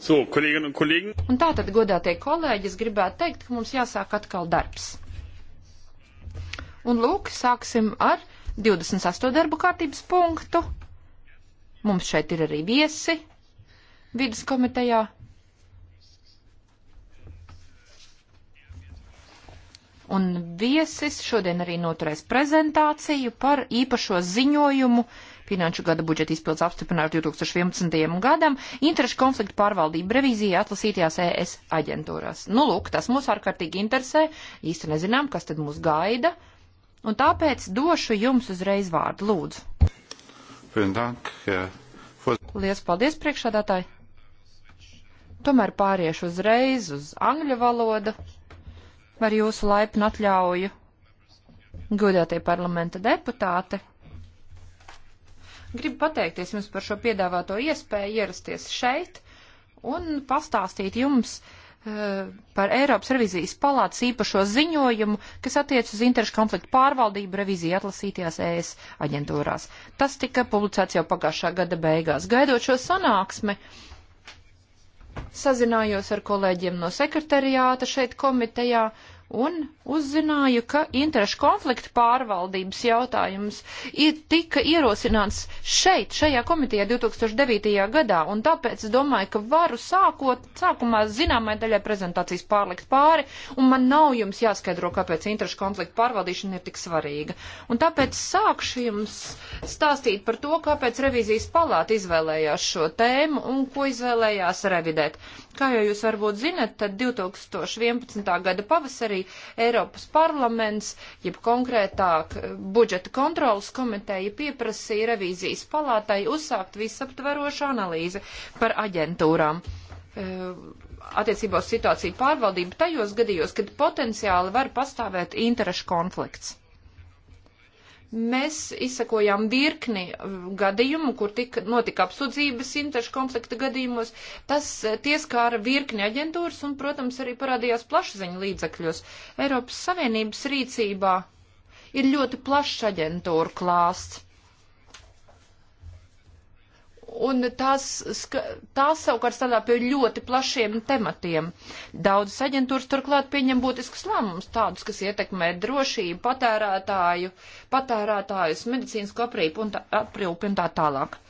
So, kolēģi un kolēģi. Un tātad, godātie kolēģi, es gribētu teikt, ka mums jāsāk atkal darbs. Un lūk, sāksim ar 28. darbu kārtības punktu. Mums šeit ir arī viesi vidas komitejā. Un viesis šodien arī noturēs prezentāciju par īpašo ziņojumu uh, finanšu gada budžeta izpildes apstiprināšu 2011. gadam, interešu konfliktu pārvaldību revīzija atlasītajās ES aģentūrās. Nu, lūk, tas mūs ārkārtīgi interesē, īsti nezinām, kas tad mūs gaida, un tāpēc došu jums uzreiz vārdu, lūdzu. Lielas paldies, priekšādātāji! Tomēr pāriešu uzreiz uz angļu valodu ar jūsu laipnu atļauju. Godātie parlamenta deputāti, Gribu pateikties jums par šo piedāvāto iespēju ierasties šeit un pastāstīt jums uh, par Eiropas revizijas palātas īpašo ziņojumu, kas attiec uz interešu konfliktu pārvaldību reviziju atlasītajās ES aģentūrās. Tas tika publicēts jau pagājušā gada beigās. Gaidot šo sanāksmi, sazinājos ar kolēģiem no sekretariāta šeit komitejā un uzzināju, ka interešu konfliktu pārvaldības jautājums ir tika ierosināts šeit, šajā komitejā 2009. gadā, un tāpēc es domāju, ka varu sākot, sākumā zināmai daļai prezentācijas pārlikt pāri, un man nav jums jāskaidro, kāpēc interešu konfliktu pārvaldīšana ir tik svarīga. Un tāpēc sākšu jums stāstīt par to, kāpēc revīzijas palāta izvēlējās šo tēmu un ko izvēlējās revidēt. Kā jau jūs varbūt zinat, tad 2011. gada pavasarī Eiropas parlaments, jeb konkrētāk eh, budžeta kontrolas komiteja pieprasīja revīzijas palātai uzsākt visaptverošu analīzi par aģentūrām. Eh, attiecībā uz situāciju pārvaldību tajos gadījos, kad potenciāli var pastāvēt interešu konflikts mēs izsakojām virkni uh, gadījumu, kur tika, notika apsūdzības interešu konflikta gadījumos. Tas uh, tieskāra virkni aģentūras un, protams, arī parādījās plašsaziņa līdzekļos. Eiropas Savienības rīcībā ir ļoti plašs aģentūra klāsts. Un tās, tās savukārt strādā pie ļoti plašiem tematiem. Daudzas aģentūras turklāt pieņem būtiskus lēmumus, tādus, kas ietekmē drošību, patērētāju, patērētājus, medicīnas aprīpu un tā, aprīpu un tā tālāk.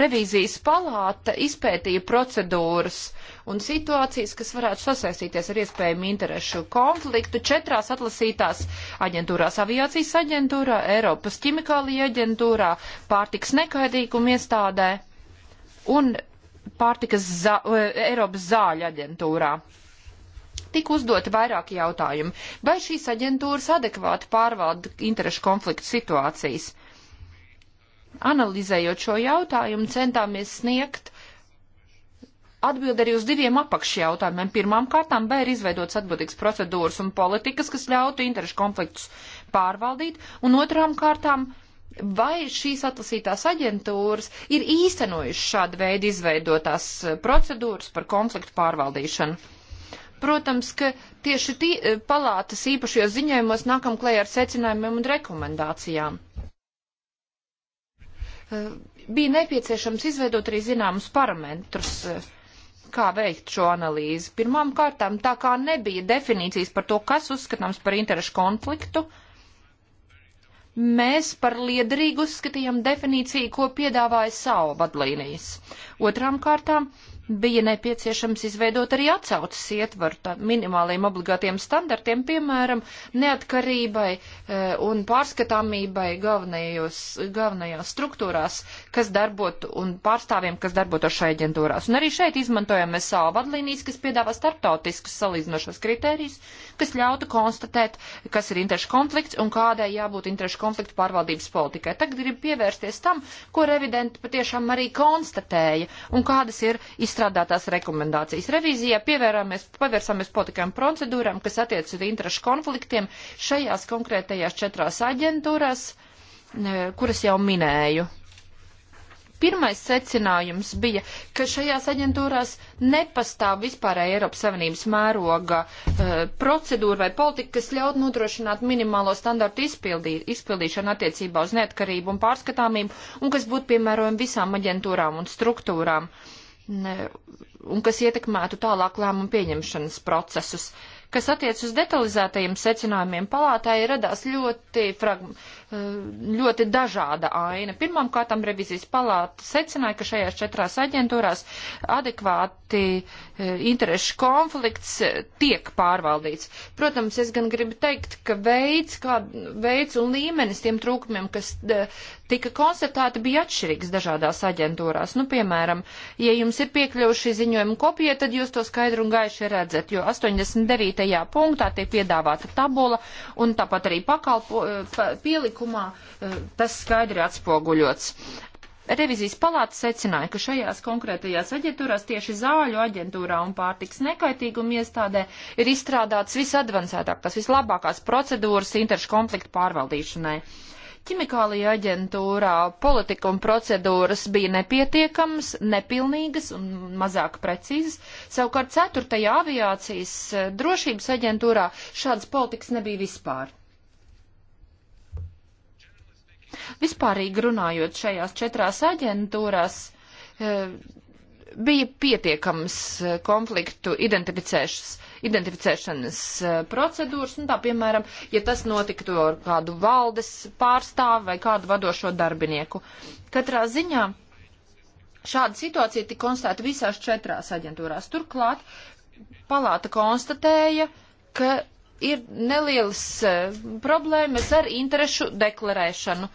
Revīzijas palāta izpētīja procedūras un situācijas, kas varētu sasaistīties ar iespējamu interešu konfliktu četrās atlasītās aģentūrās - aviācijas aģentūrā, Eiropas ķimikālija aģentūrā, pārtiks nekaidīguma iestādē un pārtikas zā, e, Eiropas zāļu aģentūrā tika uzdoti vairāki jautājumi. Vai šīs aģentūras adekvāti pārvalda interešu konfliktu situācijas? analizējot šo jautājumu, centāmies sniegt atbild arī uz diviem apakšjautājumiem. Pirmām kārtām, vai ir izveidots atbildīgs procedūras un politikas, kas ļautu interešu konfliktus pārvaldīt, un otrām kārtām, vai šīs atlasītās aģentūras ir īstenojušas šādu veidu izveidotās e, procedūras par konfliktu pārvaldīšanu. Protams, ka tieši tī, e, palātas īpašajos ziņojumos nākam klējā ar secinājumiem un rekomendācijām. Eh, bija nepieciešams izveidot arī zināmus parametrus, eh, kā veikt šo analīzi. Pirmām kārtām, tā kā nebija definīcijas par to, kas uzskatāms par interešu konfliktu, mēs par liederīgu uzskatījām definīciju, ko piedāvāja savu vadlīnijas. Otrām kārtām, uh, bija nepieciešams izveidot arī atsaucas ietvaru minimāliem obligātiem standartiem, piemēram, neatkarībai e, un pārskatāmībai galvenajās struktūrās, kas darbotu un pārstāvjiem, kas darbotu šai aģentūrās. Un arī šeit izmantojam SAO vadlīnijas, kas piedāvā starptautiskus salīdzinošos kritērijus, kas ļautu konstatēt, kas ir interešu konflikts un kādai jābūt interešu konfliktu pārvaldības politikai. Tagad gribu pievērsties tam, ko revidenti patiešām arī konstatēja un kādas ir izsākums izstrādātās rekomendācijas. Revīzijā pievērsāmies politikām procedūram, kas attiec uz interešu konfliktiem šajās konkrētajās četrās aģentūrās, kuras jau minēju. Pirmais secinājums bija, ka šajās aģentūrās nepastāv vispārēja Eiropas Savienības mēroga uh, procedūra vai politika, kas ļaut nodrošināt minimālo standartu izpildī, izpildīšanu attiecībā uz neatkarību un pārskatāmību un kas būtu piemērojami visām aģentūrām un struktūrām. Uh, ne, un kas ietekmētu tālāk lēmumu pieņemšanas procesus. Kas attiec uz detalizētajiem secinājumiem palātāji, radās ļoti, frag, eh, ļoti dažāda aina. Pirmām kārtām revizijas palāta secināja, ka šajās četrās aģentūrās adekvāti eh, interešu konflikts eh, tiek pārvaldīts. Protams, es gan gribu teikt, ka veids, kā, veids un līmenis tiem trūkumiem, kas tika konstatēti, bija atšķirīgs dažādās aģentūrās. Nu, piemēram, ja jums ir piekļuvuši ziņojuma kopija, tad jūs to skaidru un gaiši redzat, jo 89. punktā tiek piedāvāta tabula un tāpat arī pakalpo, eh, pielikumā eh, tas skaidri atspoguļots. Revizijas palāta secināja, ka šajās konkrētajās aģentūrās, tieši zāļu aģentūrā un pārtiks nekaitīguma iestādē, ir izstrādāts visadvancētāk, tas vislabākās procedūras interešu konfliktu pārvaldīšanai. Ķimikālija aģentūrā politika un procedūras bija nepietiekamas, nepilnīgas un mazāk precīzas. Savukārt 4. aviācijas eh, drošības aģentūrā šādas politikas nebija vispār. Vispārīgi runājot šajās četrās aģentūrās, eh, bija pietiekams eh, konfliktu identificēšanas eh, procedūras, un tā piemēram, ja tas notiktu ar kādu valdes pārstāvu vai kādu vadošo darbinieku. Katrā ziņā šāda situācija tika konstatēta visās četrās aģentūrās. Turklāt palāta konstatēja, ka ir nelielas eh, problēmas ar interešu deklarēšanu. Uh,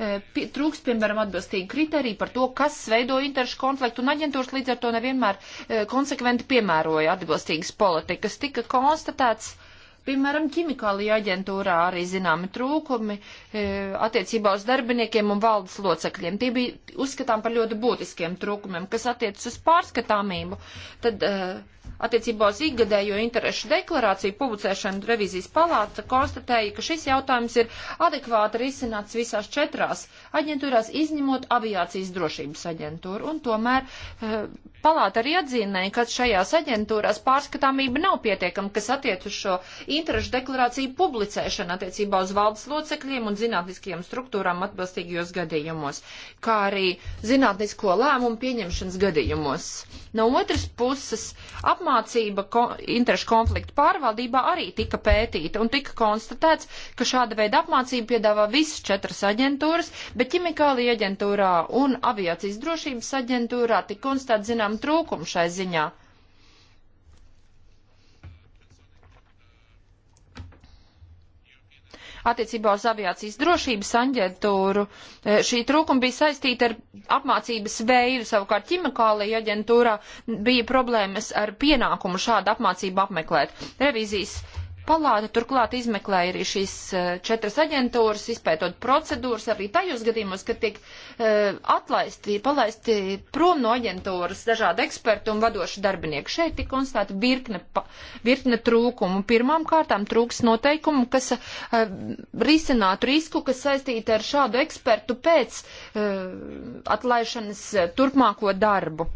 Eh, trūkst, piemēram, atbilstīgi kriteriji par to, kas veido interšu konfliktu, un aģentūras līdz ar to nevienmēr eh, konsekventi piemēroja atbilstīgas politikas. Tika konstatēts, piemēram, ķimikālija aģentūrā arī zināmi trūkumi eh, attiecībā uz darbiniekiem un valdes locekļiem. Tie bija uzskatām par ļoti būtiskiem trūkumiem, kas attiecas uz pārskatāmību. Tad, uh, Attiecībā uz ikgadējo interešu deklarāciju publicēšanu revizijas palāta konstatēja, ka šis jautājums ir adekvāti risināts visās četrās aģentūrās, izņemot aviācijas drošības aģentūru. Un tomēr eh, palāta arī atzīmēja, ka šajās aģentūrās pārskatāmība nav pietiekama, kas attiec uz šo interešu deklarāciju publicēšanu attiecībā uz valdes locekļiem un zinātniskajām struktūrām atbilstīgajos gadījumos, kā arī zinātnisko lēmumu pieņemšanas gadījumos. No otras puses, apmā apmācība ko, interešu konfliktu pārvaldībā arī tika pētīta un tika konstatēts, ka šāda veida apmācība piedāvā visas četras aģentūras, bet ķimikālija aģentūrā un aviācijas drošības aģentūrā tika konstatēts zinām trūkumu šai ziņā. attiecībā uz aviācijas drošības aģentūru. E, šī trūkuma bija saistīta ar apmācības veidu, savukārt ķimikālajā aģentūrā bija problēmas ar pienākumu šādu apmācību apmeklēt. Revizijas Palāta turklāt izmeklēja arī šīs eh, četras aģentūras, izpētot procedūras arī tajos gadījumos, kad tiek uh, atlaisti, palaisti prom no aģentūras dažādi eksperti un vadoši darbinieki. Šeit tika konstatēta virkne, virkne trūkumu. Pirmām kārtām trūks noteikumu, kas uh, risinātu risku, kas saistīta ar šādu ekspertu pēc uh, atlaišanas turpmāko darbu.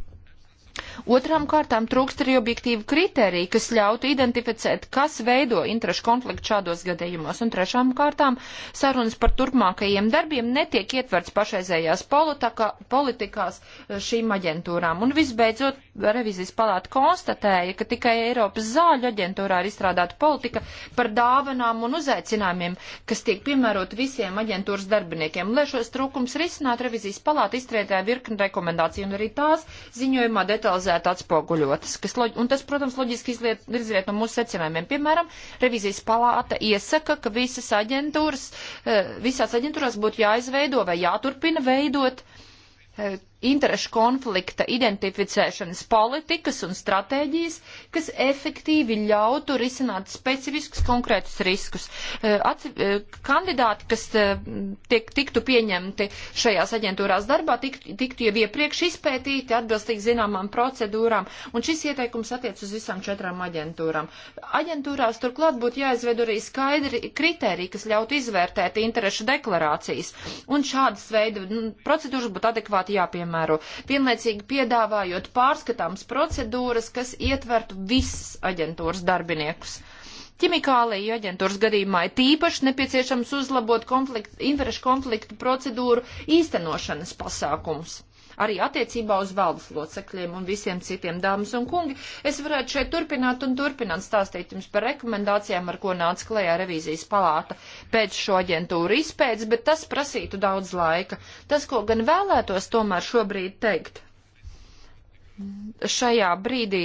Otrām kārtām trūkst arī objektīvu kriteriju, kas ļautu identificēt, kas veido interešu konfliktu šādos gadījumos. Un trešām kārtām sarunas par turpmākajiem darbiem netiek ietverts pašreizējās politika, politikās eh, šīm aģentūrām. Un visbeidzot, revizijas palāta konstatēja, ka tikai Eiropas zāļu aģentūrā ir izstrādāta politika par dāvanām un uzaicinājumiem, kas tiek piemērot visiem aģentūras darbiniekiem. Lai šos trūkums risinātu, revizijas palāta izstrādāja virkni rekomendāciju un arī tās ziņojumā detalizēti detalizēti atspoguļotas, kas, un tas, protams, loģiski izliet, izriet no mūsu secinājumiem. Piemēram, revizijas palāta iesaka, ka visas aģentūras, eh, visās aģentūrās būtu jāizveido vai jāturpina veidot eh, interešu konflikta identificēšanas politikas un stratēģijas, kas efektīvi ļautu risināt specifiskus konkrētus riskus. Eh, Atsi, eh, kandidāti, kas eh, tiek, tiktu pieņemti šajās aģentūrās darbā, tikt, tiktu jau iepriekš izpētīti atbilstīgi zināmām procedūrām, un šis ieteikums attiec uz visām četrām aģentūrām. Aģentūrās turklāt būtu jāizved arī skaidri kriteriji, kas ļautu izvērtēt interešu deklarācijas, un šādas veida nu, procedūras būtu adekvāti jāpiemēro jāpiemēro, vienlaicīgi piedāvājot pārskatāms procedūras, kas ietvertu visas aģentūras darbiniekus. Ķimikāliju aģentūras gadījumā ir tīpaši nepieciešams uzlabot konflikt, interešu konfliktu procedūru īstenošanas pasākums arī attiecībā uz valdes locekļiem un visiem citiem dāmas un kungi. Es varētu šeit turpināt un turpināt stāstīt jums par rekomendācijām, ar ko nāca klējā revīzijas palāta pēc šo aģentūru izpētes, bet tas prasītu daudz laika. Tas, ko gan vēlētos tomēr šobrīd teikt. Šajā brīdī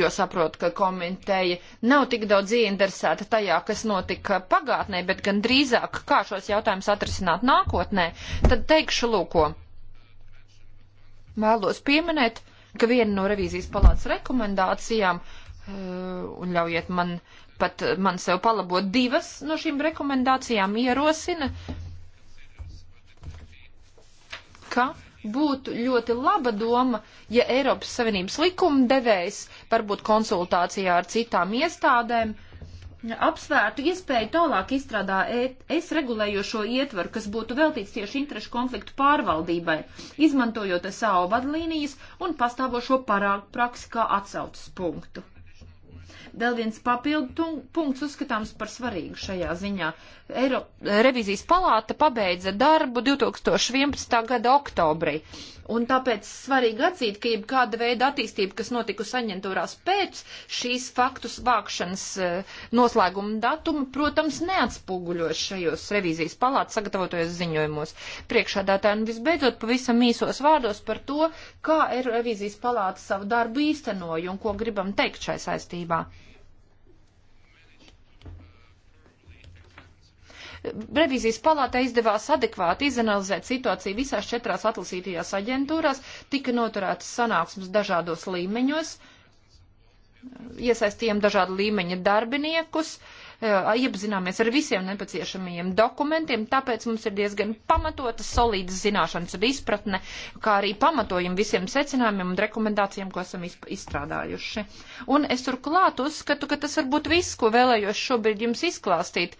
jo saprotu, ka komiteja nav tik daudz ieinteresēta tajā, kas notika pagātnē, bet gan drīzāk, kā šos jautājumus atrisināt nākotnē, tad teikšu lūko. Vēlos pieminēt, ka viena no revīzijas palātas rekomendācijām, eh, un ļaujiet man pat man sev palabot divas no šīm rekomendācijām, ierosina, ka būtu ļoti laba doma, ja Eiropas Savienības likumdevējs varbūt konsultācijā ar citām iestādēm uh, apsvērtu iespēju tālāk izstrādā e es regulējošo ietvaru, kas būtu veltīts tieši interešu konfliktu pārvaldībai, izmantojot savu vadlīnijas un pastāvošo parāku praksi kā atsaucas punktu. Vēl viens papildu punkts uzskatāms par svarīgu šajā ziņā. Eiro, revizijas palāta pabeidza darbu 2011. gada oktobrī. Un tāpēc svarīgi atzīt, ka jebkāda veida attīstība, kas notikusi aģentūrās pēc šīs faktu vākšanas eh, noslēguma datuma, protams, neatspoguļos šajos revīzijas palātas sagatavotajos ziņojumos. Priekšādātājiem visbeidzot pavisam īsos vārdos par to, kā ir revīzijas palāta savu darbu īstenoju un ko gribam teikt šai saistībā. revizijas palātē izdevās adekvāti izanalizēt situāciju visās četrās atlasītajās aģentūrās, tika noturētas sanāksmes dažādos līmeņos, iesaistījām dažādu līmeņa darbiniekus, eh, iepazināmies ar visiem nepieciešamajiem dokumentiem, tāpēc mums ir diezgan pamatota, solīda zināšanas un izpratne, kā arī pamatojumi visiem secinājumiem un rekomendācijām, ko esam izstrādājuši. Un es turklāt uzskatu, ka tas varbūt viss, ko vēlējos šobrīd jums izklāstīt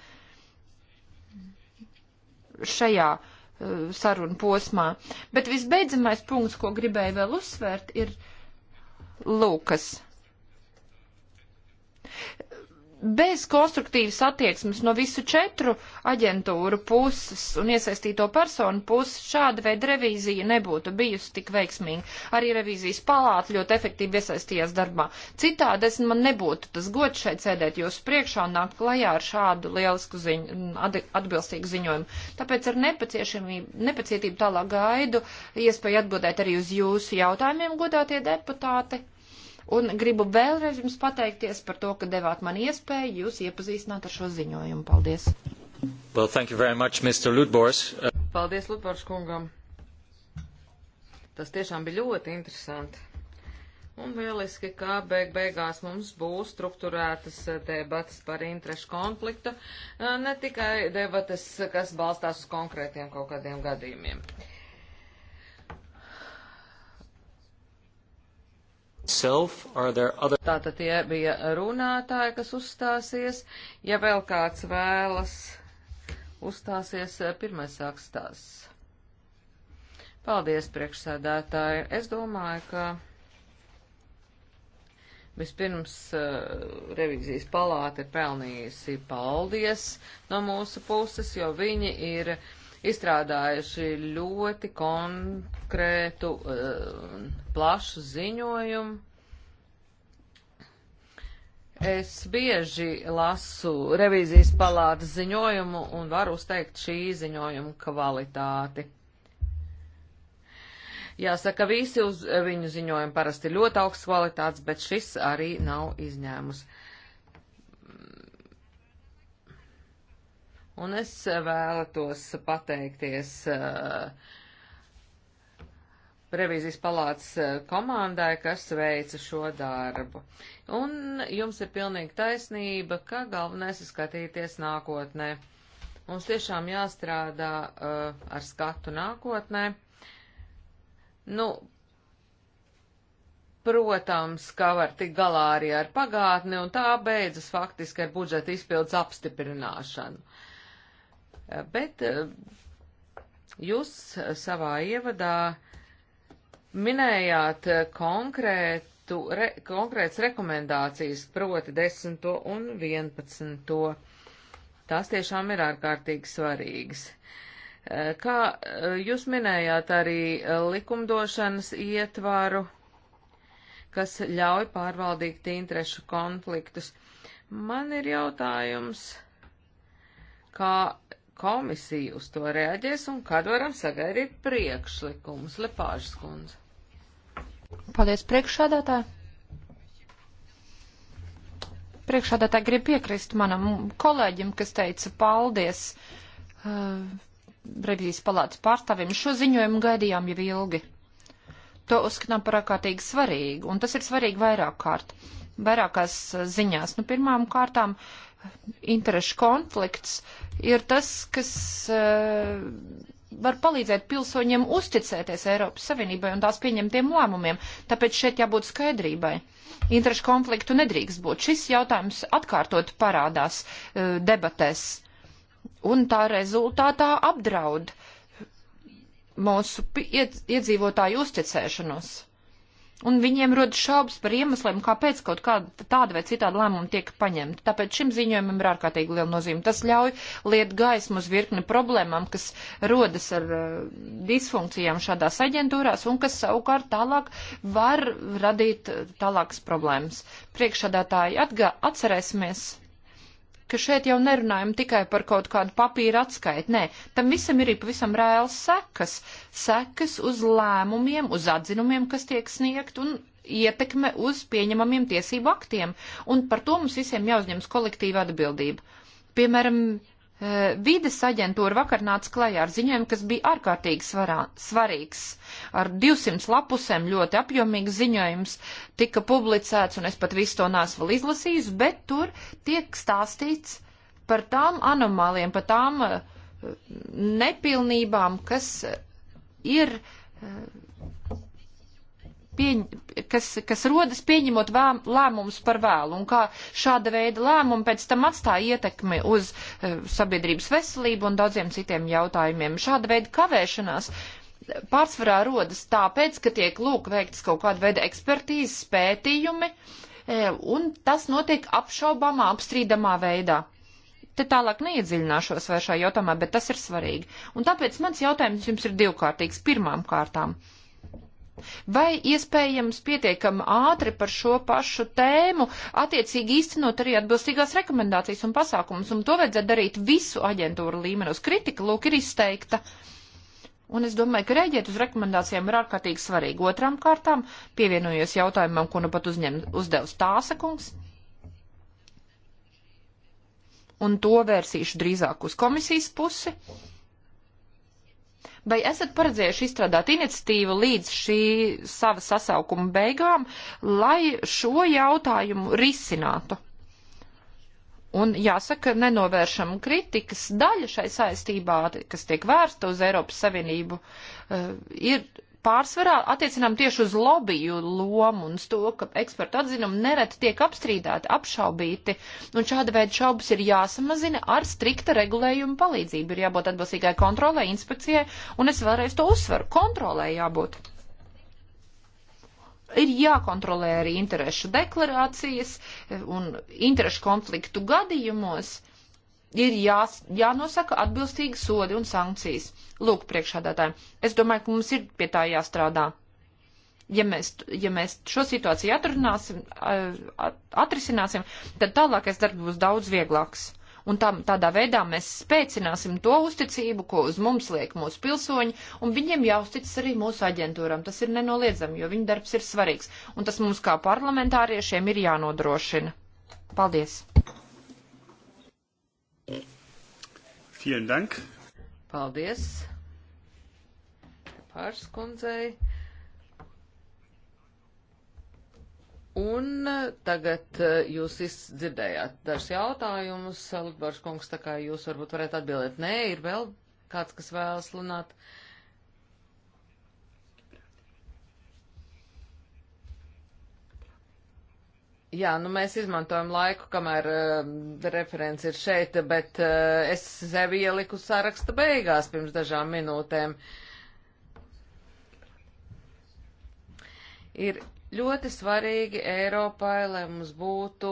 šajā eh, sarunu posmā. Bet visbeidzamais punkts, ko gribēju vēl uzsvērt, ir Lūkas bez konstruktīvas attieksmes no visu četru aģentūru puses un iesaistīto personu puses šāda veida revīzija nebūtu bijusi tik veiksmīga. Arī revīzijas palāta ļoti efektīvi iesaistījās darbā. Citādi es man nebūtu tas gods šeit sēdēt jūsu priekšā un nākt klajā ar šādu lielisku ziņu, mm, atbilstīgu ziņojumu. Tāpēc ar nepacietību tālāk gaidu iespēju atbildēt arī uz jūsu jautājumiem, godātie deputāti. Un gribu vēlreiz jums pateikties par to, ka devāt man iespēju jūs iepazīstināt ar šo ziņojumu. Paldies! Well, thank you very much, Mr. Ludbors. Uh... Paldies Ludbors kungam. Tas tiešām bija ļoti interesanti. Un lieliski, ka beig beigās mums būs struktūrētas eh, debatas par interešu konfliktu, eh, ne tikai debatas, kas balstās uz konkrētiem kaut kādiem gadījumiem. Uh, Tātad tie bija runātāji, kas uzstāsies. Ja vēl kāds vēlas uzstāsies, pirmais sāks tās. Paldies, priekšsēdētāji. Es domāju, ka vispirms uh, eh, revizijas palāta ir pelnījusi paldies no mūsu puses, jo viņi ir uh, izstrādājuši ļoti konkrētu, uh, plašu ziņojumu. Es bieži lasu revīzijas palātas ziņojumu un varu uzteikt šī ziņojuma kvalitāti. Jāsaka, visi uz viņu ziņojumi parasti ļoti augsts kvalitātes, bet šis arī nav izņēmums. Uh, Un es vēlētos pateikties uh, revīzijas palātas eh, komandai, kas veica šo darbu. Un jums ir pilnīgi taisnība, ka galvenais ir skatīties nākotnē. Mums tiešām jāstrādā uh, ar skatu nākotnē. Nu, protams, ka var tikt galā arī ar pagātni, un tā beidzas faktiski ar budžeta izpildes apstiprināšanu. Eh, bet eh, jūs eh, savā ievadā minējāt konkrētu, re, konkrētas rekomendācijas, proti 10. un 11. Tās tiešām ir ārkārtīgi svarīgas. Kā jūs minējāt arī likumdošanas ietvaru, kas ļauj pārvaldīt interešu konfliktus, man ir jautājums, kā komisija uz to reaģēs un kad varam sagaidīt priekšlikumus, Lepāžas kundze. Paldies, priekšādātāji. Priekšādātāji grib piekrist manam kolēģim, kas teica paldies uh, revizijas palātas pārstāvim. Šo ziņojumu gaidījām jau ilgi. To uzskatām par ārkārtīgi svarīgu, un tas ir svarīgi vairāk kārt, vairākās uh, ziņās. Nu, pirmām kārtām uh, interešu konflikts ir tas, kas eh, var palīdzēt pilsoņiem uzticēties Eiropas Savienībai un tās pieņemtiem lēmumiem. Tāpēc šeit jābūt skaidrībai. Interešu konfliktu nedrīkst būt. Šis jautājums atkārtot parādās eh, debatēs. Un tā rezultātā apdraud mūsu iedzīvotāju uzticēšanos un viņiem rod šaubas par iemesliem, kāpēc kaut kāda tāda vai citāda lēmuma tiek paņemta. Tāpēc šim ziņojumam ir ārkārtīgi liela nozīme. Tas ļauj liet gaismu uz virkni problēmām, kas rodas ar uh, disfunkcijām šādās aģentūrās un kas savukārt tālāk var radīt uh, tālākas problēmas. Priekšādātāji atgā, atcerēsimies ka šeit jau nerunājam tikai par kaut kādu papīru atskaitu. Nē, tam visam ir pavisam reāls sekas. Sekas uz lēmumiem, uz atzinumiem, kas tiek sniegt un ietekme uz pieņemamiem tiesību aktiem. Un par to mums visiem jāuzņems kolektīva atbildība. Piemēram, Eh, vides aģentūra vakar nāca klajā ar ziņojumu, kas bija ārkārtīgi svarā, svarīgs. Ar 200 lapusēm ļoti apjomīgs ziņojums tika publicēts, un es pat visu to nesu vēl izlasījis, bet tur tiek stāstīts par tām anomāliem, par tām eh, nepilnībām, kas eh, ir pieņ, kas, kas rodas pieņemot vēl, lēmumus par vēlu un kā šāda veida lēmumi pēc tam atstāja ietekmi uz uh, sabiedrības veselību un daudziem citiem jautājumiem. Šāda veida kavēšanās pārsvarā rodas tāpēc, ka tiek lūk veiktas kaut kāda veida ekspertīzes pētījumi eh, un tas notiek apšaubāmā, apstrīdamā veidā. Te tālāk neiedziļināšos vairs šajā jautājumā, bet tas ir svarīgi. Un tāpēc mans jautājums jums ir divkārtīgs. Pirmām kārtām. Uh, Vai iespējams pietiekami ātri par šo pašu tēmu, attiecīgi īstenot arī atbilstīgās rekomendācijas un pasākumus, un to vajadzētu darīt visu aģentūru līmenos. Kritika, lūk, ir izteikta. Un es domāju, ka rēģēt uz rekomendācijām ir ārkārtīgi svarīgi. Otrām kārtām pievienojos jautājumam, ko nu pat uzņem, uzdevs Tāsa kungs. Un to vērsīšu drīzāk uz komisijas pusi. Vai esat paredzējuši izstrādāt iniciatīvu līdz šī sava sasaukuma beigām, lai šo jautājumu risinātu? Un jāsaka, nenovēršam kritikas daļa šai saistībā, kas tiek vērsta uz Eiropas Savienību, eh, ir pārsvarā attiecinām tieši uz lobiju lomu un uz to, ka ekspertu atzinumi nereti tiek apstrīdēti, apšaubīti, un šāda veida šaubas ir jāsamazina ar strikta regulējuma palīdzību. Ir jābūt atbilstīgai kontrolē, inspekcijai, un es vēlreiz to uzsveru. Kontrolē jābūt ir jākontrolē arī interešu deklarācijas un interešu konfliktu gadījumos ir jā, jānosaka atbilstīgi sodi un sankcijas. Lūk, priekšādātājiem, es domāju, ka mums ir pie tā jāstrādā. Ja mēs, ja mēs šo situāciju atrunāsim, atrisināsim, tad tālākais darbs būs daudz vieglāks. Un tā, tādā veidā mēs spēcināsim to uzticību, ko uz mums liek mūsu pilsoņi, un viņiem jāuzticas arī mūsu aģentūram. Tas ir nenoliedzami, jo viņu darbs ir svarīgs, un tas mums kā parlamentāriešiem ir jānodrošina. Paldies! Vielen Dank. Paldies pārskundzei. Un tagad eh, jūs izdzirdējāt dažs jautājumus, Lutbārs kungs, tā kā jūs varbūt varētu atbildēt. Nē, ir vēl kāds, kas vēlas lunāt. Uh, Jā, nu mēs izmantojam laiku, kamēr uh, referents ir šeit, bet uh, es sevi ieliku saraksta beigās pirms dažām minūtēm. Ir ļoti svarīgi Eiropai, lai mums būtu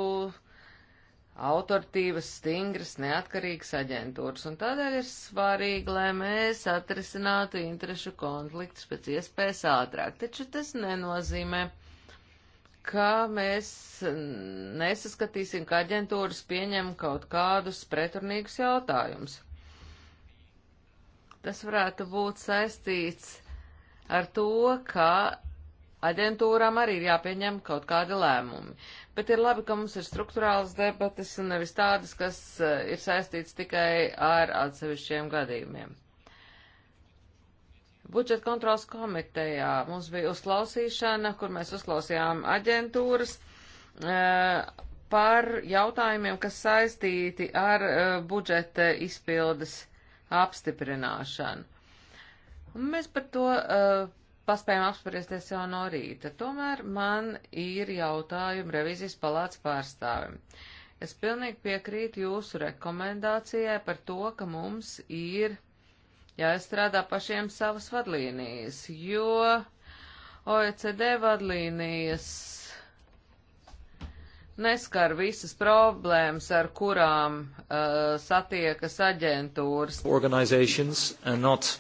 autoritīvas, stingras, neatkarīgas aģentūras, un tādēļ ir svarīgi, lai mēs atrisinātu interešu konfliktus pēc iespējas ātrāk. Taču tas nenozīmē, ka ka mēs nesaskatīsim, ka aģentūras pieņem kaut kādus pretrunīgus jautājumus. Tas varētu būt saistīts ar to, ka aģentūrām arī ir jāpieņem kaut kādi lēmumi. Bet ir labi, ka mums ir struktūrāls debatas un nevis tādas, kas eh, ir saistīts tikai ar atsevišķiem gadījumiem. Budžeta kontrols komitejā mums bija uzklausīšana, kur mēs uzklausījām aģentūras e, par jautājumiem, kas saistīti ar e, budžeta izpildes apstiprināšanu. Un mēs par to e, paspējām apspriesties jau no rīta. Tomēr man ir jautājumi revizijas palāts pārstāvim. Es pilnīgi piekrītu jūsu rekomendācijai par to, ka mums ir jāizstrādā pašiem savas vadlīnijas, jo OECD vadlīnijas neskar visas problēmas, ar kurām uh, satiekas aģentūras. Not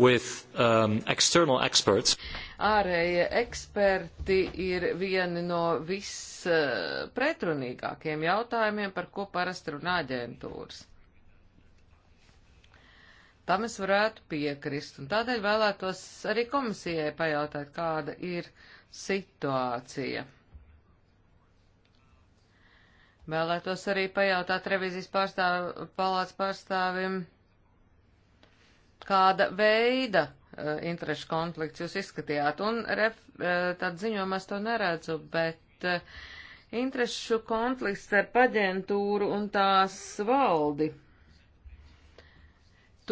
with um, external experts. Ārējie eksperti ir vieni no vispretrunīgākiem uh, jautājumiem, par ko parasti runā aģentūras. Tam es varētu piekrist, un tādēļ vēlētos arī komisijai pajautāt, kāda ir situācija. Vēlētos arī pajautāt revizijas pārstāv, palāts pārstāvim, kāda veida uh, interešu konflikts jūs izskatījāt, un ref, uh, eh, tad ziņojumā es to neredzu, bet uh, interešu konflikts starp aģentūru un tās valdi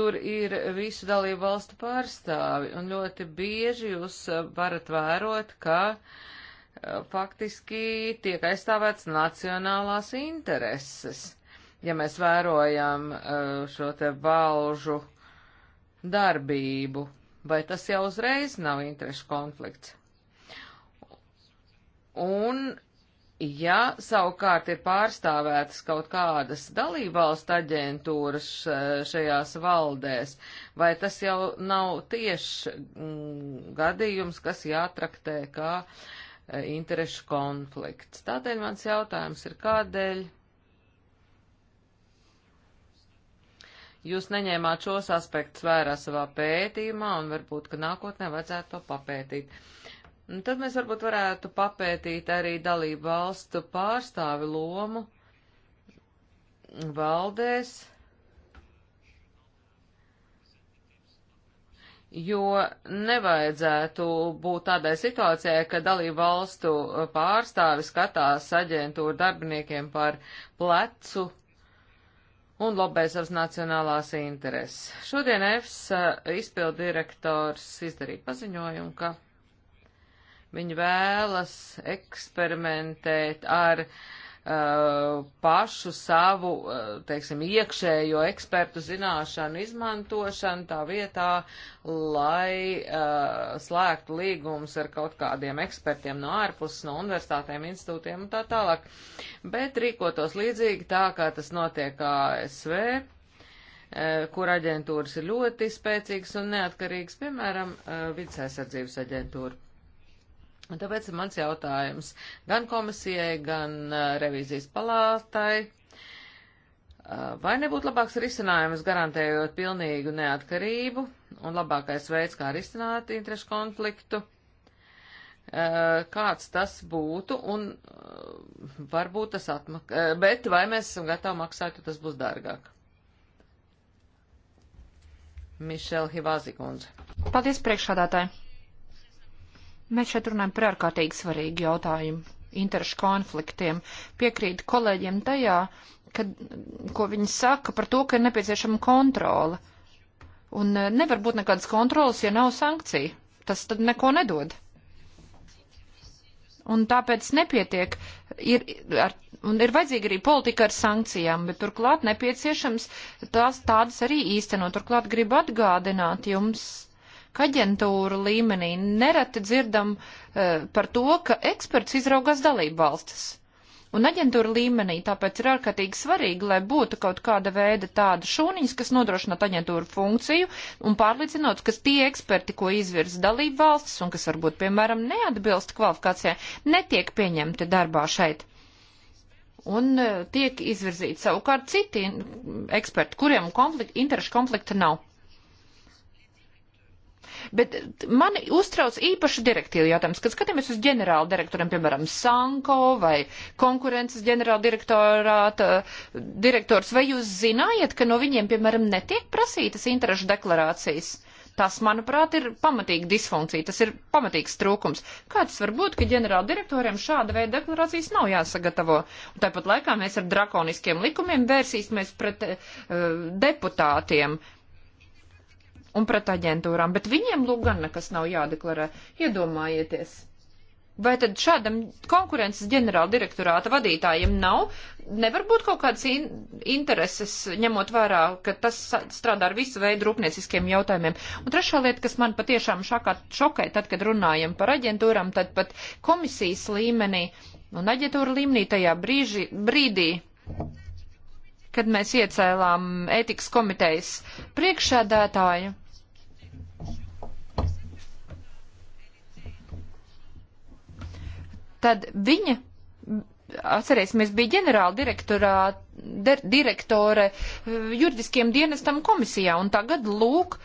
tur ir visu dalību valstu pārstāvi, un ļoti bieži jūs eh, varat vērot, ka eh, faktiski tiek aizstāvēts nacionālās intereses. Ja mēs vērojam eh, šo te valžu darbību, vai tas jau uzreiz nav interešu konflikts? Un Ja savukārt ir pārstāvētas kaut kādas dalībvalstu aģentūras eh, šajās valdēs, vai tas jau nav tieši mm, gadījums, kas jātraktē kā eh, interešu konflikts? Tādēļ mans jautājums ir, kādēļ jūs neņēmāt šos aspektus vērā savā pētījumā, un varbūt, ka nākotnē vajadzētu to papētīt. Uh, Un nu, tad mēs varbūt varētu papētīt arī dalību valstu pārstāvi lomu valdēs, jo nevajadzētu būt tādai situācijai, ka dalību valstu pārstāvi skatās aģentūru darbiniekiem par plecu un lobē savas nacionālās intereses. Šodien EFS izpildirektors izdarīja paziņojumu, ka Viņi vēlas eksperimentēt ar uh, pašu savu, uh, teiksim, iekšējo ekspertu zināšanu izmantošanu tā vietā, lai uh, slēgtu līgumus ar kaut kādiem ekspertiem no ārpuses, no universitātēm, institūtiem un tā tālāk. Bet rīkotos līdzīgi tā, kā tas notiek ASV uh, kur aģentūras ir ļoti spēcīgas un neatkarīgas, piemēram, uh, vidus aizsardzības aģentūra. Un tāpēc ir mans jautājums gan komisijai, gan uh, revīzijas palātai. Uh, vai nebūtu labāks risinājums garantējot pilnīgu neatkarību un labākais veids, kā risināt interešu konfliktu? Uh, kāds tas būtu un varbūt tas atmaksā, bet vai mēs esam gatavi maksāt, jo tas būs dārgāk? Mišela Hivāzikundze. Paldies priekšādātāji. Mēs šeit runājam par ārkārtīgi svarīgu jautājumu interešu konfliktiem. Piekrīt kolēģiem tajā, kad, ko viņi saka par to, ka ir nepieciešama kontrola. Un eh, nevar būt nekādas kontrolas, ja nav sankcija. Tas tad neko nedod. Un tāpēc nepietiek, ir, ar, un ir vajadzīga arī politika ar sankcijām, bet turklāt nepieciešams tās tādas arī īstenot. Turklāt gribu atgādināt jums ka aģentūru līmenī nereti dzirdam uh, par to, ka eksperts izraugās dalību valstis. Un aģentūra līmenī tāpēc ir ārkārtīgi svarīgi, lai būtu kaut kāda veida tāda šūniņas, kas nodrošinātu aģentūru funkciju un pārliecinot, ka tie eksperti, ko izvirz dalību valstis un kas varbūt, piemēram, neatbilst kvalifikācijai, netiek pieņemti darbā šeit un eh, tiek izvirzīti savukārt citi eksperti, kuriem konflikt, interešu konflikta nav. Bet mani uztrauc īpaši direktīva jautājums, kad skatāmies uz ģenerāla direktoriem, piemēram, Sanko vai konkurences ģenerāla direktorāta direktors, vai jūs zinājiet, ka no viņiem, piemēram, netiek prasītas interešu deklarācijas? Tas, manuprāt, ir pamatīgi disfunkcija, tas ir pamatīgs trūkums. Kāds var būt, ka ģenerāla direktoriem šāda veida deklarācijas nav jāsagatavo? Un tāpat laikā mēs ar drakoniskiem likumiem vērsīsimies pret uh, deputātiem. Uh, un pret aģentūrām, bet viņiem lūk gan nekas nav jādeklarē. Iedomājieties! Vai tad šādam konkurences ģenerāla direktorāta vadītājiem nav, nevar būt kaut kādas in intereses, ņemot vērā, ka tas strādā ar visu veidu rūpnieciskiem jautājumiem. Un trešā lieta, kas man patiešām šakā, šokē, tad, kad runājam par aģentūram, tad pat komisijas līmenī un aģentūra līmenī tajā brīži, brīdī kad mēs iecēlām ētikas komitejas priekšsēdētāju. tad viņa, atcerēsimies, bija ģenerāla direktorā, der, direktore eh, juridiskiem dienestam komisijā, un tagad lūk,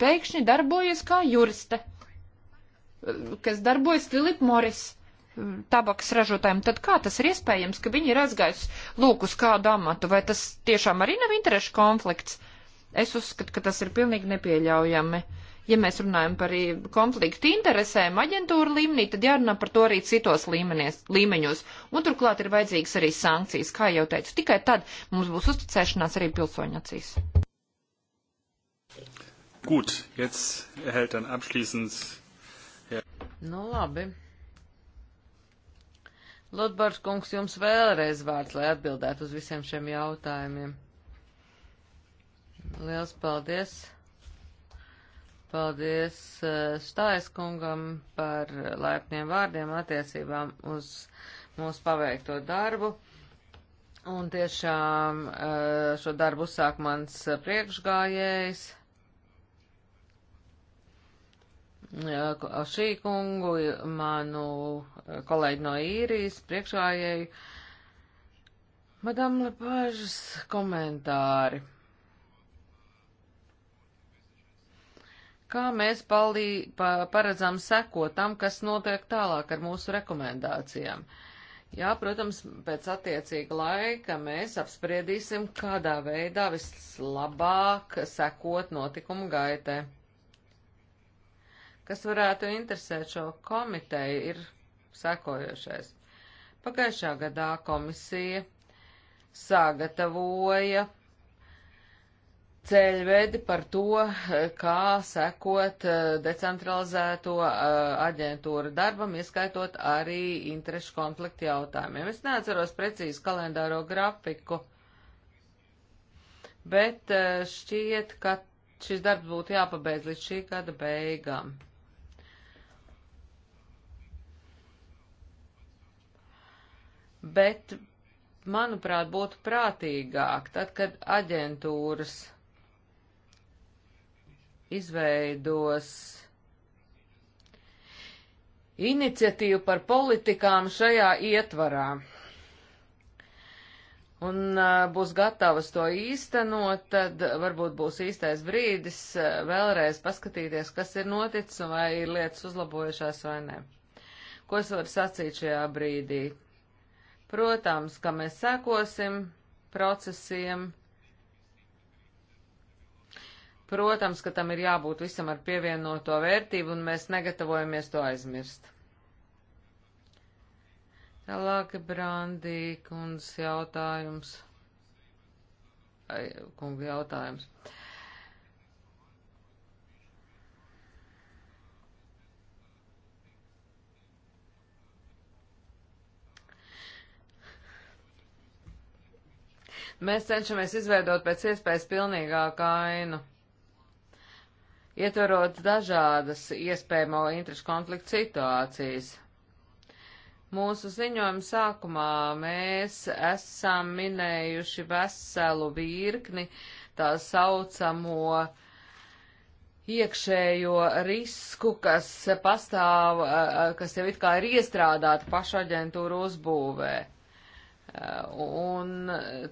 pēkšņi darbojas kā juriste, eh, kas darbojas Filip Moris eh, tabaks ražotājiem, tad kā tas ir iespējams, ka viņi ir aizgājis lūk uz kādu amatu, vai tas tiešām arī nav interešu konflikts? Es uzskatu, ka tas ir pilnīgi nepieļaujami. Uh, ja mēs runājam par konfliktu interesēm aģentūra līmenī, tad jārunā par to arī citos līmenies, līmeņos. Un turklāt ir vajadzīgas arī sankcijas, kā jau teicu. Tikai tad mums būs uzticēšanās arī pilsoņu acīs. Gut, jetzt erhält dann abschließend Herr. Ja. Nu, labi. Lodbārs kungs, jums vēlreiz vārds, lai atbildētu uz visiem šiem jautājumiem. Liels paldies! Paldies eh, Štājas kungam par laipniem vārdiem attiecībām uz mūsu paveikto darbu. Un tiešām eh, šo darbu uzsāk mans priekšgājējs. Eh, Šī kungu, manu kolēģi no īrijas, priekšgājēju. Madam Lepažas komentāri. Kā mēs paldī, pa, paredzam sekot tam, kas notiek tālāk ar mūsu rekomendācijām? Jā, protams, pēc attiecīga laika mēs apspriedīsim, kādā veidā vislabāk sekot notikumu gaitē. Kas varētu interesēt šo komiteju, ir sekojošais. Pagājušā gadā komisija sagatavoja ceļvedi par to, kā sekot eh, decentralizēto eh, aģentūru darbam, ieskaitot arī interešu konfliktu jautājumiem. Es neatceros precīzi kalendāro grafiku, bet eh, šķiet, ka šis darbs būtu jāpabeidz līdz šī gada beigām. Bet, manuprāt, būtu prātīgāk, tad, kad aģentūras izveidos iniciatīvu par politikām šajā ietvarā un uh, būs gatavas to īstenot, tad varbūt būs īstais brīdis uh, vēlreiz paskatīties, kas ir noticis un vai ir lietas uzlabojušās vai nē. Ko es varu sacīt šajā brīdī? Protams, ka mēs sekosim procesiem, Protams, ka tam ir jābūt visam ar pievienoto vērtību, un mēs negatavojamies to aizmirst. Tālāk Brandī kundz jautājums. Ai, kunga jautājums. Mēs cenšamies izveidot pēc iespējas pilnīgāku ainu ietverot dažādas iespējamo interešu konfliktu situācijas. Mūsu ziņojuma sākumā mēs esam minējuši veselu virkni tā saucamo iekšējo risku, kas pastāv, kas jau it kā ir iestrādāti pašu aģentūru uzbūvē. Un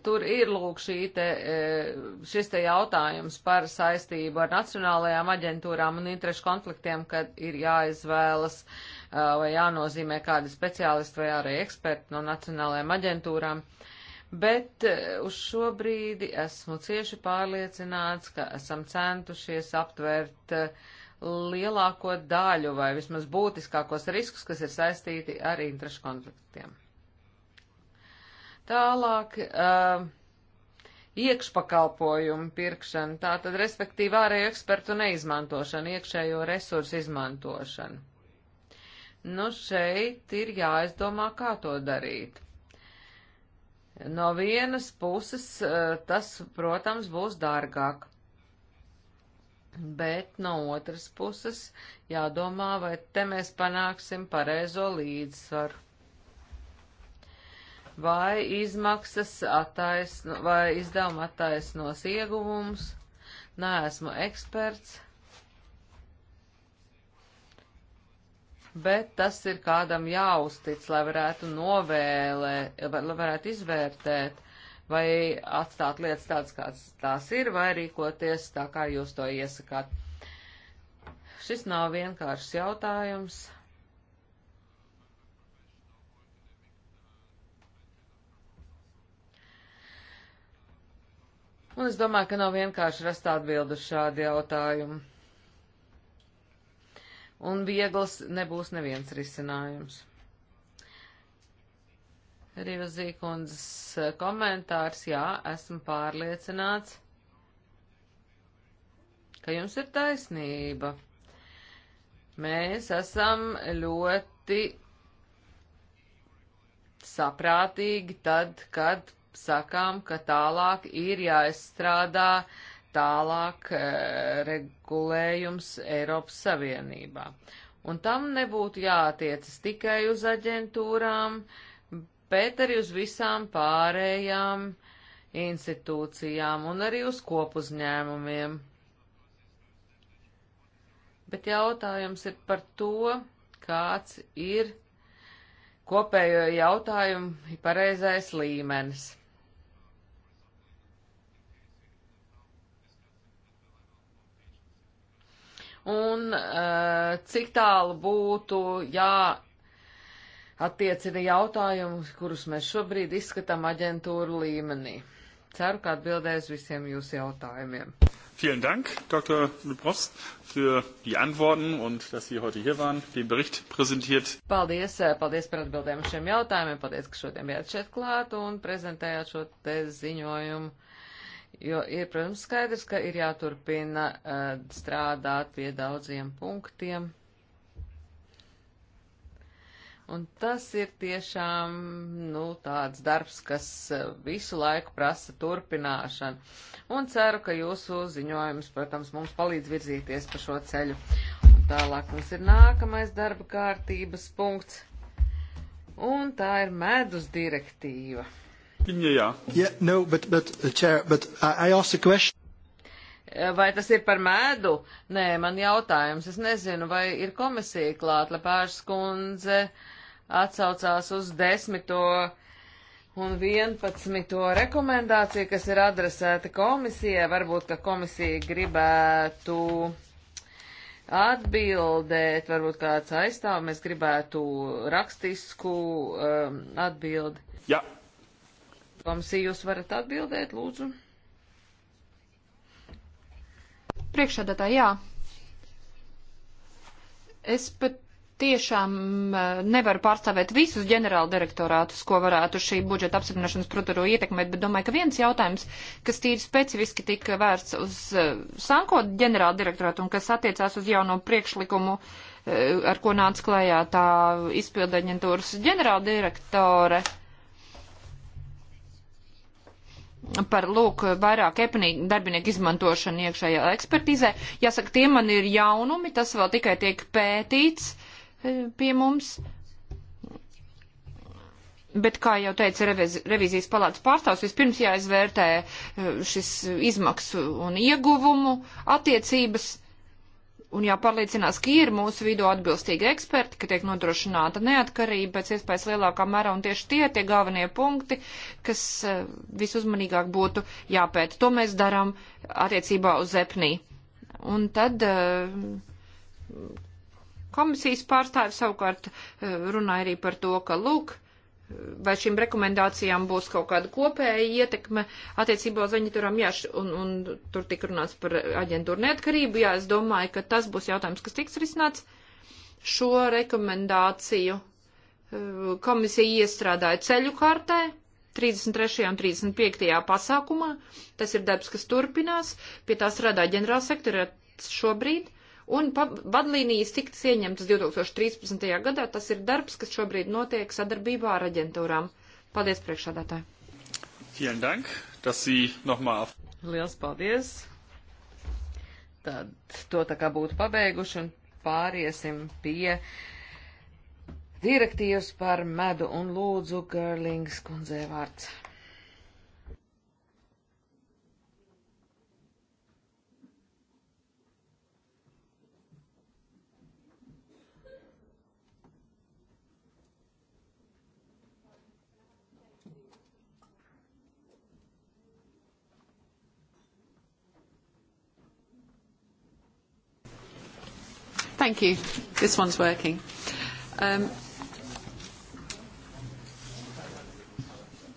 tur ir lūk šī te, eh, šis te jautājums par saistību ar nacionālajām aģentūrām un interešu konfliktiem, kad ir jāizvēlas eh, vai jānozīmē kādi speciālisti vai arī eksperti no nacionālajām aģentūrām. Bet eh, uz šo brīdi esmu cieši pārliecināts, ka esam centušies aptvert lielāko daļu vai vismaz būtiskākos riskus, kas ir saistīti ar interešu konfliktiem. Tālāk uh, iekšpakalpojumu pirkšana, tātad respektīvi ārēju ekspertu neizmantošana, iekšējo resursu izmantošana. Nu, šeit ir jāizdomā, kā to darīt. No vienas puses tas, protams, būs dārgāk, bet no otras puses jādomā, vai te mēs panāksim pareizo līdzsvaru vai izmaksas attaisno, vai izdevuma attaisnos ieguvums. Nē, esmu eksperts. Bet tas ir kādam jāuztic, lai varētu novēlēt, lai varētu izvērtēt, vai atstāt lietas tādas, kādas tās ir, vai rīkoties tā, kā jūs to iesakāt. Šis nav vienkāršs jautājums. Un es domāju, ka nav vienkārši rast atbildu uz šādu jautājumu. Un viegls nebūs neviens risinājums. Rīvazīkundzes eh, komentārs, jā, esmu pārliecināts, ka jums ir taisnība. Mēs esam ļoti saprātīgi tad, kad sakām, ka tālāk ir jāizstrādā tālāk e, regulējums Eiropas Savienībā. Un tam nebūtu jātiecas tikai uz aģentūrām, bet arī uz visām pārējām institūcijām un arī uz kopuzņēmumiem. Bet jautājums ir par to, kāds ir kopējo jautājumu pareizais līmenis. un uh, cik tālu būtu jā. Attiecina jautājumus, kurus mēs šobrīd izskatām aģentūru līmenī. Ceru, ka atbildēs visiem jūsu jautājumiem. Vielen Dank, Dr. Leprost, für die Antworten und dass Sie heute hier waren, den Bericht präsentiert. Paldies, eh, paldies par atbildēm šiem jautājumiem, paldies, ka šodien bijāt šeit klāt un prezentējāt šo te ziņojumu. Jo ir, protams, skaidrs, ka ir jāturpina uh, strādāt pie daudziem punktiem. Un tas ir tiešām, nu, tāds darbs, kas eh, visu laiku prasa turpināšanu. Un ceru, ka jūsu ziņojums, protams, mums palīdz virzīties pa šo ceļu. Un tālāk mums ir nākamais darba kārtības punkts. Un tā ir medus direktīva. Yeah. Yeah, no, but, but, uh, chair, but I asked a question. Vai tas ir par mēdu? Nē, man jautājums. Es nezinu, vai ir komisija klāt. Lepāžas kundze atsaucās uz desmito un vienpadsmito rekomendāciju, kas ir adresēta komisijai. Varbūt, ka komisija gribētu atbildēt, varbūt kāds aizstāv, mēs gribētu rakstisku um, atbildi. Jā, ja. Komisija, jūs varat atbildēt, lūdzu? Priekšādatā, jā. Es pat tiešām eh, nevaru pārstāvēt visus ģenerāla direktorātus, ko varētu šī budžeta apstiprināšanas procedūra ietekmēt, bet domāju, ka viens jautājums, kas tīri specifiski tika vērsts uz eh, Sanko ģenerāla direktorātu un kas attiecās uz jauno priekšlikumu, eh, ar ko nāca klajā tā izpildaģentūras ģenerāla direktore. Uh, par lūk vairāk epinīgu darbinieku izmantošanu iekšējā ekspertīzē. Jāsaka, tie man ir jaunumi, tas vēl tikai tiek pētīts e, pie mums. Bet, kā jau teica revizijas palātas pārstāvs, vispirms jāizvērtē e, šis izmaksu un ieguvumu attiecības un jāpārliecinās, ka ir mūsu vidū atbilstīgi eksperti, ka tiek nodrošināta neatkarība pēc iespējas lielākā mērā, un tieši tie tie galvenie punkti, kas eh, visuzmanīgāk būtu jāpēta. To mēs darām attiecībā uz zepnī. Un tad eh, komisijas pārstāvi savukārt eh, runāja arī par to, ka, lūk, vai šīm rekomendācijām būs kaut kāda kopēja ietekme attiecībā uz aģentūrām, jā, un, un tur tika runāts par aģentūru neatkarību, jā, es domāju, ka tas būs jautājums, kas tiks risināts. Šo rekomendāciju eh, komisija iestrādāja ceļu kartē, 33. un 35. pasākumā. Tas ir darbs, kas turpinās. Pie tā strādā ģenerālsektorēts šobrīd un vadlīnijas tiktas ieņemtas 2013. gadā. Tas ir darbs, kas šobrīd notiek sadarbībā ar aģentūrām. Paldies, priekšādātāji! Vielen Dank, dass Sie nochmal auf. Liels paldies! Tad to tā kā būtu pabeiguši un pāriesim pie direktīvas par medu un lūdzu Gerlings kundzē vārds. Thank you. This one's working. Um,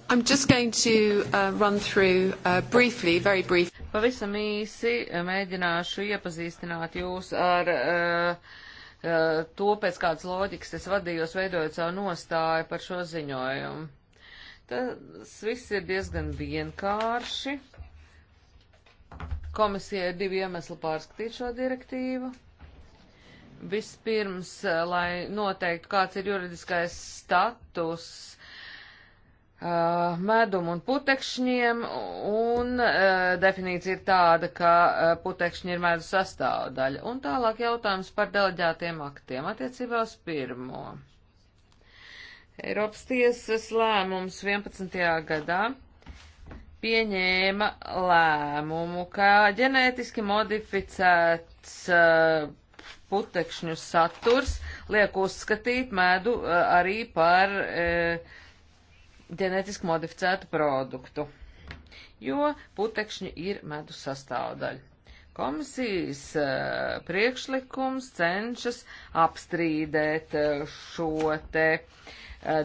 I'm just going to uh, run through uh, briefly, very briefly. Pavisam īsi uh, mēģināšu iepazīstināt jūs ar uh, uh, to, pēc kādas loģikas es vadījos, veidojot savu nostāju par šo ziņojumu. Tas viss ir diezgan vienkārši. Komisija ir divi iemesli pārskatīt šo direktīvu. Vispirms, eh, lai noteiktu, kāds ir juridiskais status uh, eh, medumu un putekšņiem, un uh, definīcija ir tāda, ka uh, putekšņi ir medus sastāvdaļa. Un tālāk jautājums par deleģētiem aktiem attiecībā uz pirmo. Eiropas tiesas lēmums 11. gadā pieņēma lēmumu, ka ģenētiski modificēts uh, putekšņu saturs liek uzskatīt medu eh, arī par e, ģenētiski modificētu produktu, jo putekšņi ir medu sastāvdaļa. Komisijas e, priekšlikums cenšas apstrīdēt šo te e,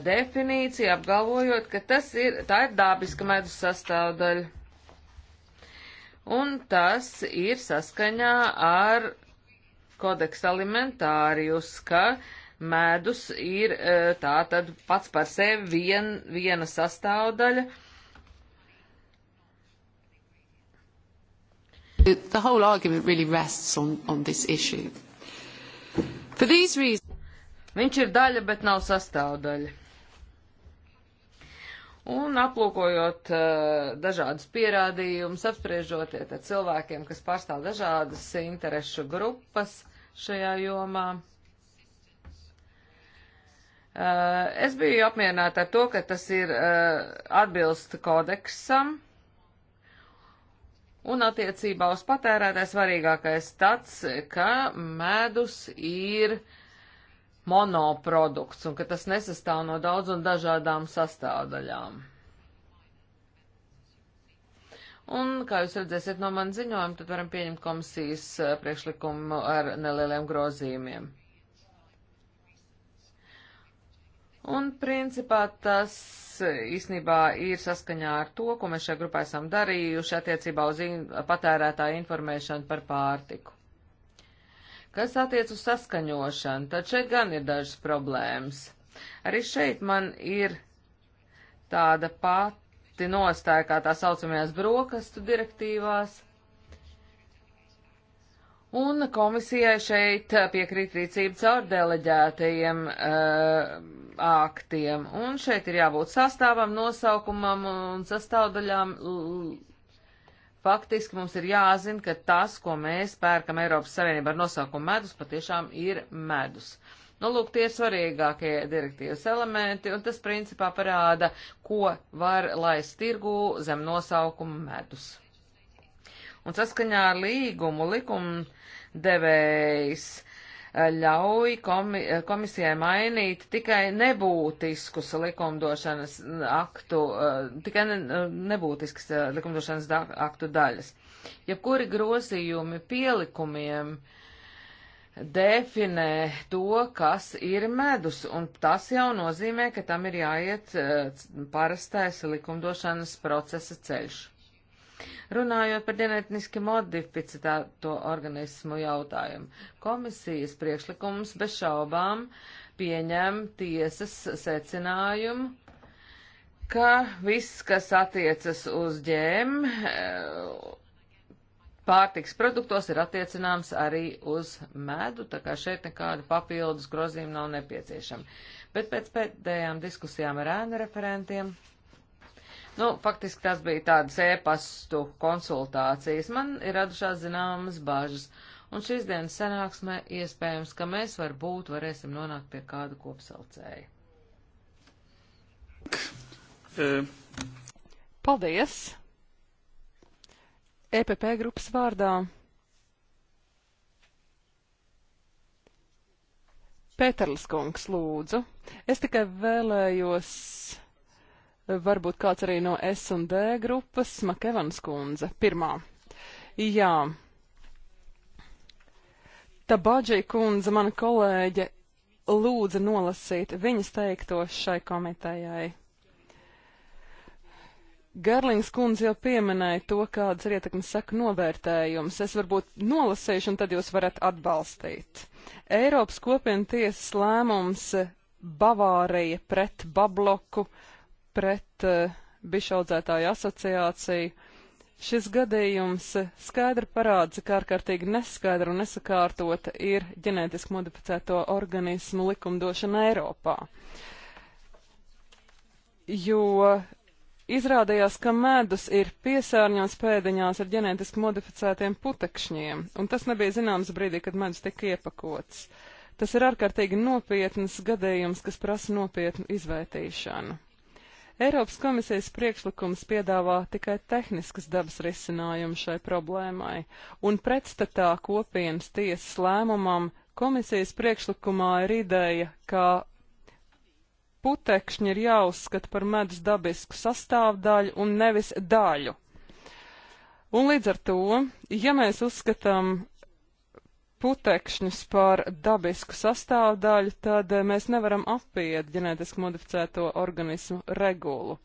definīciju, apgalvojot, ka tas ir, tā ir dabiska medus sastāvdaļa. Un tas ir saskaņā ar kodeks alimentārijus, ka medus ir e, tā tad pats par sevi vien, viena sastāvdaļa. The whole argument really rests on, on this issue. For these reasons... Viņš ir daļa, bet nav sastāvdaļa. Un aplūkojot uh, e, dažādus pierādījumus, apspriežoties ar cilvēkiem, kas pārstāv dažādas interešu grupas, šajā jomā. Eh, es biju apmierināta ar to, ka tas ir eh, atbilst kodeksam. Un attiecībā uz patērētāju svarīgākais tāds, ka medus ir monoprodukts un ka tas nesastāv no daudz un dažādām sastāvdaļām. Un, kā jūs redzēsiet no man ziņojuma, tad varam pieņemt komisijas eh, priekšlikumu ar nelieliem grozījumiem. Un, principā, tas eh, īsnībā ir saskaņā ar to, ko mēs šajā grupā esam darījuši attiecībā uz in patērētāju informēšanu par pārtiku. Kas attiec uz saskaņošanu, tad šeit gan ir dažas problēmas. Arī šeit man ir tāda pat pieņemti nostāja kā tā saucamajās brokastu direktīvās. Un komisijai šeit piekrīt rīcība caur deleģētajiem uh, aktiem. Un šeit ir jābūt sastāvam, nosaukumam un sastāvdaļām. Faktiski mums ir jāzina, ka tas, ko mēs pērkam Eiropas Savienībā ar nosaukumu medus, patiešām ir medus. Uh, Nu, lūk, tie svarīgākie direktīvas elementi, un tas principā parāda, ko var laist tirgu zem nosaukuma medus. Un saskaņā ar līgumu likumdevējs eh, ļauj komi eh, komisijai mainīt tikai nebūtiskus likumdošanas aktu, eh, tikai nebūtiskas likumdošanas aktu daļas. Jebkuri grozījumi pielikumiem uh, definē to, kas ir medus, un tas jau nozīmē, ka tam ir jāiet eh, parastais likumdošanas procesa ceļš. Runājot par ģenētiski modificēto organismu jautājumu, komisijas priekšlikums bez šaubām pieņem tiesas secinājumu, ka viss, kas attiecas uz ģēm, eh, pārtiks produktos ir attiecināms arī uz medu, tā kā šeit nekāda papildus grozījuma nav nepieciešama. Bet pēc pēdējām diskusijām ar ēnu referentiem, nu, faktiski tas bija tādas ēpastu konsultācijas, man ir radušās zināmas bažas, un šīs dienas sanāksmē iespējams, ka mēs varbūt varēsim nonākt pie kādu kopsaucēju. Eh. Paldies! EPP grupas vārdā. Pēterlis kungs, lūdzu. Es tikai vēlējos, varbūt kāds arī no S un D grupas, Makevans kundze, pirmā. Jā. Tabadži kundze, mana kolēģe, lūdza nolasīt viņas teikto šai komitejai. Gerlings kundze jau pieminēja to, kādas ir ietekmes seku novērtējums. Es varbūt nolasīšu, un tad jūs varat atbalstīt. Eiropas kopienu tiesas lēmums eh, Bavārija pret Babloku, pret uh, bišaudzētāju asociāciju. Šis gadījums eh, skaidri parāda, cik ārkārtīgi neskaidra un nesakārtota ir ģenētiski modificēto organismu likumdošana Eiropā. Jo Izrādījās, ka medus ir piesārņots pēdiņās ar ģenētiski modificētiem putekšņiem, un tas nebija zināms brīdī, kad medus tika iepakots. Tas ir ārkārtīgi nopietnas gadījums, kas prasa nopietnu izvērtīšanu. Eiropas komisijas priekšlikums piedāvā tikai tehniskas dabas risinājumu šai problēmai, un pretstatā kopienas tiesas lēmumam komisijas priekšlikumā ir ideja, ka putekšņi ir jāuzskata par medus dabisku sastāvdaļu un nevis daļu. Un līdz ar to, ja mēs uzskatām putekšņus par dabisku sastāvdaļu, tad eh, mēs nevaram apiet ģenētiski modificēto organismu regulu,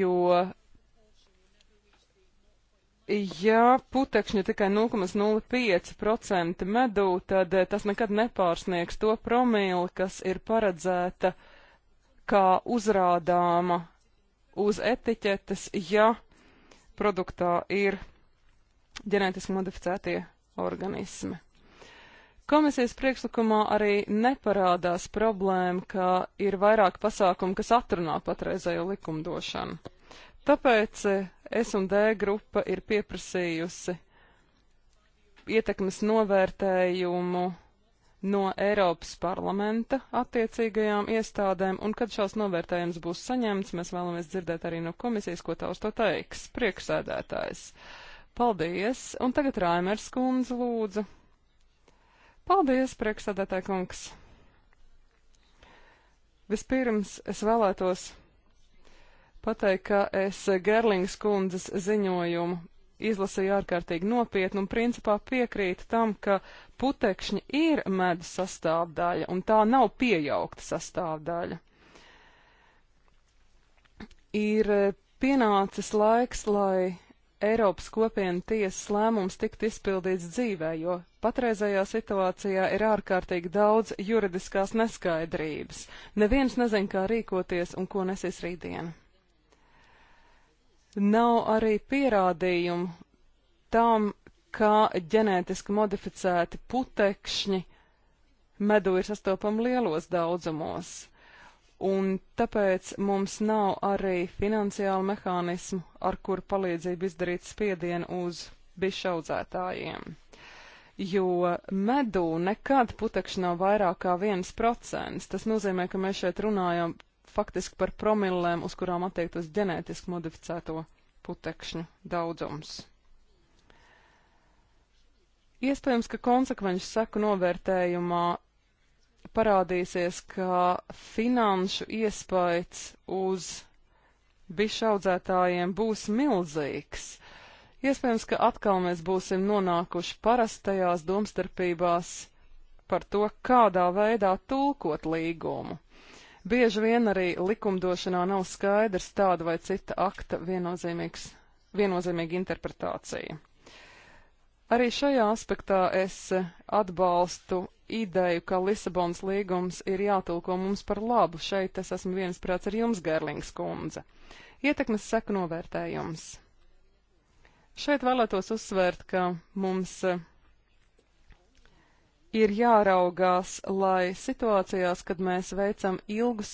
jo Ja putekšņi tikai 0,05% medū, tad eh, tas nekad nepārsniegs to promili, kas ir paredzēta uh, kā uzrādāma uz etiķetes, ja produktā ir ģenētiski modificētie organismi. Komisijas priekšlikumā arī neparādās problēma, ka ir vairāk pasākumu, kas atrunā patreizējo likumdošanu. Tāpēc S un D grupa ir pieprasījusi ietekmes novērtējumu no Eiropas parlamenta attiecīgajām iestādēm, un kad šās novērtējums būs saņemts, mēs vēlamies dzirdēt arī no komisijas, ko tā uz to teiks. Priekšsēdētājs. Paldies, un tagad Raimers kundze lūdzu. Paldies, priekšsēdētāja kungs. Vispirms es vēlētos pateikt, ka es Gerlings kundzes ziņojumu izlasīju ārkārtīgi nopietni un principā piekrītu tam, ka putekšņi ir medus sastāvdaļa un tā nav piejaukta sastāvdaļa. Ir eh, pienācis laiks, lai Eiropas kopienu tiesas lēmums tiktu izpildīts dzīvē, jo patreizajā situācijā ir ārkārtīgi daudz juridiskās neskaidrības. Neviens nezin, kā rīkoties un ko nesīs rītdiena. Nav arī pierādījumu tam, ka ģenētiski modificēti putekšņi medu ir sastopami lielos daudzumos. Un tāpēc mums nav arī finansiālu mehānismu, ar kuru palīdzību izdarīt spiedienu uz bišu audzētājiem. Jo medū nekad putekšņi nav vairāk kā viens procents. Tas nozīmē, ka mēs šeit runājam faktiski par promillēm, uz kurām attiektos ģenētiski modificēto putekšņu daudzums. Iespējams, ka konsekvenču seku novērtējumā parādīsies, ka finanšu iespējas uz bišu audzētājiem būs milzīgs. Iespējams, ka atkal mēs būsim nonākuši parastajās domstarpībās par to, kādā veidā tulkot līgumu. Bieži vien arī likumdošanā nav skaidrs tāda vai cita akta viennozīmīga interpretācija. Arī šajā aspektā es atbalstu ideju, ka Lisabonas līgums ir jātulko mums par labu. Šeit es esmu viensprāts ar jums, Gerlings kundze. Ietekmes seku novērtējums. Šeit vēlētos uzsvērt, ka mums ir jāraugās, lai situācijās, kad mēs veicam ilgus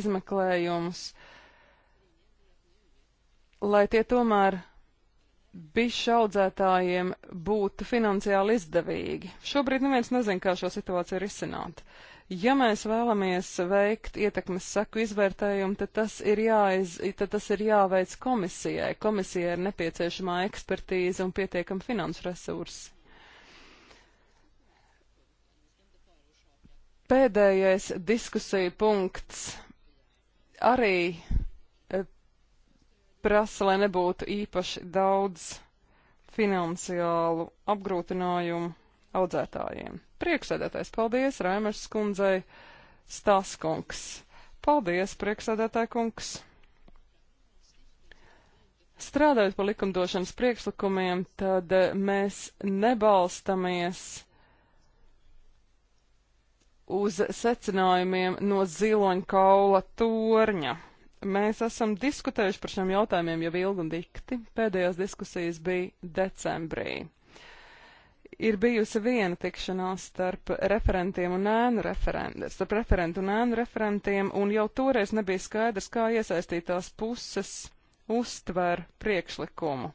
izmeklējumus, lai tie tomēr bišu audzētājiem būtu finansiāli izdevīgi. Šobrīd neviens nezin, kā šo situāciju risināt. Ja mēs vēlamies veikt ietekmes saku izvērtējumu, tad tas ir, jāiz, tad tas ir jāveic komisijai. Komisijai ir nepieciešamā ekspertīze un pietiekam finanšu resursi. Pēdējais diskusija punkts arī e, prasa, lai nebūtu īpaši daudz finansiālu apgrūtinājumu audzētājiem. Prieksēdētais paldies Raimers skundzei Stāskungs. Paldies, prieksēdētāj kungs! Strādājot pa likumdošanas priekšlikumiem, tad e, mēs nebalstamies uz secinājumiem no ziloņkaula torņa. Mēs esam diskutējuši par šiem jautājumiem jau ilgi un dikti. Pēdējās diskusijas bija decembrī. Ir bijusi viena tikšanās starp referentiem un ēnu referentiem, starp referentu un ēnu referentiem, un jau toreiz nebija skaidrs, kā iesaistītās puses uztver priekšlikumu.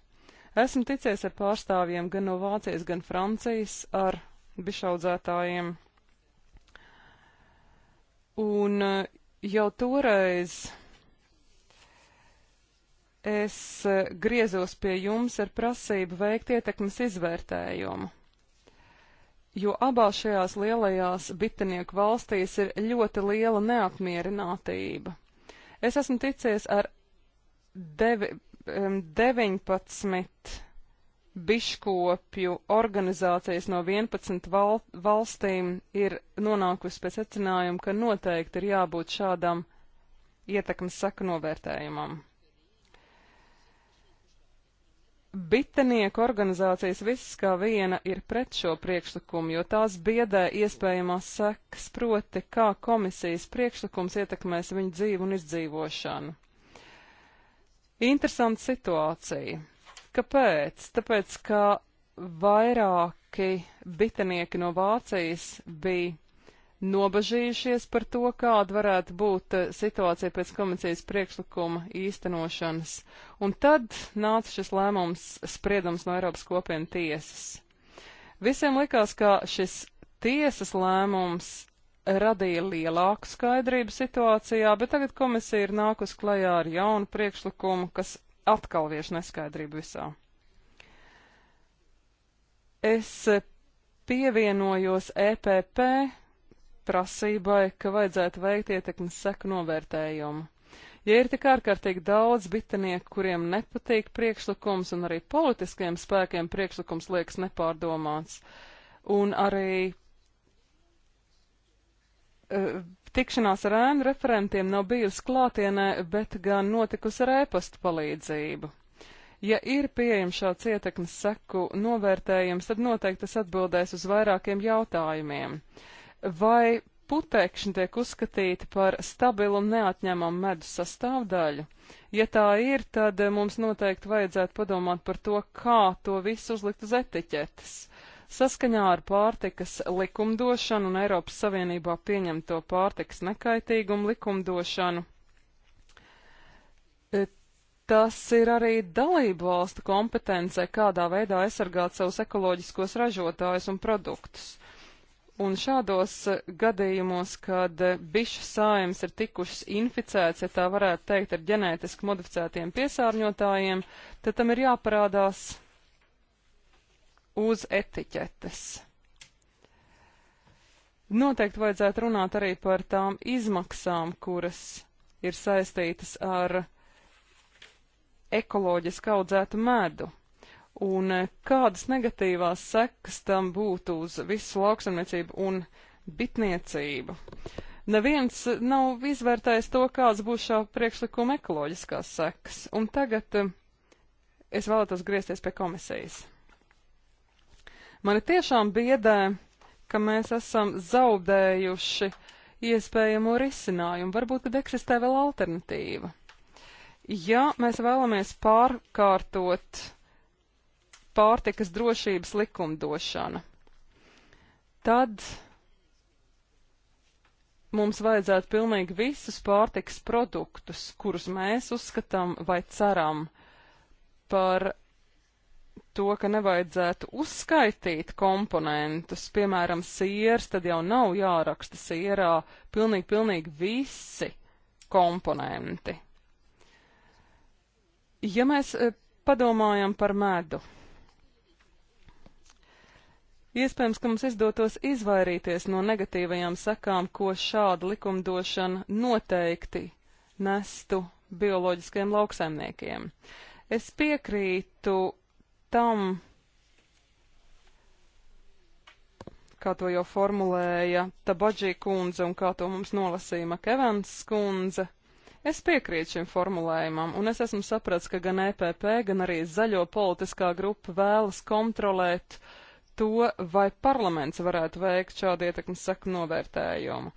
Esmu ticies ar pārstāvjiem gan no Vācijas, gan Francijas, ar bišaudzētājiem Un eh, jau toreiz es eh, griezos pie jums ar prasību veikt ietekmes izvērtējumu. Jo abās šajās lielajās bitinieku valstīs ir ļoti liela neapmierinātība. Es esmu ticies ar devi, 19 biškopju organizācijas no 11 val valstīm ir nonākusi pēc secinājuma, ka noteikti ir jābūt šādam ietekmes saka novērtējumam. Bitenieku organizācijas visas kā viena ir pret šo priekšlikumu, jo tās biedē iespējamās sekas proti, kā komisijas priekšlikums ietekmēs viņu dzīvu un izdzīvošanu. Interesanta situācija. Kāpēc? Tāpēc, ka vairāki bitenieki no Vācijas bija nobažījušies par to, kāda varētu būt eh, situācija pēc komisijas priekšlikuma īstenošanas. Un tad nāca šis lēmums spriedums no Eiropas kopienu tiesas. Visiem likās, ka šis tiesas lēmums radīja lielāku skaidrību situācijā, bet tagad komisija ir nākus klajā ar jaunu priekšlikumu, kas atkal viešu neskaidrību visā. Es pievienojos EPP prasībai, ka vajadzētu veikt ietekmes seku novērtējumu. Ja ir tik ārkārtīgi daudz bitinieku, kuriem nepatīk priekšlikums, un arī politiskiem spēkiem priekšlikums liekas nepārdomāts, un arī uh, Tikšanās ar ēnu referentiem nav bijusi klātienē, bet gan notikusi ar ēpastu palīdzību. Ja ir pieejams šāds ietekmes seku novērtējums, tad noteikti tas atbildēs uz vairākiem jautājumiem. Vai putekšņi tiek uzskatīti par stabilu un neatņemamu medus sastāvdaļu? Ja tā ir, tad mums noteikti vajadzētu padomāt par to, kā to visu uzlikt uz etiķetes. Saskaņā ar pārtikas likumdošanu un Eiropas Savienībā pieņemto pārtikas nekaitīgumu likumdošanu. E, tas ir arī dalību valstu kompetencē, kādā veidā aizsargāt savus ekoloģiskos ražotājus un produktus. Un šādos gadījumos, kad bišu sājums ir tikušas inficēts, ja tā varētu teikt, ar ģenētiski modificētiem piesārņotājiem, tad tam ir jāparādās uz etiķetes. Noteikti vajadzētu runāt arī par tām izmaksām, kuras ir saistītas ar ekoloģiski audzētu medu. Un eh, kādas negatīvās sekas tam būtu uz visu lauksamniecību un bitniecību? Neviens nav izvērtējis to, kādas būs šā priekšlikuma ekoloģiskās sekas. Un tagad eh, es vēlētos griezties pie komisijas. Mani tiešām biedē, ka mēs esam zaudējuši iespējamo risinājumu. Varbūt, kad eksistē vēl alternatīva. Ja mēs vēlamies pārkārtot pārtikas drošības likumdošanu, tad mums vajadzētu pilnīgi visus pārtikas produktus, kurus mēs uzskatām vai ceram par to, ka nevajadzētu uzskaitīt komponentus, piemēram, siers, tad jau nav jāraksta sierā pilnīgi, pilnīgi visi komponenti. Ja mēs e, padomājam par medu, iespējams, ka mums izdotos izvairīties no negatīvajām sekām, ko šāda likumdošana noteikti nestu bioloģiskiem lauksaimniekiem. Es piekrītu tam, kā to jau formulēja Tabadžī kundze un kā to mums nolasīja Makevans kundze. Es piekrītu šim formulējumam, un es esmu sapratis, ka gan EPP, gan arī zaļo politiskā grupa vēlas kontrolēt to, vai parlaments varētu veikt šādu ietekmes saku novērtējumu.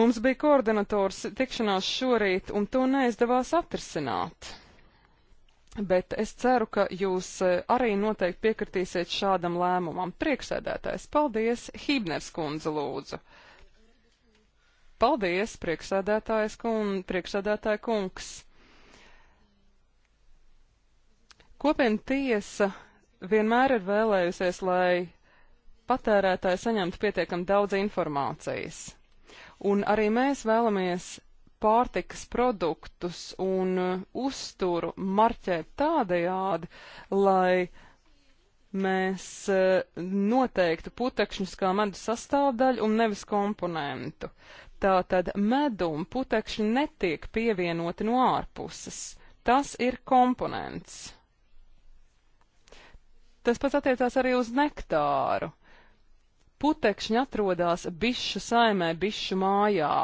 Mums bija koordinators tikšanās šorīt, un to neizdevās atrisināt bet es ceru, ka jūs e, arī noteikti piekritīsiet šādam lēmumam. Prieksēdētājs, paldies, Hībners kundze lūdzu. Paldies, prieksēdētājs kund, prieksēdētāja kungs. Kopiena tiesa vienmēr ir vēlējusies, lai patērētāji saņemtu pietiekami daudz informācijas. Un arī mēs vēlamies pārtikas produktus un uh, uzturu marķēt tādajādi, lai mēs uh, noteiktu putekšņus kā medus sastāvdaļu un nevis komponentu. Tātad medum putekšņi netiek pievienoti no ārpuses. Tas ir komponents. Tas pats attiecās arī uz nektāru. Putekšņi atrodas bišu saimē, bišu mājā,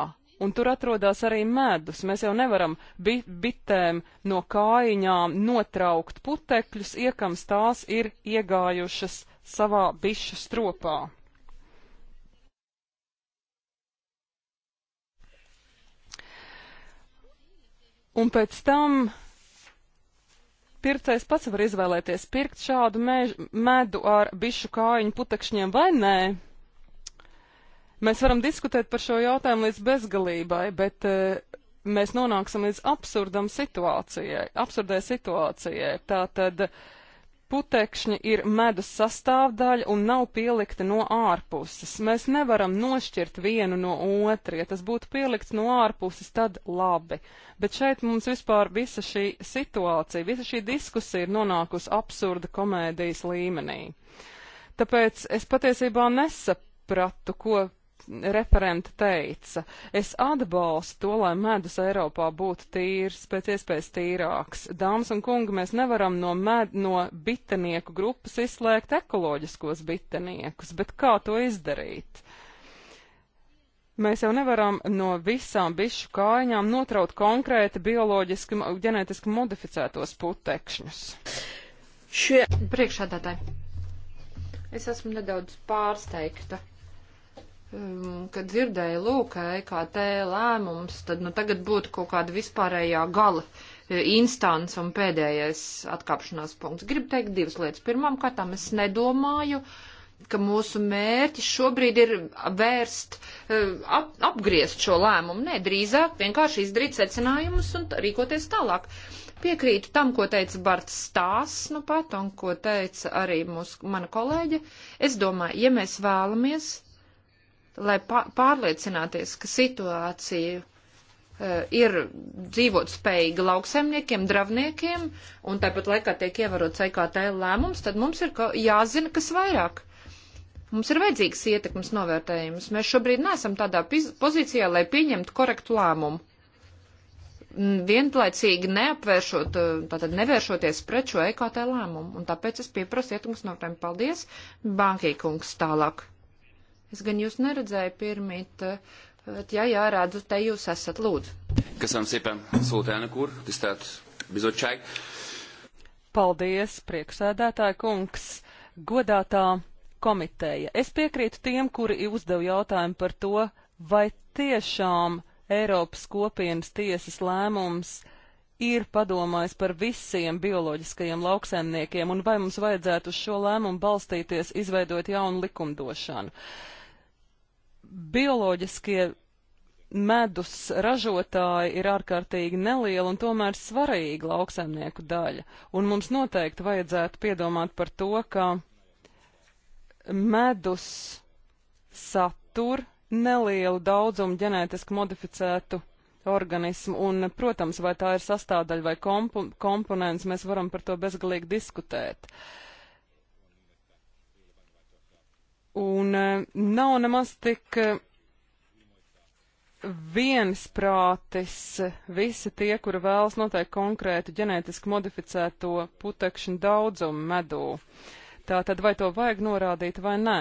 un tur atrodas arī medus. Mēs jau nevaram bi bitēm no kājiņām notraukt putekļus, iekams tās ir iegājušas savā bišu stropā. Un pēc tam pircējs pats var izvēlēties pirkt šādu mežu, medu ar bišu kājiņu putekšņiem vai nē. Mēs varam diskutēt par šo jautājumu līdz bezgalībai, bet eh, mēs nonāksim līdz absurdam situācijai, absurdai situācijai. Tātad putekšņi ir medus sastāvdaļa un nav pielikti no ārpuses. Mēs nevaram nošķirt vienu no otra. Ja tas būtu pielikts no ārpuses, tad labi. Bet šeit mums vispār visa šī situācija, visa šī diskusija ir nonākusi absurda komēdijas līmenī. Tāpēc es patiesībā nesapratu, ko referente teica, es atbalstu to, lai medus Eiropā būtu tīrs, pēc iespējas tīrāks. Dāmas un kungi, mēs nevaram no, med, no bitenieku grupas izslēgt ekoloģiskos biteniekus, bet kā to izdarīt? Mēs jau nevaram no visām bišu kājām notraut konkrēti bioloģiski, ģenētiski modificētos putekšņus. Šie priekšādātāji. Es esmu nedaudz pārsteigta Mm, kad dzirdēju, lūk, EKT lēmums, tad nu tagad būtu kaut kāda vispārējā gala e, instants un pēdējais atkāpšanās punkts. Gribu teikt divas lietas. Pirmām kārtām es nedomāju, ka mūsu mērķis šobrīd ir vērst, e, ap, apgriezt šo lēmumu. Nē, drīzāk vienkārši izdarīt secinājumus un rīkoties tālāk. Piekrītu tam, ko teica Barts Stās, nu pat, un ko teica arī mūsu, mana kolēģe. Es domāju, ja mēs vēlamies lai pārliecināties, ka situācija e, ir dzīvot spējīga lauksaimniekiem, dravniekiem, un tāpat laikā tiek ievarots EKT lēmums, tad mums ir jāzina, kas vairāk. Mums ir vajadzīgs ietekmes novērtējums. Mēs šobrīd neesam tādā pozīcijā, lai pieņemtu korektu lēmumu. Vienlaicīgi neapvēršot, e, tātad nevēršoties pret šo EKT lēmumu, un tāpēc es pieprasu ietekmes novērtējumu. Paldies, Bankī kungs, tālāk. Es gan jūs neredzēju pirmīt, bet ja jārādu, te jūs esat lūdzu. Köszönöm szépen, szót elnök úr, tisztelt bizottság. Paldies, priekšsēdētāja kungs, godātā komiteja. Es piekrītu tiem, kuri uzdev jautājumu par to, vai tiešām Eiropas kopienas tiesas lēmums ir padomājis par visiem bioloģiskajiem lauksēmniekiem un vai mums vajadzētu uz šo lēmumu balstīties, izveidot jaunu likumdošanu. Uh, bioloģiskie medus ražotāji ir ārkārtīgi neliela un tomēr svarīga lauksaimnieku daļa. Un mums noteikti vajadzētu piedomāt par to, ka medus satur nelielu daudzumu ģenētiski modificētu organismu, un, protams, vai tā ir sastāvdaļa vai komp komponents, mēs varam par to bezgalīgi diskutēt. Uh, Un e, nav nemaz tik e, viensprātis visi tie, kuri vēlas noteikt konkrētu ģenētiski modificēto putekšņu daudzumu medū. Tātad vai to vajag norādīt vai nē?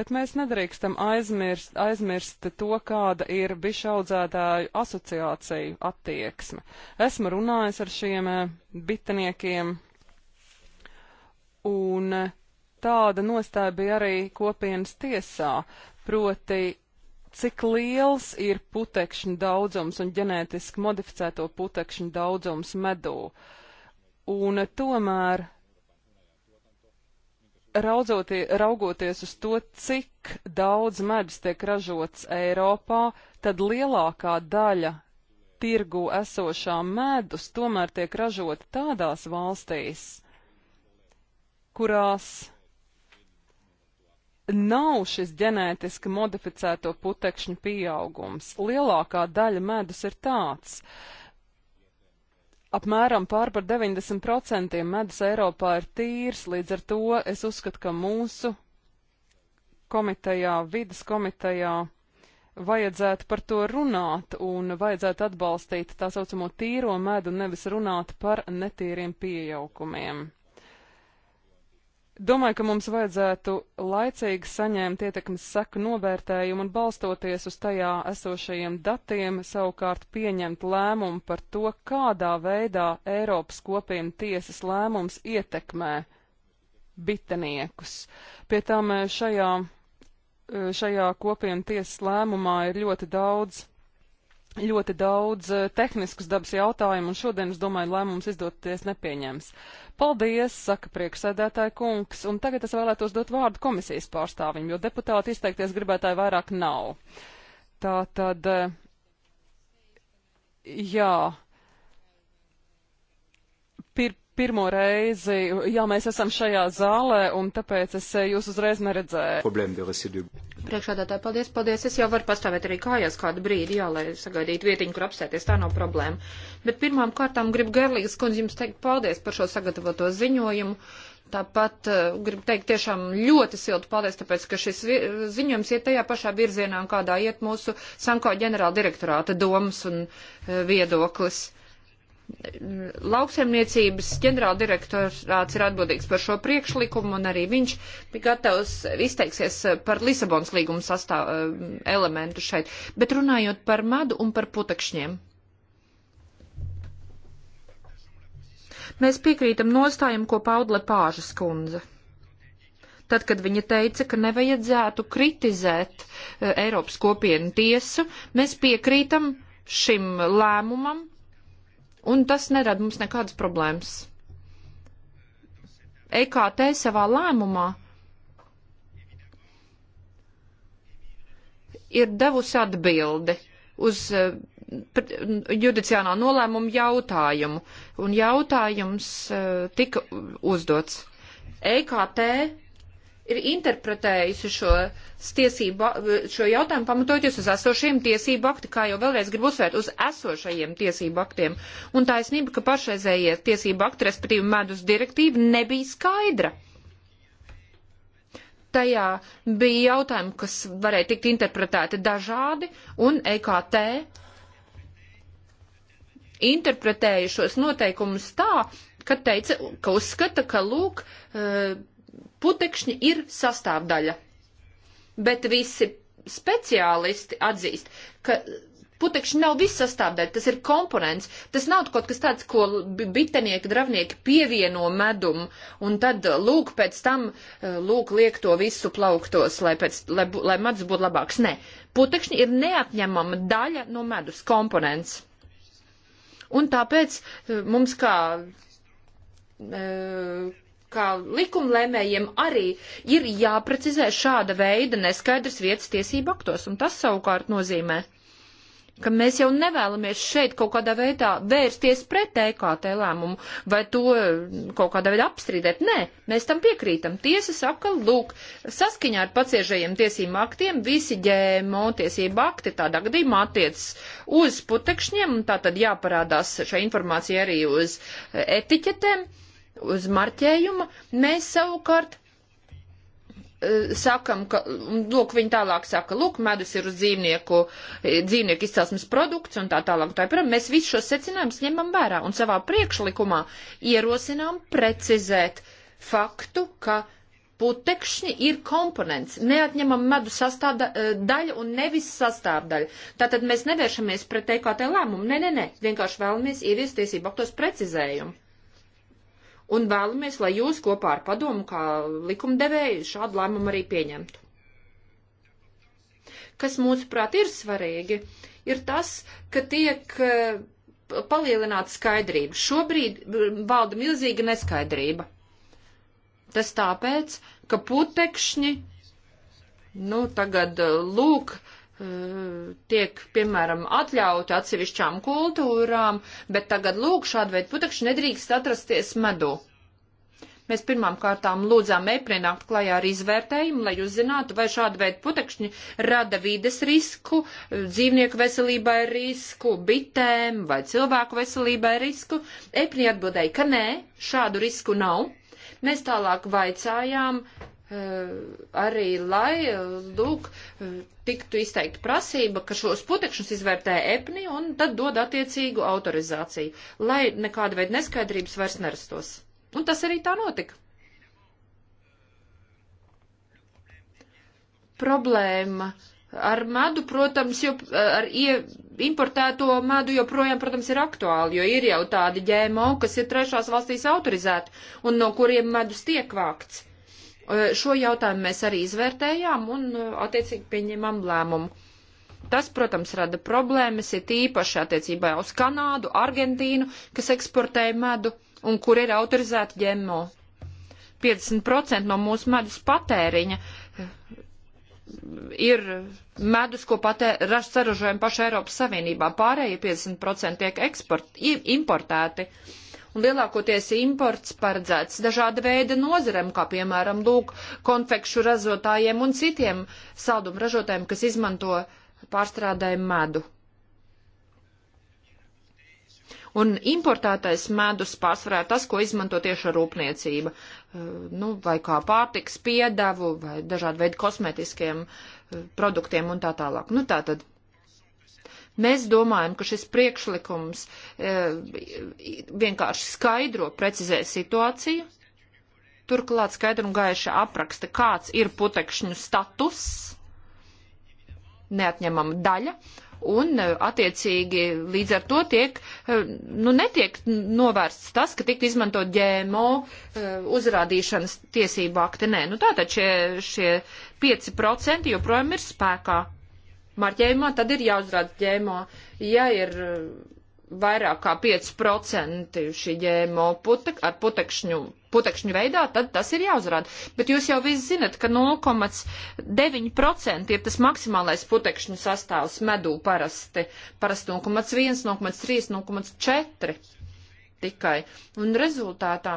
Bet mēs nedrīkstam aizmirst, aizmirst to, kāda ir bišu audzētāju asociāciju attieksme. Esmu runājis ar šiem e, bitiniekiem, un tāda nostāja bija arī kopienas tiesā, proti, cik liels ir putekšņu daudzums un ģenētiski modificēto putekšņu daudzums medū. Un tomēr, raudzotie, raugoties uz to, cik daudz medus tiek ražots Eiropā, tad lielākā daļa tirgu esošā medus tomēr tiek ražota tādās valstīs, kurās nav šis ģenētiski modificēto putekšņu pieaugums. Lielākā daļa medus ir tāds. Apmēram pār par 90% medus Eiropā ir tīrs, līdz ar to es uzskatu, ka mūsu komitejā, vidas komitejā vajadzētu par to runāt un vajadzētu atbalstīt tā saucamo tīro medu, nevis runāt par netīriem pieaukumiem. Domāju, ka mums vajadzētu laicīgi saņemt ietekmes seku novērtējumu un balstoties uz tajā esošajiem datiem, savukārt pieņemt lēmumu par to, kādā veidā Eiropas kopiena tiesas lēmums ietekmē biteniekus. Pie tam eh, šajā, eh, šajā kopiena tiesas lēmumā ir ļoti daudz ļoti daudz eh, tehniskas dabas jautājumu, un šodien, es domāju, lēmums izdoties nepieņems. Paldies, saka prieksēdētāja kungs, un tagad es vēlētos dot vārdu komisijas pārstāvim, jo deputāti izteikties gribētāji vairāk nav. Tā tad, eh, jā, pir, pirmo reizi, jā, mēs esam šajā zālē, un tāpēc es eh, jūs uzreiz neredzēju. Priekšādātāji, paldies, paldies. Es jau varu pastāvēt arī kājās kādu brīdi, jā, lai sagaidītu vietiņu, kur apsēties, tā nav problēma. Bet pirmām kārtām gribu Gerlīgas kundzi jums teikt paldies par šo sagatavoto ziņojumu. Tāpat uh, gribu teikt tiešām ļoti siltu paldies, tāpēc, ka šis ziņojums iet tajā pašā virzienā, kādā iet mūsu Sanko ģenerāla direktorāta domas un uh, viedoklis. Uh, lauksaimniecības ģenerāldirektorāts ir atbildīgs par šo priekšlikumu, un arī viņš bija gatavs izteiksies par Lisabonas līguma sastāv eh, elementu šeit. Bet runājot par madu un par putekšņiem. Mēs piekrītam nostājam, ko paudle pāžas kundze. Tad, kad viņa teica, ka nevajadzētu kritizēt uh, Eiropas kopienu tiesu, mēs piekrītam šim lēmumam, un tas nerada mums nekādas problēmas. EKT savā lēmumā ir devusi atbildi uz eh, judiciālā nolēmuma jautājumu, un jautājums eh, tika uzdots. EKT ir interpretējusi šo, tiesību, šo jautājumu pamatoties uz esošiem tiesību akti, kā jau vēlreiz gribu uzsvērt, uz esošajiem tiesību aktiem. Un taisnība, ka pašreizējie tiesību akti, respektīvi medus direktīva, nebija skaidra. Tajā bija jautājumi, kas varēja tikt interpretēti dažādi, un EKT interpretēja šos noteikumus tā, ka teica, ka uzskata, ka lūk, uh, putekšņi ir sastāvdaļa. Bet visi speciālisti atzīst, ka putekšņi nav viss sastāvdaļa, tas ir komponents. Tas nav kaut kas tāds, ko bitenieki, dravnieki pievieno medumu un tad uh, lūk pēc tam, uh, lūk liek to visu plauktos, lai, pēc, lai, lai medus būtu labāks. Nē, putekšņi ir neatņemama daļa no medus komponents. Un tāpēc uh, mums kā. E, kā likumlēmējiem arī ir jāprecizē šāda veida neskaidrs vietas tiesību aktos, un tas savukārt nozīmē, ka mēs jau nevēlamies šeit kaut kādā veidā vērsties pret EKT lēmumu vai to kaut kādā veidā apstrīdēt. Nē, mēs tam piekrītam. Tiesa saka, lūk, saskaņā ar paciešajiem tiesību aktiem visi ģēmo tiesību akti tādā gadījumā attiec uz putekšņiem, un tā tad jāparādās šai informācija arī uz etiķetēm uz marķējuma, mēs savukārt e, sakam, ka, lūk, viņi tālāk saka, lūk, medus ir uz dzīvnieku, e, dzīvnieku izcelsmes produkts un tā tālāk. Tā joprojām mēs visus šos secinājumus ņemam vērā un savā priekšlikumā ierosinām precizēt faktu, ka putekšņi ir komponents, neatņemam medu sastāda e, daļa un nevis sastāvdaļa. Tātad mēs nevēršamies pret EKT lēmumu, nē, nē, nē, vienkārši vēlamies ieviest tiesību aktos precizējumu un vēlamies, lai jūs kopā ar padomu kā likumdevēju šādu lēmumu arī pieņemtu. Kas mūsuprāt ir svarīgi, ir tas, ka tiek eh, palielināta skaidrība. Šobrīd valda milzīga neskaidrība. Tas tāpēc, ka putekšņi, nu tagad eh, lūk, uh, tiek, piemēram, atļauti atsevišķām kultūrām, bet tagad lūk, šāda veida putekši nedrīkst atrasties medu. Mēs pirmām kārtām lūdzām eprienākt klajā ar izvērtējumu, lai jūs zinātu, vai šāda veida putekšņi rada vides risku, dzīvnieku veselībai risku, bitēm vai cilvēku veselībai risku. Eprie atbildēja, ka nē, šādu risku nav. Mēs tālāk vaicājām, Eh, arī, lai, eh, lūk, eh, tiktu izteikta prasība, ka šos putekšņus izvērtē EPNI un tad dod attiecīgu autorizāciju, lai nekāda veida neskaidrības vairs nerastos. Un tas arī tā notika. Problēma ar medu, protams, jo, ar ie, importēto medu joprojām, protams, ir aktuāli, jo ir jau tādi ģēmo, kas ir trešās valstīs autorizēti un no kuriem medus tiek vākts. Uh, Šo jautājumu mēs arī izvērtējām un attiecīgi pieņemam lēmumu. Tas, protams, rada problēmas, ir īpaši attiecībā uz Kanādu, Argentīnu, kas eksportē medu un kur ir autorizēta ģemo. 50% no mūsu medus patēriņa ir medus, ko patērraž saražojam paši Eiropas Savienībā. Pārējie 50% tiek eksport, importēti. Uh, un lielākoties imports paredzēts dažāda veida nozarem, kā piemēram lūk konfekšu ražotājiem un citiem saldumu ražotājiem, kas izmanto pārstrādājumu medu. Un importētais medus pārsvarā tas, ko izmanto tieši rūpniecība, eh, nu, vai kā pārtiks piedevu, vai dažādu veidu kosmetiskiem eh, produktiem un tā tālāk. Nu, tā tad Mēs domājam, ka šis priekšlikums e, vienkārši skaidro, precizē situāciju. Turklāt skaidri un gaiši apraksta, kāds ir putekšņu status, neatņemama daļa, un e, attiecīgi līdz ar to tiek, e, nu, netiek novērsts tas, ka tiktu izmantot ģēmo e, uzrādīšanas tiesību akti. Nē, nu tātad šie, šie 5% joprojām ir spēkā marķējumā, tad ir jāuzrāda ģēmo. Ja ir uh, vairāk kā 5% šī ģēmo putek, ar putekšņu, putekšņu veidā, tad tas ir jāuzrāda. Bet jūs jau viss zinat, ka 0,9% ir tas maksimālais putekšņu sastāvs medū parasti. Parasti 0,1, 0,3, 0,4 tikai. Un rezultātā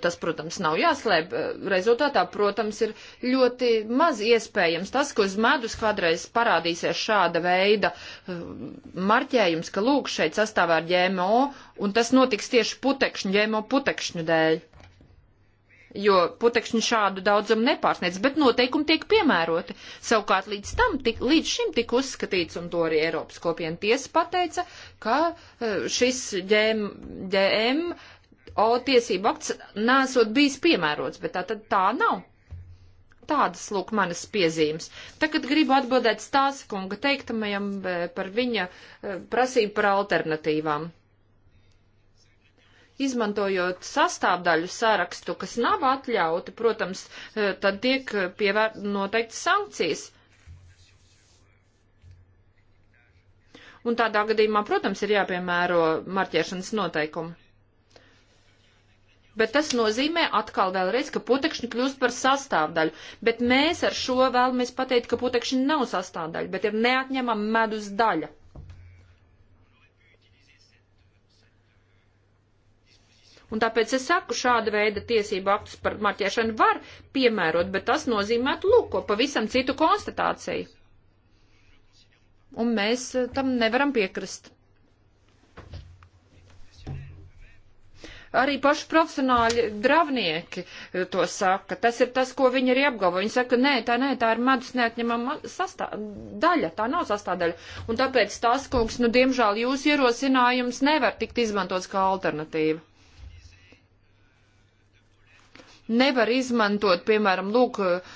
Tas, protams, nav jāslēp. Rezultātā, protams, ir ļoti maz iespējams tas, ka uz medus kādreiz parādīsies šāda veida uh, marķējums, ka lūk šeit sastāvā ar ģēmo, un tas notiks tieši putekšņu, ģēmo putekšņu dēļ. Jo putekšņi šādu daudzam nepārsniedz, bet noteikumi tiek piemēroti. Savukārt līdz, tam, tik, līdz šim tika uzskatīts, un to arī Eiropas kopiena tiesa pateica, ka uh, šis ģēm, ģēm O tiesību akts nesot bijis piemērots, bet tā tad tā nav. Tādas, lūk, manas piezīmes. Tagad gribu atbildēt stāstkunga teiktamajam e, par viņa e, prasību par alternatīvām. Izmantojot sastāvdaļu sarakstu, kas nav atļauti, protams, e, tad tiek pievērt noteikti sankcijas. Un tādā gadījumā, protams, ir jāpiemēro marķēšanas noteikumi. Bet tas nozīmē atkal vēlreiz, ka putekšņi kļūst par sastāvdaļu. Bet mēs ar šo vēlamies pateikt, ka putekšņi nav sastāvdaļa, bet ir neatņemama medus daļa. Un tāpēc es saku, šāda veida tiesību aktus par marķēšanu var piemērot, bet tas nozīmē lūk, ko pavisam citu konstatāciju. Un mēs tam nevaram piekrist. Arī paši profesionāļi dravnieki eh, to saka. Tas ir tas, ko viņi arī apgalvo. Viņi saka, nē, tā, nē, tā ir medus neatņemama sastā... daļa, tā nav sastādaļa. Un tāpēc tas, kungs, nu, diemžēl jūsu ierosinājums nevar tikt izmantots kā alternatīva nevar izmantot, piemēram, lūk, eh,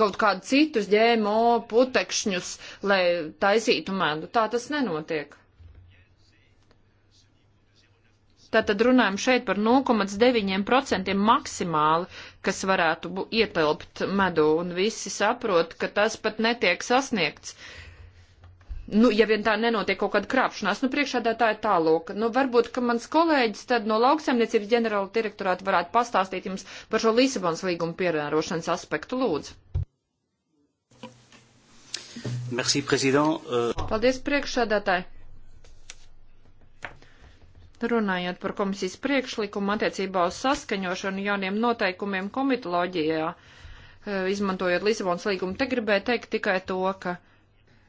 kaut kādu citus ģēmo putekšņus, lai taisītu medu. Tā tas nenotiek. Tātad runājam šeit par 0,9% maksimāli, kas varētu ietelpt medu, un visi saprot, ka tas pat netiek sasniegts. Nu, ja vien tā nenotiek kaut kāda krāpšanās, nu priekšādā tā ir tālūk. Nu, varbūt, ka mans kolēģis tad no lauksaimniecības ģenerāla direktorāta varētu pastāstīt jums par šo Lisabonas līguma piemērošanas aspektu lūdzu. Merci, prezident. Euh, Paldies, priekšādātāji. Runājot par komisijas priekšlikumu attiecībā uz saskaņošanu jauniem noteikumiem komitoloģijā, eh, izmantojot Lisabonas līgumu, te gribēju teikt tikai to, ka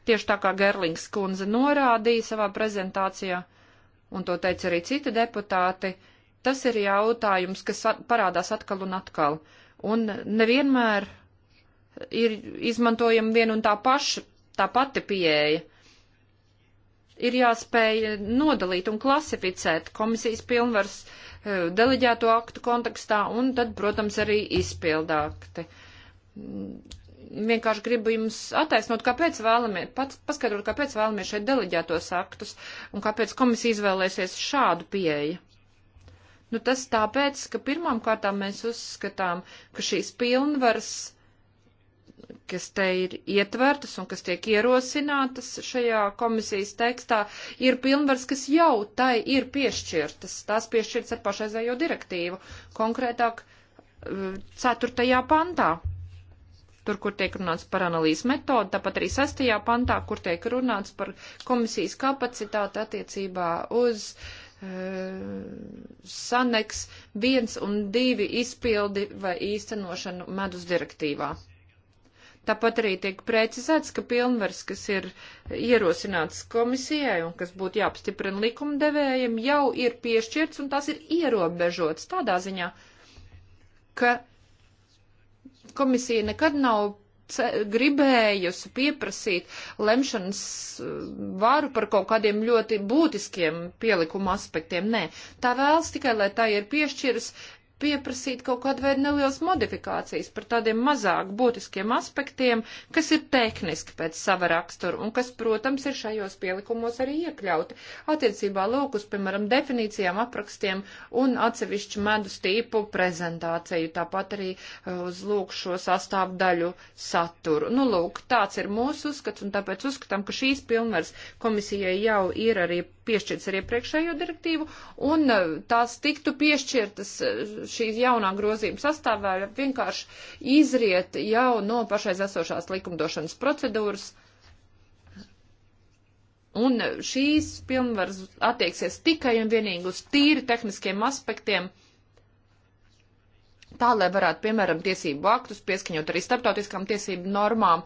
tieši tā kā Gerlings kundze norādīja savā prezentācijā, un to teica arī citi deputāti, tas ir jautājums, kas parādās atkal un atkal. Un nevienmēr ir izmantojama viena un tā paša, tā pati pieeja ir jāspēj nodalīt un klasificēt komisijas pilnvars eh, deleģēto aktu kontekstā un tad, protams, arī izpildākti. Mm, vienkārši gribu jums attaisnot, kāpēc vēlamies, pats paskatot, kāpēc vēlamies šeit deleģētos aktus un kāpēc komisija izvēlēsies šādu pieeju. Nu, tas tāpēc, ka pirmām kārtām mēs uzskatām, ka šīs pilnvars kas te ir ietvertas un kas tiek ierosinātas šajā komisijas tekstā, ir pilnvars, kas jau tai ir piešķirtas. Tās piešķirtas ar pašreizējo direktīvu, konkrētāk 4. Eh, pantā, tur, kur tiek runāts par analīzes metodu, tāpat arī 6. pantā, kur tiek runāts par komisijas kapacitāti attiecībā uz uh, eh, saneks viens un divi izpildi vai īstenošanu medus direktīvā. Tāpat arī tiek precizēts, ka pilnvars, kas ir ierosināts komisijai un kas būtu jāapstiprina likumdevējiem, jau ir piešķirts un tas ir ierobežots tādā ziņā, ka komisija nekad nav gribējusi pieprasīt lemšanas eh, varu par kaut kādiem ļoti būtiskiem pielikuma aspektiem. Nē, tā vēlas tikai, lai tā ir piešķiras pieprasīt kaut kādu veidu nelielas modifikācijas par tādiem mazāk būtiskiem aspektiem, kas ir tehniski pēc sava rakstura un kas, protams, ir šajos pielikumos arī iekļauti. Attiecībā lūk uz, piemēram, definīcijām, aprakstiem un atsevišķu medus tīpu prezentāciju, tāpat arī e, uz lūk šo sastāvdaļu saturu. Nu, lūk, tāds ir mūsu uzskats un tāpēc uzskatām, ka šīs pilnvars komisijai jau ir arī piešķirts ar iepriekšējo direktīvu, un e, tās tiktu piešķirtas e, šīs jaunā grozījuma sastāvā vienkārši izriet jau no pašais esošās likumdošanas procedūras. Un e, šīs pilnvaras attieksies tikai un vienīgi uz tīri tehniskiem aspektiem tā, lai varētu, piemēram, tiesību aktus pieskaņot arī starptautiskām tiesību normām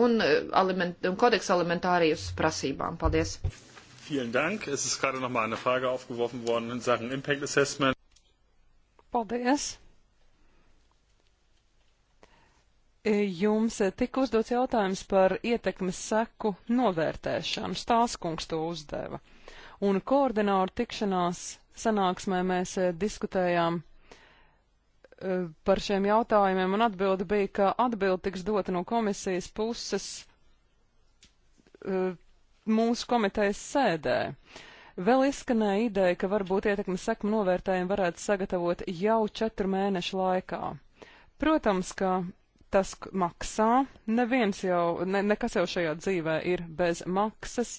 un, aliment, un kodeksa alimentārijus prasībām. Paldies! Vielen Dank. Es ist gerade nochmal eine Frage aufgeworfen worden in Sachen Impact Assessment. Paldies. E, jums tika uzdots jautājums par ietekmes seku novērtēšanu. Stāskungs to uzdeva. Un koordināru tikšanās sanāksmē mēs e, diskutējām e, par šiem jautājumiem, un atbilde bija, ka atbilde tiks dota no komisijas puses mūsu komitejas sēdē. Vēl izskanēja ideja, ka varbūt ietekmes sekmu novērtējumu varētu sagatavot jau četru mēnešu laikā. Protams, ka tas maksā, neviens jau, ne, nekas jau šajā dzīvē ir bez maksas,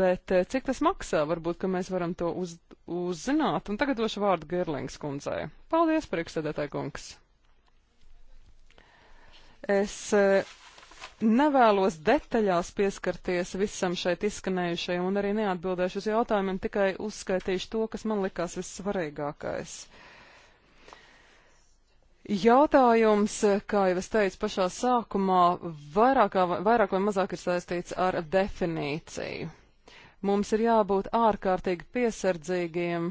bet eh, cik tas maksā, varbūt, ka mēs varam to uz, uzzināt. Un tagad došu vārdu Gerlings kundzei. Paldies, priekšsēdētāji kungs! Es eh, Nevēlos detaļās pieskarties visam šeit izskanējušajam un arī neatbildēšu uz jautājumiem, tikai uzskaitīšu to, kas man likās vissvarīgākais. Jautājums, kā jau es teicu pašā sākumā, vairāk, vairāk vai mazāk ir saistīts ar definīciju. Mums ir jābūt ārkārtīgi piesardzīgiem,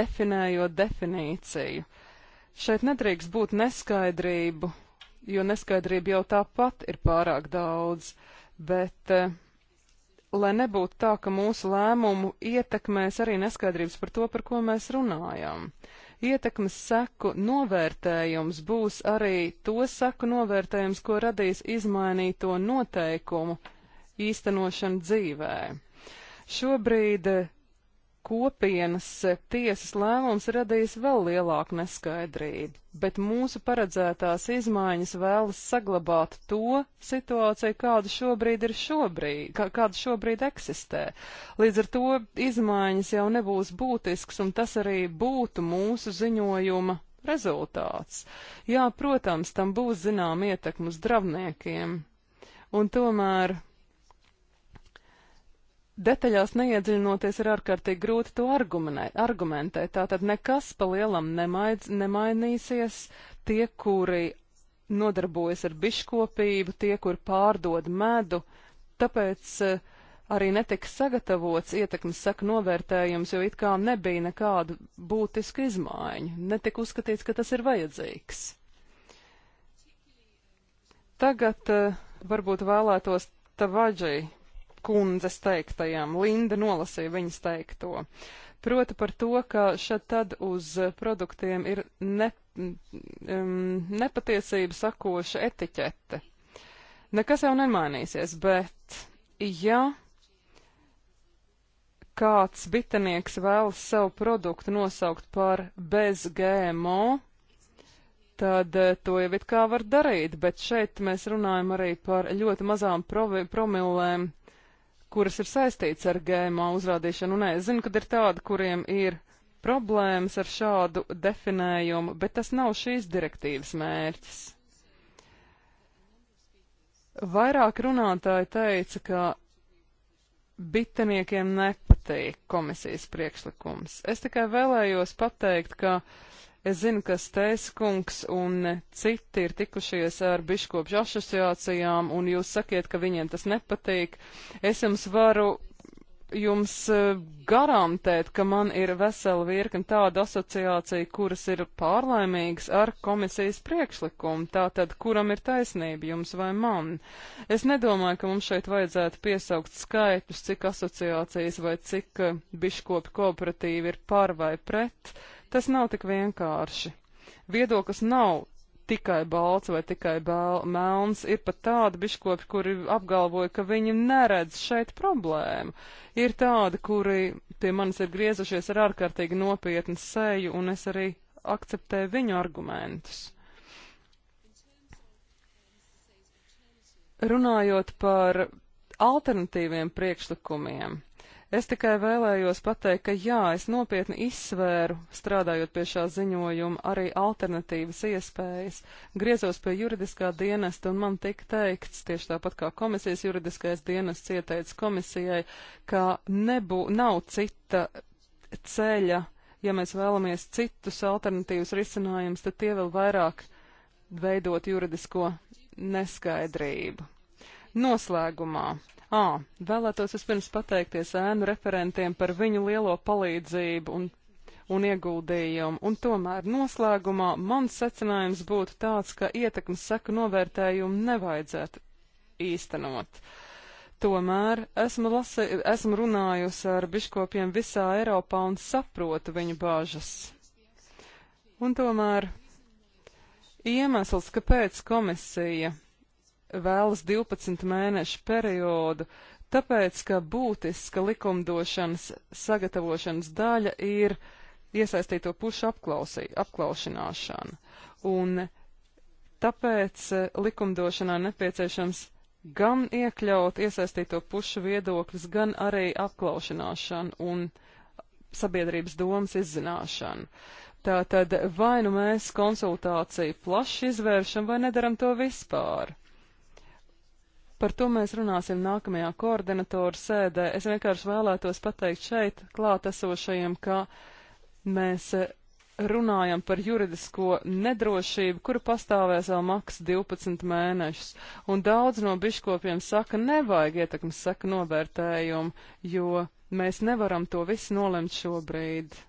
definējot definīciju. Šeit nedrīkst būt neskaidrību jo neskaidrība jau tāpat ir pārāk daudz, bet eh, lai nebūtu tā, ka mūsu lēmumu ietekmēs arī neskaidrības par to, par ko mēs runājam. Ietekmes seku novērtējums būs arī to seku novērtējums, ko radīs izmainīto noteikumu īstenošana dzīvē. Šobrīd eh, kopienas tiesas lēmums radīs vēl lielāku neskaidrību, bet mūsu paredzētās izmaiņas vēlas saglabāt to situāciju, kāda šobrīd ir šobrīd, kā, kāda šobrīd eksistē. Līdz ar to izmaiņas jau nebūs būtisks, un tas arī būtu mūsu ziņojuma rezultāts. Jā, protams, tam būs zinām ietekmus dravniekiem, un tomēr Detaļās neiedziļinoties ir ārkārtīgi grūti to argumentēt. Tātad nekas pa lielam nemaidz, nemainīsies. Tie, kuri nodarbojas ar biškopību, tie, kur pārdod medu, tāpēc eh, arī netika sagatavots ietekmes saka novērtējums, jo it kā nebija nekādu būtisku izmaiņu. Netika uzskatīts, ka tas ir vajadzīgs. Tagad eh, varbūt vēlētos Tavaģi kundzes teiktajam. Linda nolasīja viņas teikto. Proti par to, ka šad tad uz produktiem ir ne, um, mm, nepatiesība sakoša etiķete. Nekas jau nemainīsies, bet ja kāds bitenieks vēlas savu produktu nosaukt par bez GMO, tad eh, to jau it kā var darīt, bet šeit mēs runājam arī par ļoti mazām promilēm kuras ir saistīts ar gēmā uzrādīšanu, un es zinu, ka ir tādi, kuriem ir problēmas ar šādu definējumu, bet tas nav šīs direktīvas mērķis. Vairāk runātāji teica, ka biteniekiem nepatīk komisijas priekšlikums. Es tikai vēlējos pateikt, ka uh, Es zinu, ka Stēskungs un citi ir tikušies ar biškopšu asociācijām, un jūs sakiet, ka viņiem tas nepatīk. Es jums varu jums e, garantēt, ka man ir vesela virkni tāda asociācija, kuras ir pārlaimīgas ar komisijas priekšlikumu. Tātad, kuram ir taisnība, jums vai man? Es nedomāju, ka mums šeit vajadzētu piesaukt skaitļus, cik asociācijas vai cik e, biškopi kooperatīvi ir par vai pret. Tas nav tik vienkārši. Viedoklis nav tikai balts vai tikai melns. Ir pat tādi biškopi, kuri apgalvoja, ka viņi neredz šeit problēmu. Ir tādi, kuri pie manis ir griezušies ar ārkārtīgi nopietnu seju, un es arī akceptēju viņu argumentus. Runājot par alternatīviem priekšlikumiem, Es tikai vēlējos pateikt, ka jā, es nopietni izsvēru, strādājot pie šā ziņojuma, arī alternatīvas iespējas. Griezos pie juridiskā dienesta un man tika teikts, tieši tāpat kā komisijas juridiskais dienests ieteica komisijai, ka nebū, nav cita ceļa, ja mēs vēlamies citus alternatīvas risinājumus, tad tie vēl vairāk veidot juridisko neskaidrību. Noslēgumā Ā, vēlētos vispirms pateikties ēnu referentiem par viņu lielo palīdzību un, un ieguldījumu, un tomēr noslēgumā mans secinājums būtu tāds, ka ietekmes seku novērtējumu nevajadzētu īstenot. Tomēr esmu, lasi, esmu runājusi ar biškopiem visā Eiropā un saprotu viņu bāžas. Un tomēr iemesls, kāpēc komisija vēlas 12 mēnešu periodu, tāpēc, ka būtiska likumdošanas sagatavošanas daļa ir iesaistīto pušu apklausī, apklaušanāšana. Un tāpēc eh, likumdošanā nepieciešams gan iekļaut iesaistīto pušu viedokļus, gan arī apklaušanāšanu un sabiedrības domas izzināšanu. Tātad vai nu mēs konsultāciju plaši izvēršam, vai nedaram to vispār. Par to mēs runāsim nākamajā koordinatoru sēdē. Es vienkārši vēlētos pateikt šeit klātesošajiem, ka mēs runājam par juridisko nedrošību, kura pastāvēs vēl maks 12 mēnešus. Un daudz no biškopiem saka, nevajag ietekmes saka novērtējumu, jo mēs nevaram to visu nolemt šobrīd.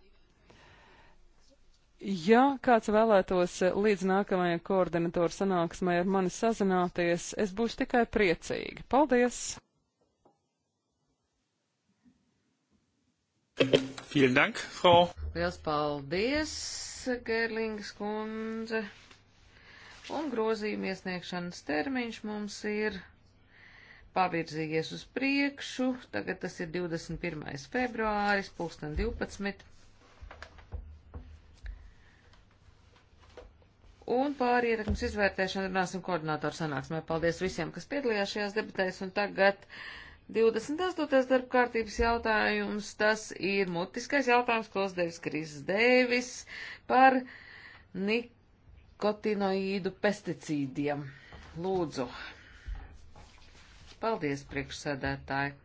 Ja kāds vēlētos eh, līdz nākamajai koordinatoru sanāksmai ar mani sazināties, es būšu tikai priecīga. Paldies! Vielen Dank, Frau. Liels paldies, Gerlingas kundze. Un grozījuma iesniegšanas termiņš mums ir pavirzījies uz priekšu. Tagad tas ir 21. februāris, pulksten 12. Un par ietekmes izvērtēšanu runāsim koordinātoru sanāksmē. Paldies visiem, kas piedalījās šajās debatēs. Un tagad 28. darba kārtības jautājums. Tas ir mutiskais jautājums, ko uzdevis Krīsas Dēvis par nikotinoīdu pesticīdiem. Lūdzu. Paldies, priekšsēdētāji.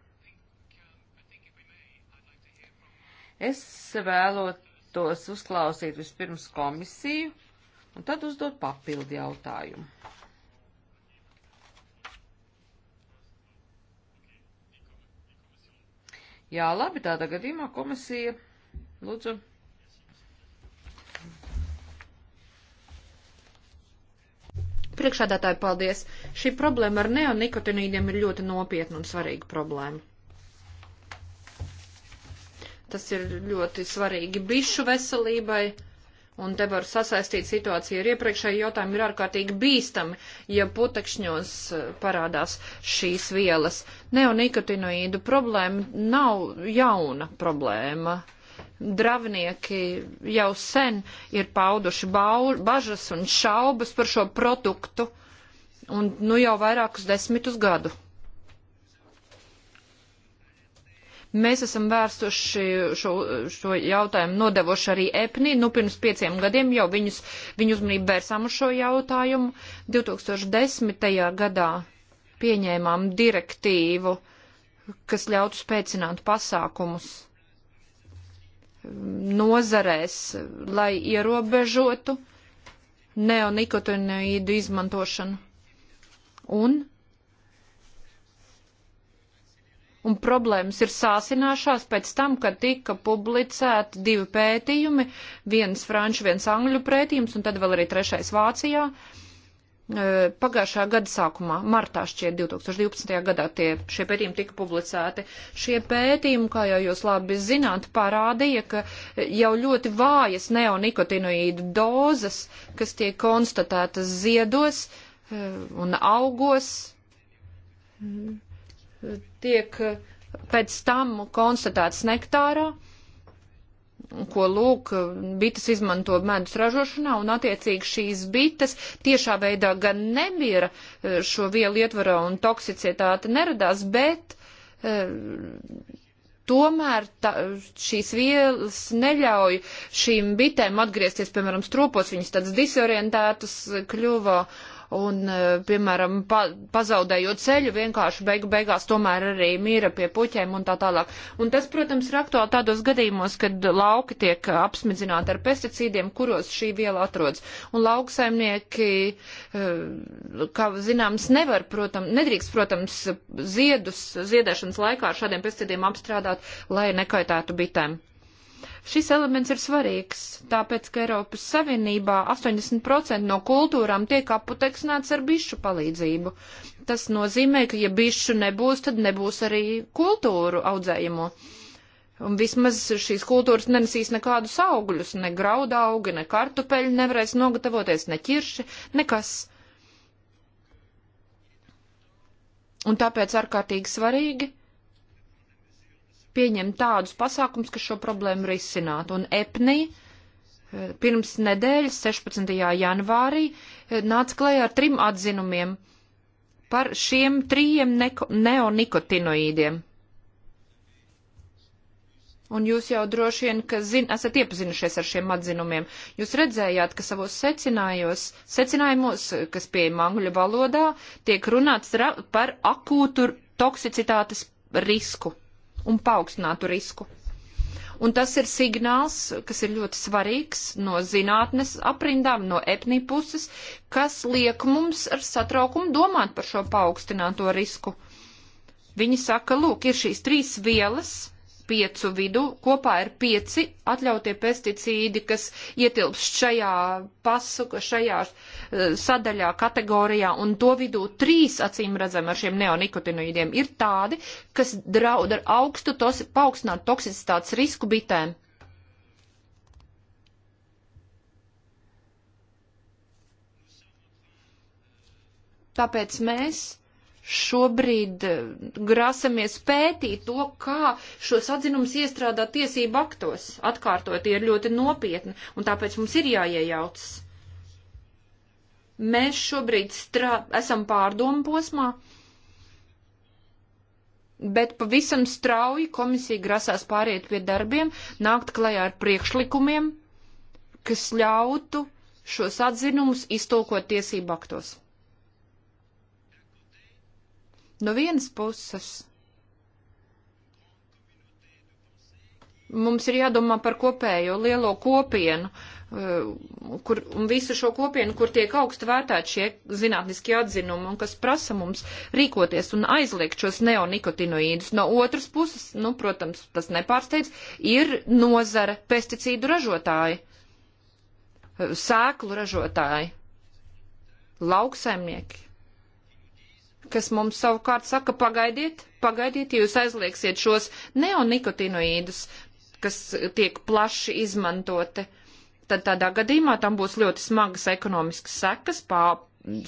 Es vēlotos uzklausīt vispirms komisiju un tad uzdot papildu jautājumu. Jā, labi, tādā gadījumā komisija, lūdzu. Priekšādātāji, paldies. Šī problēma ar neonikotinīdiem ir ļoti nopietna un svarīga problēma. Tas ir ļoti svarīgi bišu veselībai Un te var sasaistīt situāciju ar iepriekšēju jautājumu, ir ārkārtīgi bīstami, ja putekšņos eh, parādās šīs vielas. Neonikotinoīdu problēma nav jauna problēma. Dravnieki jau sen ir pauduši baul, bažas un šaubas par šo produktu, un nu jau vairākus desmitus gadu. Mēs esam vērsuši šo, šo jautājumu nodevoši arī EPNI. Nu, pirms pieciem gadiem jau viņus, viņu uzmanību vērsām uz šo jautājumu. 2010. gadā pieņēmām direktīvu, kas ļautu spēcināt pasākumus nozarēs, lai ierobežotu neonikotinoīdu izmantošanu. Un un problēmas ir sāsinājušās pēc tam, kad tika publicēti divi pētījumi, viens franču, viens angļu pētījums, un tad vēl arī trešais Vācijā. E, pagājušā gada sākumā, martā šķiet 2012. gadā tie, šie pētījumi tika publicēti. Šie pētījumi, kā jau jūs labi zināt, parādīja, ka jau ļoti vājas neonikotinoīdu dozes, kas tiek konstatētas ziedos e, un augos, tiek eh, pēc tam konstatēts nektārā, ko lūk, bites izmanto medus ražošanā, un attiecīgi šīs bites tiešā veidā gan nebija eh, šo vielu ietvarā un toksicitāte neradās, bet e, tomēr ta, šīs vielas neļauj šīm bitēm atgriezties, piemēram, stropos, viņas tādas disorientētas kļuva. Uh, un, e, piemēram, pa, pazaudējot ceļu, vienkārši beigu beigās tomēr arī mīra pie puķiem un tā tālāk. Un tas, protams, ir aktuāli tādos gadījumos, kad lauki tiek apsmidzināti ar pesticīdiem, kuros šī viela atrodas. Un lauksaimnieki, e, kā zināms, nevar, protams, nedrīkst, protams, ziedus ziedēšanas laikā ar šādiem pesticīdiem apstrādāt, lai nekaitētu bitēm. Šis elements ir svarīgs, tāpēc, ka Eiropas Savienībā 80% no kultūrām tiek aputeksnēts ar bišu palīdzību. Tas nozīmē, ka ja bišu nebūs, tad nebūs arī kultūru audzējumu. Un vismaz šīs kultūras nenesīs nekādus augļus, ne graudu augi, ne kartupeļi nevarēs nogatavoties, ne ķirši, nekas. Un tāpēc ārkārtīgi svarīgi pieņemt tādus pasākums, kas šo problēmu risinātu. Un EPNI eh, pirms nedēļas, 16. janvārī, eh, nāca klajā ar trim atzinumiem par šiem trījiem neonikotinoīdiem. Un jūs jau droši vien, ka zin, esat iepazinušies ar šiem atzinumiem. Jūs redzējāt, ka savos secinājumos, kas pieejam angļu valodā, tiek runāts par akūtu toksicitātes risku un paaugstinātu risku. Un tas ir signāls, kas ir ļoti svarīgs no zinātnes aprindām, no etnī puses, kas liek mums ar satraukumu domāt par šo paaugstināto risku. Viņi saka, lūk, ir šīs trīs vielas, piecu vidu kopā ir pieci atļautie pesticīdi, kas ietilpst šajā pasuka, šajā eh, sadaļā, kategorijā, un to vidū trīs, acīm redzam, ar šiem neonikotinoīdiem ir tādi, kas draud ar augstu tos, paaugstināt toksicitātes risku bitēm. Tāpēc mēs šobrīd eh, grasamies pētīt to, kā šos atzinumus iestrādāt tiesību aktos. Atkārtot, tie ir ļoti nopietni, un tāpēc mums ir jāiejaucas. Mēs šobrīd strā... esam pārdomu posmā, bet pavisam strauji komisija grasās pāriet pie darbiem, nākt klajā ar priekšlikumiem, kas ļautu šos atzinumus iztolkot tiesību aktos. No vienas puses mums ir jādomā par kopējo lielo kopienu, eh, kur, un visu šo kopienu, kur tiek augstu vērtēti šie zinātniskie atzinumi un kas prasa mums rīkoties un aizliegt šos neonikotinoīdus. No otras puses, nu, protams, tas nepārsteidz, ir nozare pesticīdu ražotāji, eh, sēklu ražotāji, lauksaimnieki kas mums savukārt saka, pagaidiet, pagaidiet, jūs aizliegsiet šos neonikotinoīdus, kas tiek plaši izmantoti. Tad tādā gadījumā tam būs ļoti smagas ekonomiskas sekas, pā,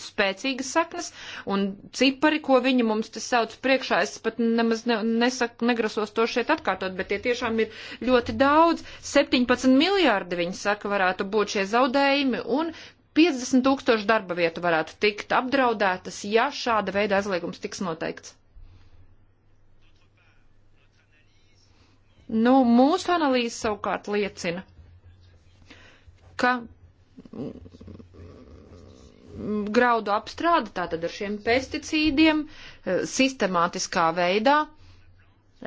spēcīgas saknes, un cipari, ko viņi mums te sauc priekšā, es pat nemaz ne, nesaku, negrasos to šeit atkārtot, bet tie tiešām ir ļoti daudz. 17 miljārdi, viņi saka, varētu būt šie zaudējumi, un 50 tūkstoši darba vietu varētu tikt apdraudētas, ja šāda veida aizliegums tiks noteikts. Nu, mūsu analīze savukārt liecina, ka graudu apstrāde tātad ar šiem pesticīdiem eh, sistemātiskā veidā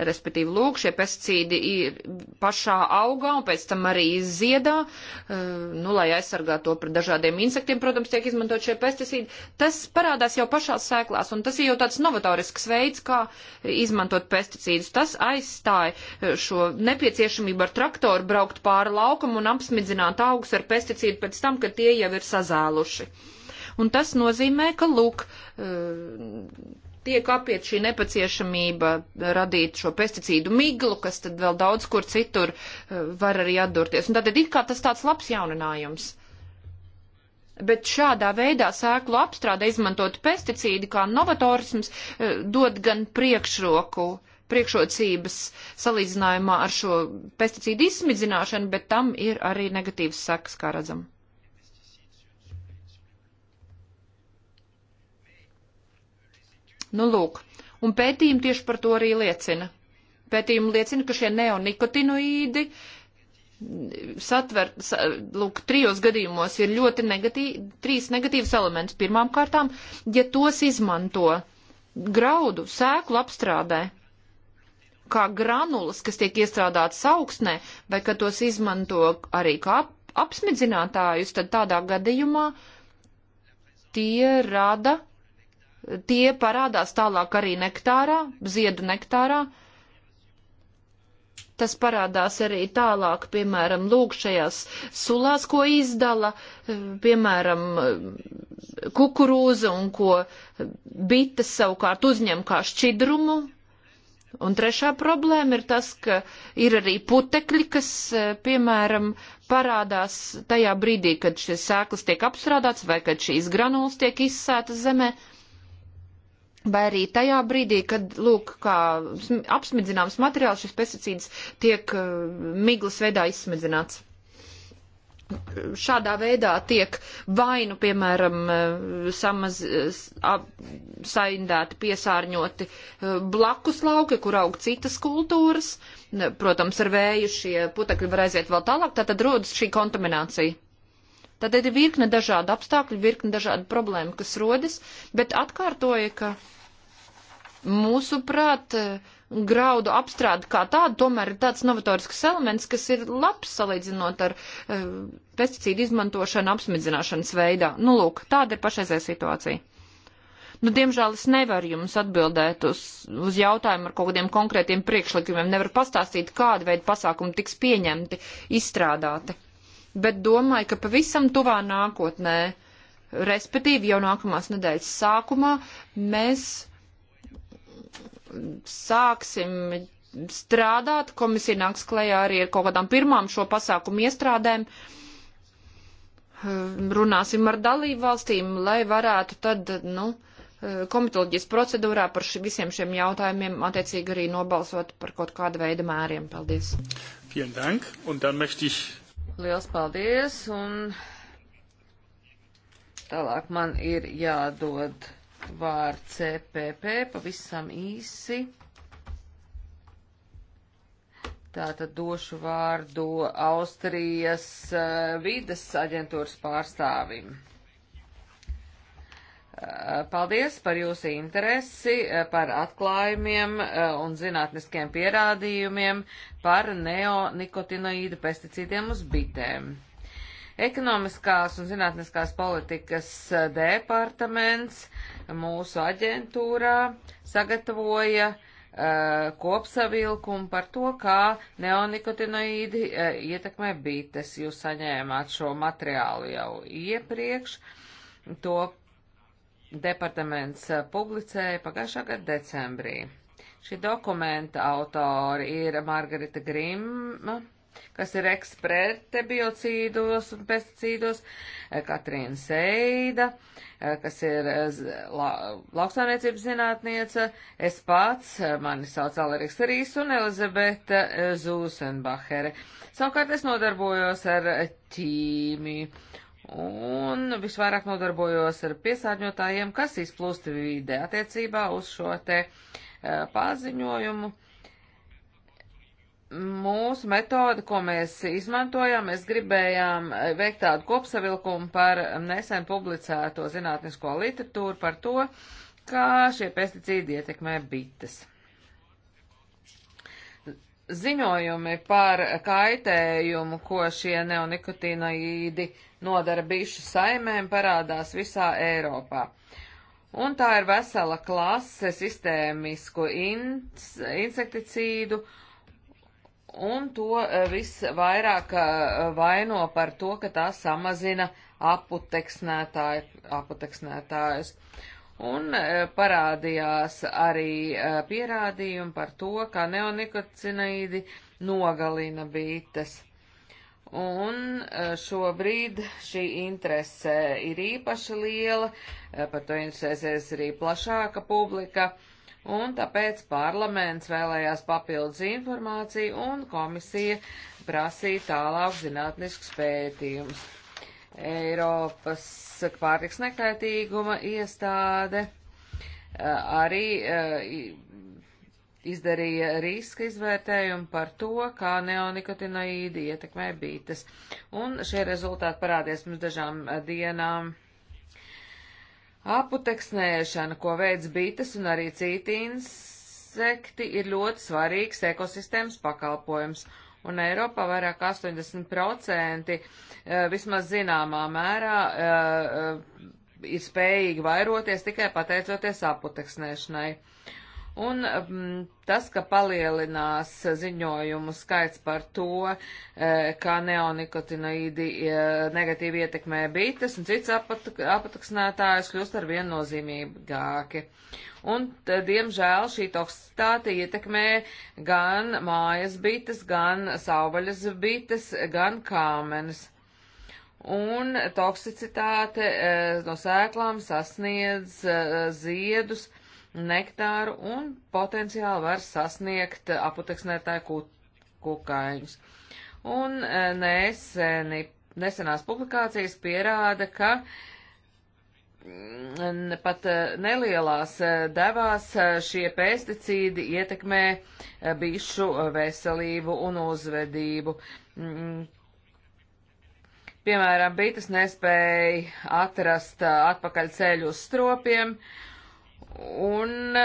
Respektīvi, lūk, šie pesticīdi ir pašā augā un pēc tam arī ziedā, eh, nu, lai aizsargātu to pret dažādiem insektiem, protams, tiek izmantot šie pesticīdi. Tas parādās jau pašās sēklās, un tas ir jau tāds novatorisks veids, kā izmantot pesticīdus. Tas aizstāja eh, šo nepieciešamību ar traktoru braukt pāri laukam un apsmidzināt augus ar pesticīdu pēc tam, kad tie jau ir sazēluši. Un tas nozīmē, ka, lūk, eh, tiek apiet šī nepaciešamība radīt šo pesticīdu miglu, kas tad vēl daudz kur citur eh, var arī atdurties. Un tātad it kā tas tāds labs jauninājums. Bet šādā veidā sēklu apstrāde izmantot pesticīdi kā novatorisms eh, dod gan priekšroku, priekšrocības salīdzinājumā ar šo pesticīdu izsmidzināšanu, bet tam ir arī negatīvas sekas, kā redzam. Nu, lūk, un pētījumi tieši par to arī liecina. Pētījumi liecina, ka šie neonikotinoīdi satver, sa, lūk, trijos gadījumos ir ļoti negatīvi, trīs negatīvas elements. Pirmām kārtām, ja tos izmanto graudu sēklu apstrādē, kā granulas, kas tiek iestrādātas augsnē, vai ka tos izmanto arī kā ap, apsmidzinātājus, tad tādā gadījumā tie rada Tie parādās tālāk arī nektārā, ziedu nektārā. Tas parādās arī tālāk, piemēram, lūk šajās sulās, ko izdala, piemēram, kukurūza un ko bites savukārt uzņem kā šķidrumu, Un trešā problēma ir tas, ka ir arī putekļi, kas, piemēram, parādās tajā brīdī, kad šis sēklas tiek apstrādāts vai kad šīs granulas tiek izsētas zemē. Uh, Vai arī tajā brīdī, kad, lūk, kā apsmidzināms materiāls, šis pesticīds tiek uh, miglas veidā izsmidzināts. Šādā veidā tiek vainu, piemēram, uh, samaz, ap, saindēti, piesārņoti uh, blakus lauki, kur aug citas kultūras. Protams, ar vēju šie putekļi var aiziet vēl tālāk, tātad rodas šī kontaminācija. Tad ir virkne dažādu apstākļu, virkne dažādu problēmu, kas rodas, bet atkārtoja, ka mūsuprāt, eh, graudu apstrāde kā tāda tomēr ir tāds novatorisks elements, kas ir labs salīdzinot ar e, pesticīdu izmantošanu apsmidzināšanas veidā. Nu, lūk, tāda ir pašreizē situācija. Nu, diemžēl es nevaru jums atbildēt uz, uz jautājumu ar kaut kādiem konkrētiem priekšlikumiem. Nevaru pastāstīt, kāda veida pasākumi tiks pieņemti, izstrādāti bet domāju, ka pavisam tuvā nākotnē, respektīvi jau nākamās nedēļas sākumā, mēs sāksim strādāt, komisija nāks klējā arī ar kaut kādām pirmām šo pasākumu iestrādēm, runāsim ar dalību valstīm, lai varētu tad, nu, komitoloģijas procedūrā par ši, visiem šiem jautājumiem attiecīgi arī nobalsot par kaut kādu veidu mēriem. Paldies! Vielen Dank, un dann möchte ich Liels paldies, un tālāk man ir jādod vārds CPP pavisam īsi. Tātad došu vārdu Austrijas eh, vides aģentūras pārstāvim. Eh, paldies par jūsu interesi, eh, par atklājumiem eh, un zinātniskiem pierādījumiem par neonikotinoīdu pesticīdiem uz bitēm. Ekonomiskās un zinātniskās politikas departaments mūsu aģentūrā sagatavoja uh, kopsavilkumu par to, kā neonikotinoīdi uh, ietekmē bites. Jūs saņēmāt šo materiālu jau iepriekš. To departaments eh, publicēja pagājušā gada decembrī. Šī dokumenta autori ir Margarita Grimma, kas ir eksperte biocīdos un pesticīdos, eh, Katrīna Seida, eh, kas ir la, lauksaimniecības zinātniece, es pats, mani sauc Aleriks Rīs un Elizabete Zūsenbahere. Savukārt es nodarbojos ar ķīmiju un visvairāk nodarbojos ar piesārņotājiem, kas izplūst vidē attiecībā uz šo te uh, paziņojumu. Mūsu metode, ko mēs izmantojām, mēs gribējām e, veikt tādu kopsavilkumu par nesen publicēto zinātnisko literatūru par to, kā šie pesticīdi ietekmē bites. Ziņojumi par kaitējumu, ko šie neonikotinoīdi nodara bišu saimēm, parādās visā Eiropā. Un tā ir vesela klase sistēmisku insekticīdu, un to e, visvairāk e, vaino par to, ka tā samazina aputeksnētāju, aputeksnētājus. Uh, Un e, parādījās arī e, pierādījumi par to, ka neonikocinaīdi nogalina bītes. Un e, šobrīd šī interese ir īpaši liela, par to interesēsies arī plašāka publika, un tāpēc parlaments vēlējās papildus informāciju, un komisija prasīja tālāk zinātniskus pētījumus. Eiropas pārtiks nekaitīguma iestāde eh, arī eh, izdarīja riska izvērtējumu par to, kā neonikotinoīdi ietekmē bītas. Un šie rezultāti parādījās pirms dažām eh, dienām. Aputeksnēšana, ko veids bītas un arī citi insekti, ir ļoti svarīgs ekosistēmas pakalpojums un Eiropā vairāk 80% eh, vismaz zināmā mērā eh, eh, ir spējīgi vairoties tikai pateicoties aputeksnēšanai. Un um, tas, ka palielinās ziņojumu skaits par to, eh, kā neonikotinoīdi eh, negatīvi ietekmē bites un cits apataksnētājus, kļūst ar vien nozīmīgāki. Un, diemžēl, šī toksitāte ietekmē gan mājas bites, gan sauvaļas bites, gan kāmenes. Un toksicitāte eh, no sēklām sasniedz ziedus nektāru un potenciāli var sasniegt aputeksnētāju kukaiņus. Un e, neseni, nesenās publikācijas pierāda, ka mm, pat e, nelielās e, devās šie pesticīdi ietekmē bišu veselību un uzvedību. Mm. Piemēram, bites nespēja atrast atpakaļ ceļu uz stropiem, uh, un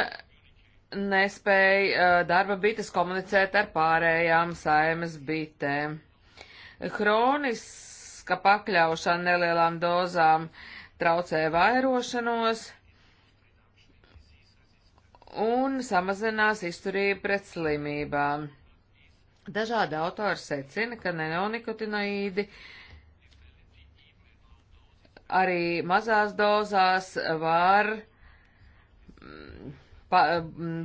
nespēja darba bites komunicēt ar pārējām saimes bitēm. Hroniska pakļaušana nelielām dozām traucē vairošanos un samazinās izturību pret slimībām. Dažādi autori secina, ka neonikotinoīdi arī mazās dozās var pa,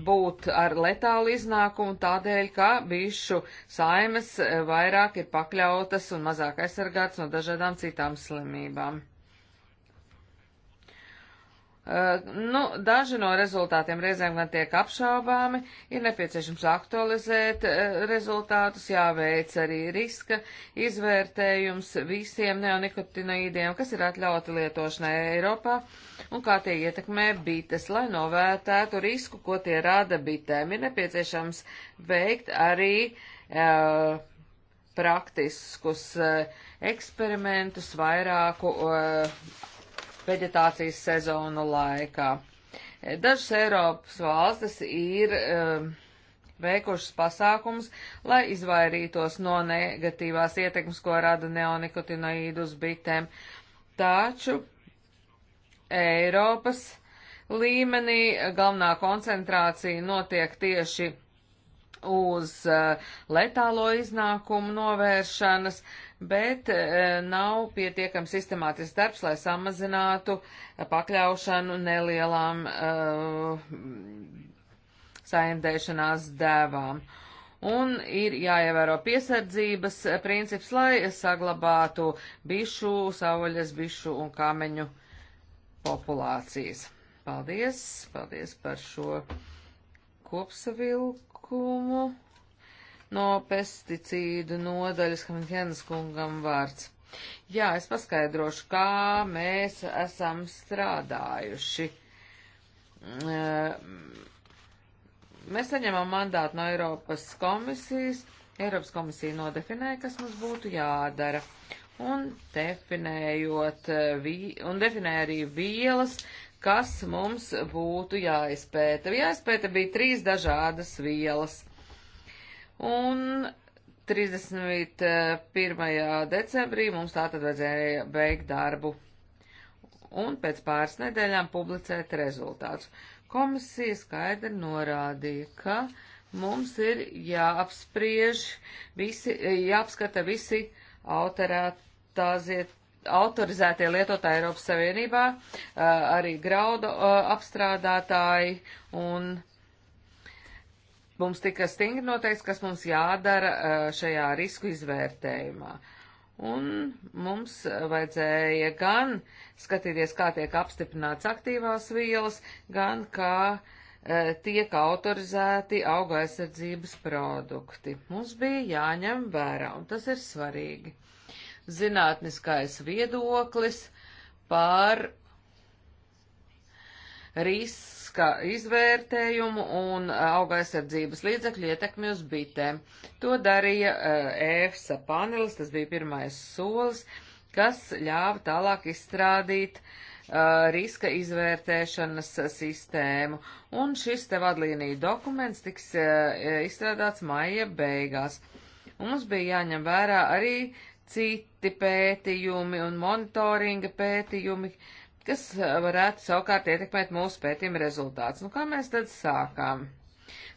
būt ar letālu iznākumu tādēļ, ka bišu saimes vairāk ir pakļautas un mazāk aizsargātas no dažādām citām slimībām. Uh, nu, daži no rezultātiem reizēm gan tiek apšaubāmi, ir nepieciešams aktualizēt uh, rezultātus, jāveic arī riska izvērtējums visiem neonikotinoīdiem, kas ir atļauti lietošanai Eiropā, un kā tie ietekmē bites, lai novērtētu risku, ko tie rada bitēm. Ir nepieciešams veikt arī uh, praktiskus eksperimentus, vairāku veģetācijas sezonu laikā. Dažas Eiropas valstis ir um, veikušas pasākums, lai izvairītos no negatīvās ietekmes, ko rada neonikotinoīdu uz bitēm. Taču Eiropas līmenī galvenā koncentrācija notiek tieši uz uh, letālo iznākumu novēršanas, bet e, nav pietiekami sistemātisks darbs, lai samazinātu pakļaušanu nelielām uh, saindēšanās dēvām. Un ir jāievēro piesardzības princips, lai saglabātu bišu, sauļas, bišu un kameņu populācijas. Paldies, paldies par šo kopsavilkumu. No pesticīdu nodaļas Hamidjēnas kungam vārds. Jā, es paskaidrošu, kā mēs esam strādājuši. Ehm, mēs saņemam mandātu no Eiropas komisijas. Eiropas komisija nodefinē, kas mums būtu jādara. Un, definējot, eh, un definē arī vielas, kas mums būtu jāizpēta. Jāizpēta bija trīs dažādas vielas. Un 31. decembrī mums tātad vajadzēja beigt darbu un pēc pāris nedēļām publicēt rezultātus. Komisija skaidri norādīja, ka mums ir jāapspriež visi, jāapskata visi autorētāzie autorizētie lietotāji Eiropas Savienībā, arī graudu apstrādātāji un mums tika stingri noteikts, kas mums jādara eh, šajā risku izvērtējumā. Un mums vajadzēja gan skatīties, kā tiek apstiprināts aktīvās vielas, gan kā e, tiek autorizēti auga aizsardzības produkti. Mums bija jāņem vērā, un tas ir svarīgi. Zinātniskais viedoklis par risku riska izvērtējumu un uh, auga aizsardzības līdzekļu ietekmi uz bitēm. To darīja uh, EFSA panelis, tas bija pirmais solis, kas ļāva tālāk izstrādīt uh, riska izvērtēšanas sistēmu, un šis te vadlīnija dokuments tiks uh, izstrādāts maija beigās. Un mums bija jāņem vērā arī citi pētījumi un monitoringa pētījumi, uh, kas eh, varētu savukārt ietekmēt mūsu pētījuma rezultātus. Nu, kā mēs tad sākām?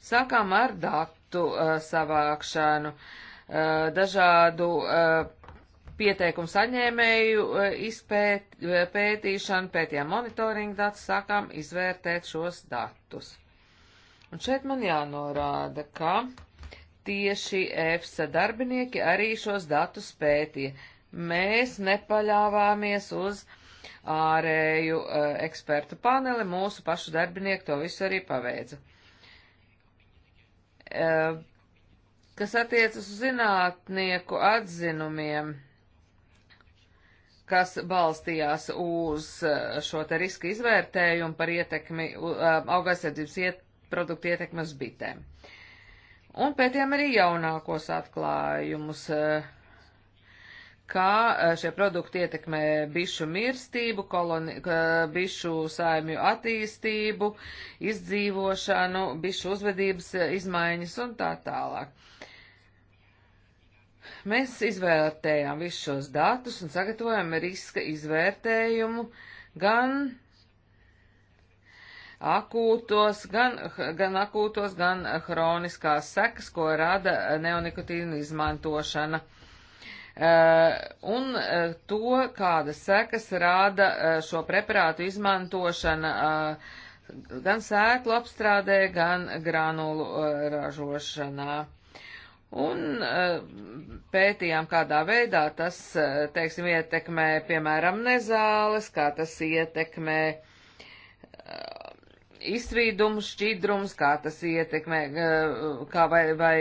Sākām ar datu uh, savākšanu, uh, dažādu uh, pieteikumu saņēmēju uh, izpētīšanu, pētījām monitoringu datus, sākām izvērtēt šos datus. Un šeit man jānorāda, ka tieši EFSA darbinieki arī šos datus pētīja. Mēs nepaļāvāmies uz uh, ārēju eh, ekspertu paneli, mūsu pašu darbinieki to visu arī paveica. Eh, kas attiecas uz zinātnieku atzinumiem, kas balstījās uz eh, šo te riska izvērtējumu par ietekmi, augaisardzības iet, produktu ietekmi uz bitēm. Un pētījām arī jaunākos atklājumus, uh, kā eh, šie produkti ietekmē bišu mirstību, koloni, bišu saimju attīstību, izdzīvošanu, bišu uzvedības eh, izmaiņas un tā tālāk. Mēs izvērtējām visus šos datus un sagatavojam riska izvērtējumu gan akūtos, gan, gan akūtos, gan hroniskās sekas, ko rada neonikotīnu izmantošana. Uh, Uh, un uh, to, kādas sekas rāda uh, šo preparātu izmantošana gan sēklu apstrādē, gan granulu ražošanā. Un pētījām, kādā veidā tas, teiksim, ietekmē, piemēram, nezāles, kā tas ietekmē izsvīdums, šķidrums, kā tas ietekmē, kā vai, vai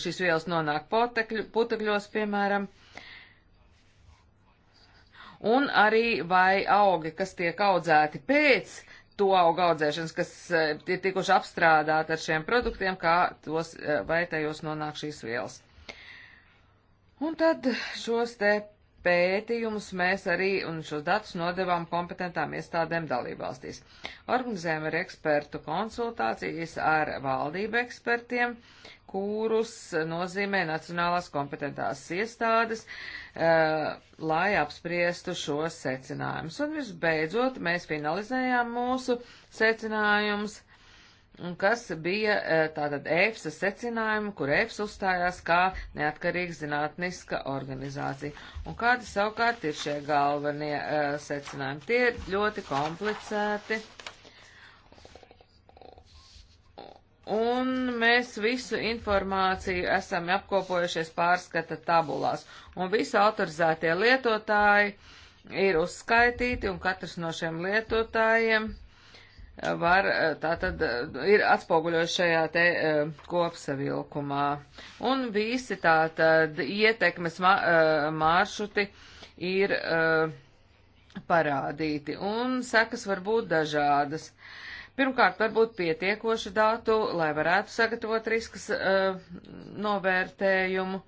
šīs vielas nonāk potekļu, putekļos, piemēram, un arī vai augi, kas tiek audzēti pēc to auga audzēšanas, kas e, ir tikuši apstrādāti ar šiem produktiem, kā tos, e, vai tajos nonāk šīs vielas. Un tad šos te pētījumus mēs arī un šos datus nodevām kompetentām iestādēm dalībvalstīs. Organizējām arī ekspertu konsultācijas ar valdību ekspertiem, kurus nozīmē nacionālās kompetentās iestādes, uh, lai apspriestu šos secinājumus. Un visbeidzot, mēs finalizējām mūsu secinājumus, kas bija uh, tātad EFSA secinājumi, kur EFSA uzstājās kā neatkarīga zinātniska organizācija. Un kādi savukārt ir šie galvenie uh, secinājumi? Tie ir ļoti komplicēti Un mēs visu informāciju esam apkopojušies pārskata tabulās. Un visi autorizētie lietotāji ir uzskaitīti, un katrs no šiem lietotājiem var, eh, tātad, eh, ir atspoguļojuši šajā te eh, kopsavilkumā. Un visi tātad ietekmes maršruti ir parādīti, un sekas var būt dažādas. Uh, Pirmkārt, varbūt pietiekoši datu, lai varētu sagatavot riskas uh, novērtējumu,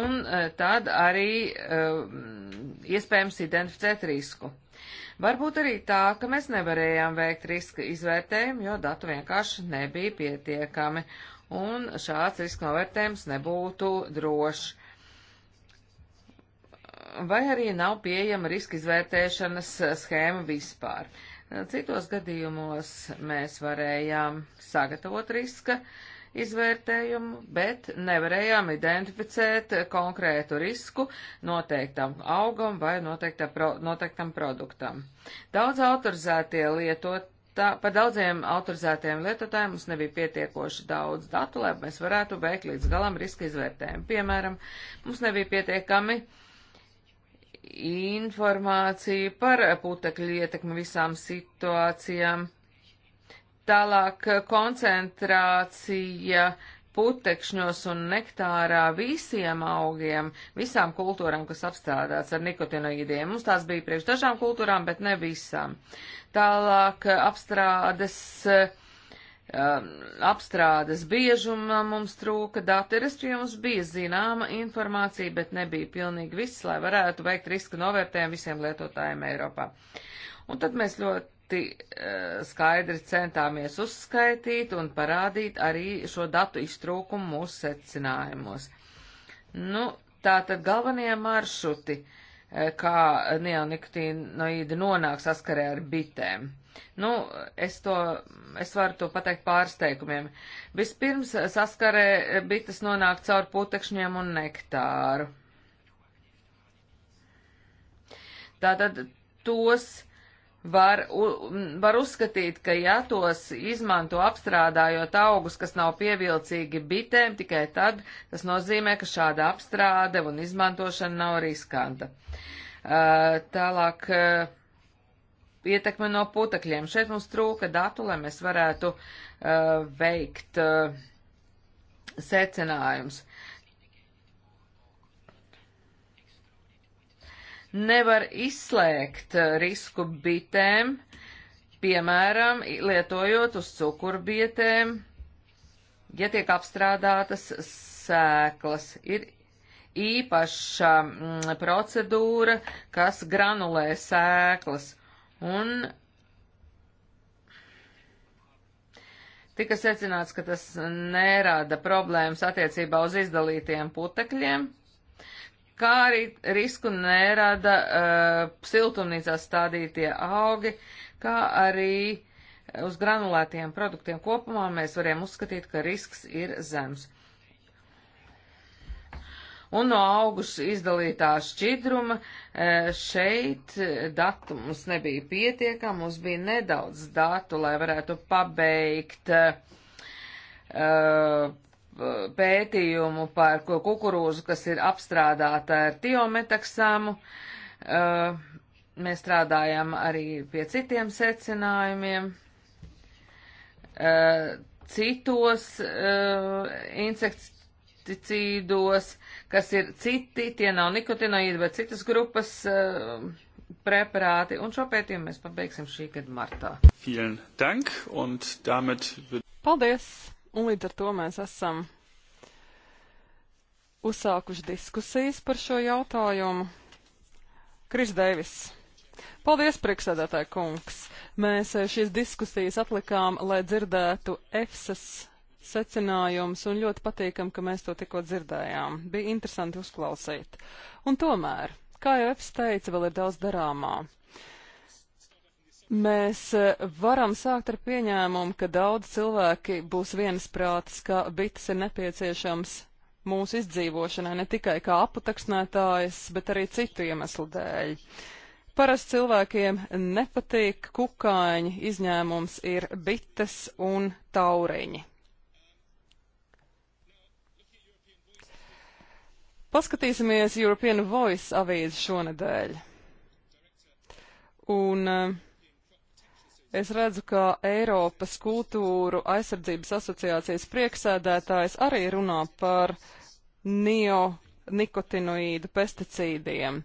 un uh, tad arī uh, iespējams identificēt risku. Varbūt arī tā, ka mēs nevarējām veikt riska izvērtējumu, jo datu vienkārši nebija pietiekami, un šāds riska novērtējums nebūtu drošs vai arī nav pieejama riska izvērtēšanas schēma vispār. Citos gadījumos mēs varējām sagatavot riska izvērtējumu, bet nevarējām identificēt konkrētu risku noteiktam augam vai noteikta pro, noteiktam produktam. Daudz autorizētie lietot. Tā, par daudziem autorizētiem lietotājiem mums nebija pietiekoši daudz datu, lai mēs varētu veikt līdz galam riska izvērtējumu. Piemēram, mums nebija pietiekami uh, informāciju par putekļu ietekmi visām situācijām. Tālāk eh, koncentrācija putekšņos un nektārā visiem augiem, visām kultūrām, kas apstrādāts ar nikotinoīdiem. Mums tās bija priekš dažām kultūrām, bet ne visām. Tālāk eh, apstrādes uh, um, apstrādes biežuma mums trūka dati, respektīvi mums bija zināma informācija, bet nebija pilnīgi viss, lai varētu veikt riska novērtējumu visiem lietotājiem Eiropā. Un tad mēs ļoti uh, skaidri centāmies uzskaitīt un parādīt arī šo datu iztrūkumu mūsu secinājumos. Nu, tātad galvenie maršruti, uh, kā neonikotinoīdi nonāk saskarē ar bitēm. Nu, es to, es varu to pateikt pārsteigumiem. Vispirms saskarē bites nonāk caur putekšņiem un nektāru. Tātad tos var, u, var uzskatīt, ka ja tos izmanto apstrādājot augus, kas nav pievilcīgi bitēm, tikai tad tas nozīmē, ka šāda apstrāde un izmantošana nav riskanta. Uh, tālāk. Uh, ietekme no putekļiem. Šeit mums trūka datu, lai mēs varētu uh, veikt uh, secinājums. Nevar izslēgt uh, risku bitēm, piemēram, lietojot uz cukurbietēm, ja tiek apstrādātas sēklas. Ir īpaša m, mm, procedūra, kas granulē sēklas Un tika secināts, ka tas nerada problēmas attiecībā uz izdalītiem putekļiem, kā arī risku nerada uh, siltumnīcās stādītie augi, kā arī uh, uz granulētiem produktiem kopumā mēs varējām uzskatīt, ka risks ir zems un no augus izdalītā šķidruma e, šeit datu mums nebija pietiekami, mums bija nedaudz datu, lai varētu pabeigt uh, pētījumu par kukurūzu, kas ir apstrādāta ar tiometaksāmu. Uh, e, mēs strādājam arī pie citiem secinājumiem. Uh, citos insekticīdos kas ir citi, tie nav nikotinoīdi, bet citas grupas uh, preparāti, un šo pētījumu mēs pabeigsim šī gada martā. Vielen dank, un damit... Paldies, un līdz ar to mēs esam uzsākuši diskusijas par šo jautājumu. Kris Deivis. Paldies, priekšsēdētāji kungs. Mēs eh, šīs diskusijas atlikām, lai dzirdētu EFSAS secinājumus, un ļoti patīkam, ka mēs to tikko dzirdējām. Bija interesanti uzklausīt. Un tomēr, kā jau es teicu, vēl ir daudz darāmā. Mēs e, varam sākt ar pieņēmumu, ka daudz cilvēki būs viensprātis, ka bites ir nepieciešams mūsu izdzīvošanai ne tikai kā aputeksnētājas, bet arī citu iemeslu dēļ. Parasti cilvēkiem nepatīk kukaiņi, izņēmums ir bites un tauriņi. Paskatīsimies European Voice avīzi šonadēļ. Un eh, es redzu, ka Eiropas kultūru aizsardzības asociācijas prieksēdētājs arī runā par neonikotinoīdu pesticīdiem.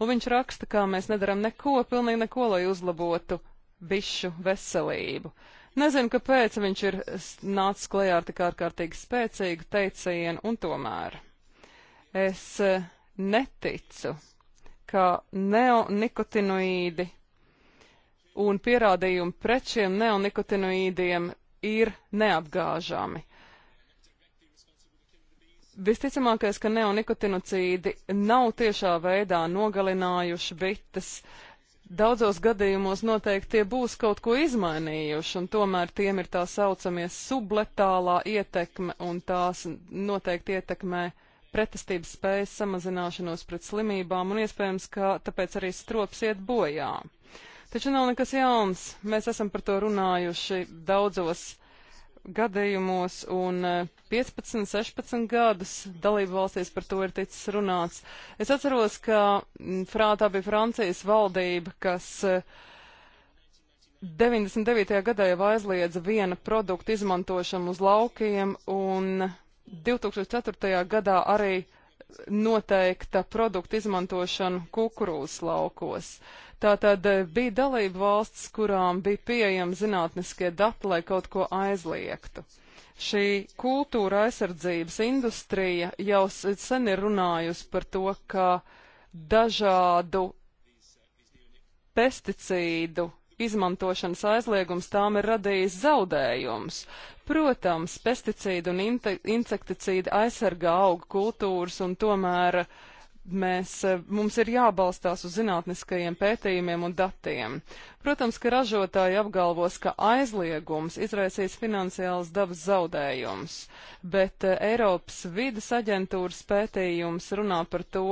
Un viņš raksta, ka mēs nedaram neko, pilnīgi neko, lai uzlabotu bišu veselību. Nezinu, kāpēc viņš ir nācis klajā ar tik ārkārtīgi spēcīgu teicienu un tomēr. Es eh, neticu, ka neonikotinoīdi un pierādījumi pret šiem neonikotinoīdiem ir neapgāžami. Visticamākais, ka neonikotinocīdi nav tiešā veidā nogalinājuši bites. Daudzos gadījumos noteikti tie būs kaut ko izmainījuši, un tomēr tiem ir tā saucamie subletālā ietekme, un tās noteikti ietekmē uh, pretestības spējas samazināšanos pret slimībām un iespējams, ka tāpēc arī strops iet bojā. Taču nav nekas jauns. Mēs esam par to runājuši daudzos gadījumos, un 15, e, 16 gadus dalību valstīs par to ir ticis runāts. Es atceros, ka frātā bija Francijas valdība, kas 99. E, gadā jau aizliedza viena produkta izmantošanu uz laukiem, un 2004. gadā arī noteikta produktu izmantošana kukurūzas laukos. Tātad eh, bija dalība valsts, kurām bija pieejami zinātniskie dati, lai kaut ko aizliegtu. Šī kultūra aizsardzības industrija jau sen ir runājusi par to, ka dažādu pesticīdu izmantošanas aizliegums tām ir radījis zaudējums. Protams, pesticīdu un insekticīdu aizsargā auga kultūras un tomēr mēs, mums ir jābalstās uz zinātniskajiem pētījumiem un datiem. Protams, ka ražotāji apgalvos, ka aizliegums izraisīs finansiāls dabas zaudējums, bet Eiropas vidas aģentūras pētījums runā par to,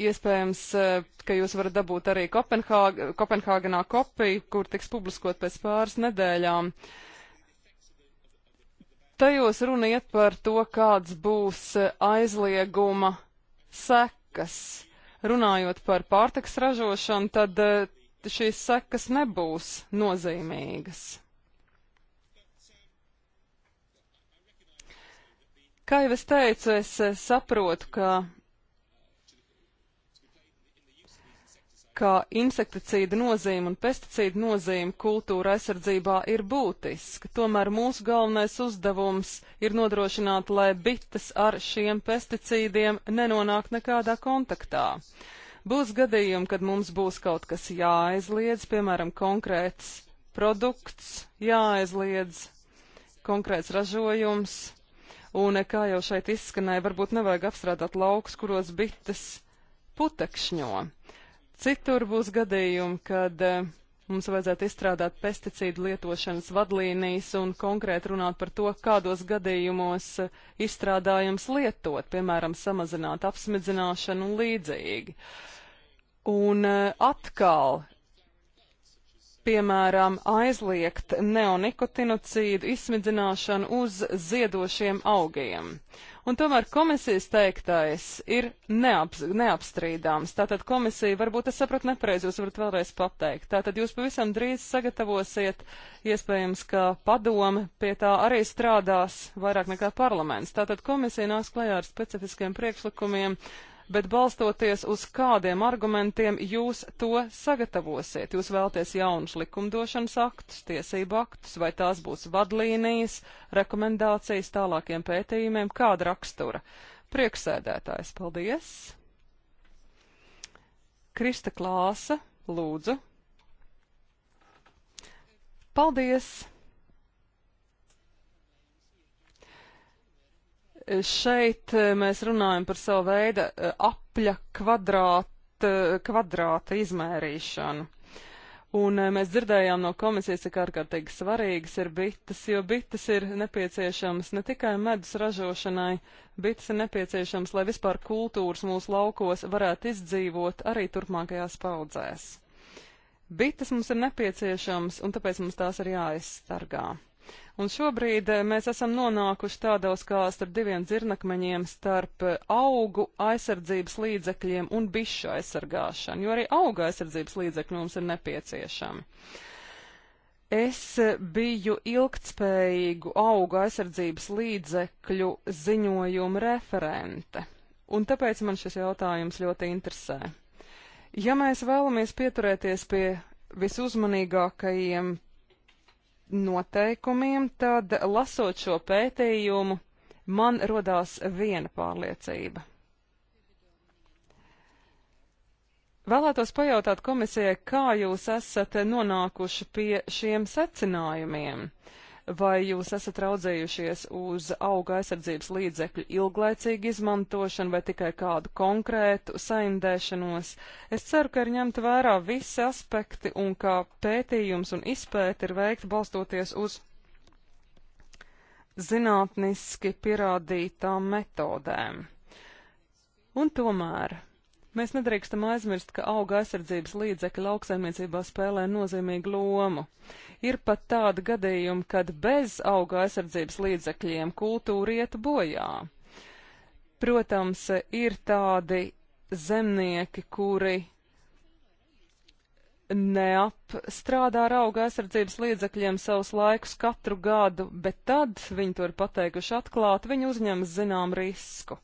iespējams, eh, ka jūs varat dabūt arī Kopenhāg Kopenhāgenā kopiju, kur tiks publiskot pēc pāris nedēļām. Tajos runa iet par to, kāds būs eh, aizlieguma sekas. Runājot par pārtiks ražošanu, tad eh, šīs sekas nebūs nozīmīgas. Kā jau es teicu, es saprotu, ka ka insekticīda nozīme un pesticīda nozīme kultūra aizsardzībā ir būtiska. Tomēr mūsu galvenais uzdevums ir nodrošināt, lai bites ar šiem pesticīdiem nenonāk nekādā kontaktā. Būs gadījumi, kad mums būs kaut kas jāaizliedz, piemēram, konkrēts produkts jāaizliedz, konkrēts ražojums, un, kā jau šeit izskanēja, varbūt nevajag apstrādāt laukus, kuros bites putekšņo. Citur būs gadījumi, kad eh, mums vajadzētu izstrādāt pesticīdu lietošanas vadlīnijas un konkrēti runāt par to, kādos gadījumos eh, izstrādājums lietot, piemēram, samazināt apsmidzināšanu un līdzīgi. Un eh, atkal, piemēram, aizliegt neonikotinoцīdu izsmidzināšanu uz ziedošiem augiem. Uh, Un tomēr komisijas teiktais ir neap, neapstrīdāms. Tātad komisija, varbūt es sapratu nepareizi, jūs varat vēlreiz pateikt. Tātad jūs pavisam drīz sagatavosiet, iespējams, ka padome pie tā arī strādās vairāk nekā parlaments. Tātad komisija nāks klajā ar specifiskiem priekšlikumiem, bet balstoties uz kādiem argumentiem jūs to sagatavosiet. Jūs vēlties jaunus likumdošanas aktus, tiesību aktus, vai tās būs vadlīnijas, rekomendācijas tālākiem pētījumiem, kāda rakstura. Prieksēdētājs, paldies! Krista Klāsa, lūdzu! Paldies! Šeit eh, mēs runājam par savu veidu eh, apļa kvadrāta, eh, kvadrāta izmērīšanu. Un mēs dzirdējām no komisijas, cik ārkārtīgi svarīgas ir bites, jo bites ir nepieciešamas ne tikai medus ražošanai, bites ir nepieciešamas, lai vispār kultūras mūsu laukos varētu izdzīvot arī turpmākajās paudzēs. Bites mums ir nepieciešamas, un tāpēc mums tās ir jāaizstargā. Un šobrīd eh, mēs esam nonākuši tādos kā starp diviem dzirnakmeņiem starp eh, augu aizsardzības līdzekļiem un bišu aizsargāšanu, jo arī auga aizsardzības līdzekļi mums ir nepieciešami. Es eh, biju ilgtspējīgu augu aizsardzības līdzekļu ziņojumu referente, un tāpēc man šis jautājums ļoti interesē. Ja mēs vēlamies pieturēties pie visuzmanīgākajiem noteikumiem, tad lasot šo pētījumu, man rodās viena pārliecība. Vēlētos pajautāt komisijai, kā jūs esat nonākuši pie šiem secinājumiem. Uh, Vai jūs esat raudzējušies uz auga aizsardzības līdzekļu ilglaicīgu izmantošanu vai tikai kādu konkrētu saindēšanos? Es ceru, ka ir ņemta vērā visi aspekti un ka pētījums un izpēti ir veikti balstoties uz zinātniski pierādītām metodēm. Un tomēr Mēs nedrīkstam aizmirst, ka auga aizsardzības līdzekļi lauksaimniecībā spēlē nozīmīgu lomu. Ir pat tāda gadījuma, kad bez auga aizsardzības līdzekļiem kultūra iet bojā. Protams, ir tādi zemnieki, kuri neapstrādā ar auga aizsardzības līdzekļiem savus laikus katru gadu, bet tad, viņi to ir pateikuši atklāt, viņi uzņemas zinām risku.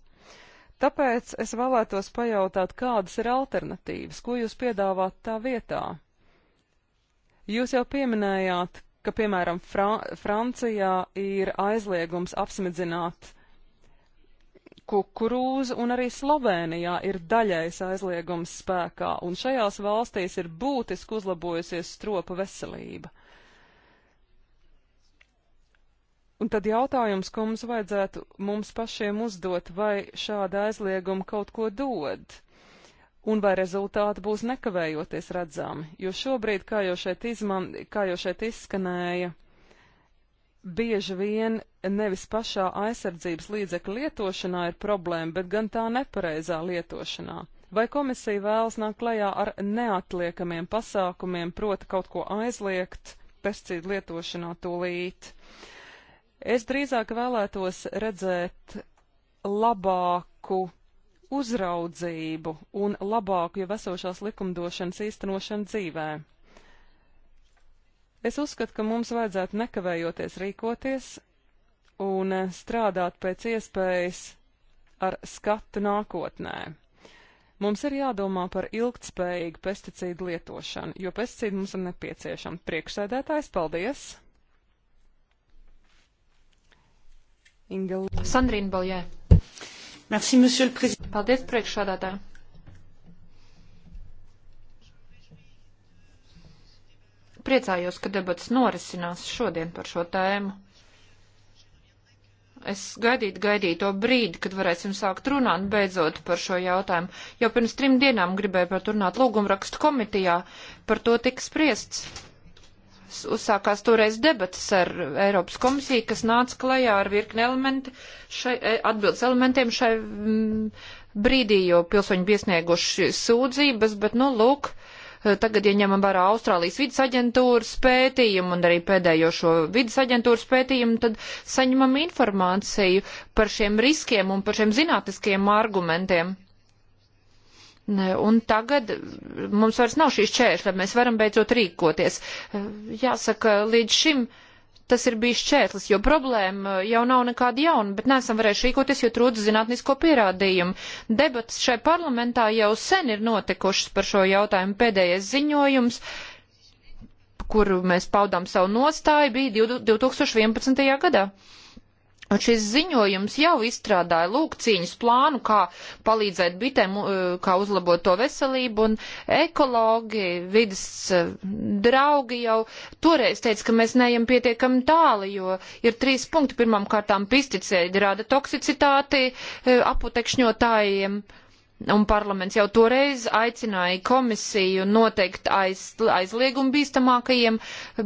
Tāpēc es vēlētos pajautāt, kādas ir alternatīvas, ko jūs piedāvāt tā vietā? Jūs jau pieminējāt, ka, piemēram, Fra Francijā ir aizliegums apsmidzināt kukurūzu, un arī Slovenijā ir daļais aizliegums spēkā, un šajās valstīs ir būtiski uzlabojusies stropa veselība. Un tad jautājums, ko mums vajadzētu mums pašiem uzdot, vai šāda aizlieguma kaut ko dod, un vai rezultāti būs nekavējoties redzami, jo šobrīd, kā jau šeit, izman, kā jau šeit izskanēja, bieži vien nevis pašā aizsardzības līdzekļa lietošanā ir problēma, bet gan tā nepareizā lietošanā. Vai komisija vēlas nākt klajā ar neatliekamiem pasākumiem, proti kaut ko aizliegt pesticīdu lietošanā tūlīt? Es drīzāk vēlētos redzēt labāku uzraudzību un labāku jau esošās likumdošanas īstenošanu dzīvē. Es uzskatu, ka mums vajadzētu nekavējoties rīkoties un strādāt pēc iespējas ar skatu nākotnē. Mums ir jādomā par ilgtspējīgu pesticīdu lietošanu, jo pesticīdi mums ir nepieciešami. Priekšsēdētājs, paldies! Inga... Sandrīna Baljē. Merci, monsieur le président. Paldies, priekšsādātāji. Priecājos, ka debats norisinās šodien par šo tēmu. Es gaidītu, gaidītu to brīdi, kad varēsim sākt runāt beidzot par šo jautājumu. Jau pirms trim dienām gribēju par to runāt lūgumrakstu komitijā, par to tika spriests uzsākās toreiz debatas ar Eiropas komisiju, kas nāca klajā ar virkni elementi, šai, e, atbildes elementiem šai m, mm, brīdī, jo pilsoņi bija snieguši sūdzības, bet, nu, lūk, e, tagad ieņemam ja vērā Austrālijas vidas aģentūras pētījumu un arī pēdējo šo vidas aģentūras pētījumu, tad saņemam informāciju par šiem riskiem un par šiem zinātniskiem argumentiem Un tagad mums vairs nav šīs čēršļa, mēs varam beidzot rīkoties. Eh, jāsaka, līdz šim tas ir bijis čērslis, jo problēma jau nav nekāda jauna, bet nesam varējuši rīkoties, jo trūdz zinātnisko pierādījumu. Debatas šai parlamentā jau sen ir notikušas par šo jautājumu. Pēdējais ziņojums, kur mēs paudām savu nostāju, bija 2011. gadā. Un šis ziņojums jau izstrādāja lūkcīņas plānu, kā palīdzēt bitēm, kā uzlabot to veselību, un ekologi, vidas eh, draugi jau toreiz teica, ka mēs neejam pietiekami tāli, jo ir trīs punkti. Pirmām kārtām pisticēji rāda toksicitāti eh, aputekšņotājiem. Uh, Un parlaments jau toreiz aicināja komisiju noteikt aiz, aizliegumu bīstamākajiem,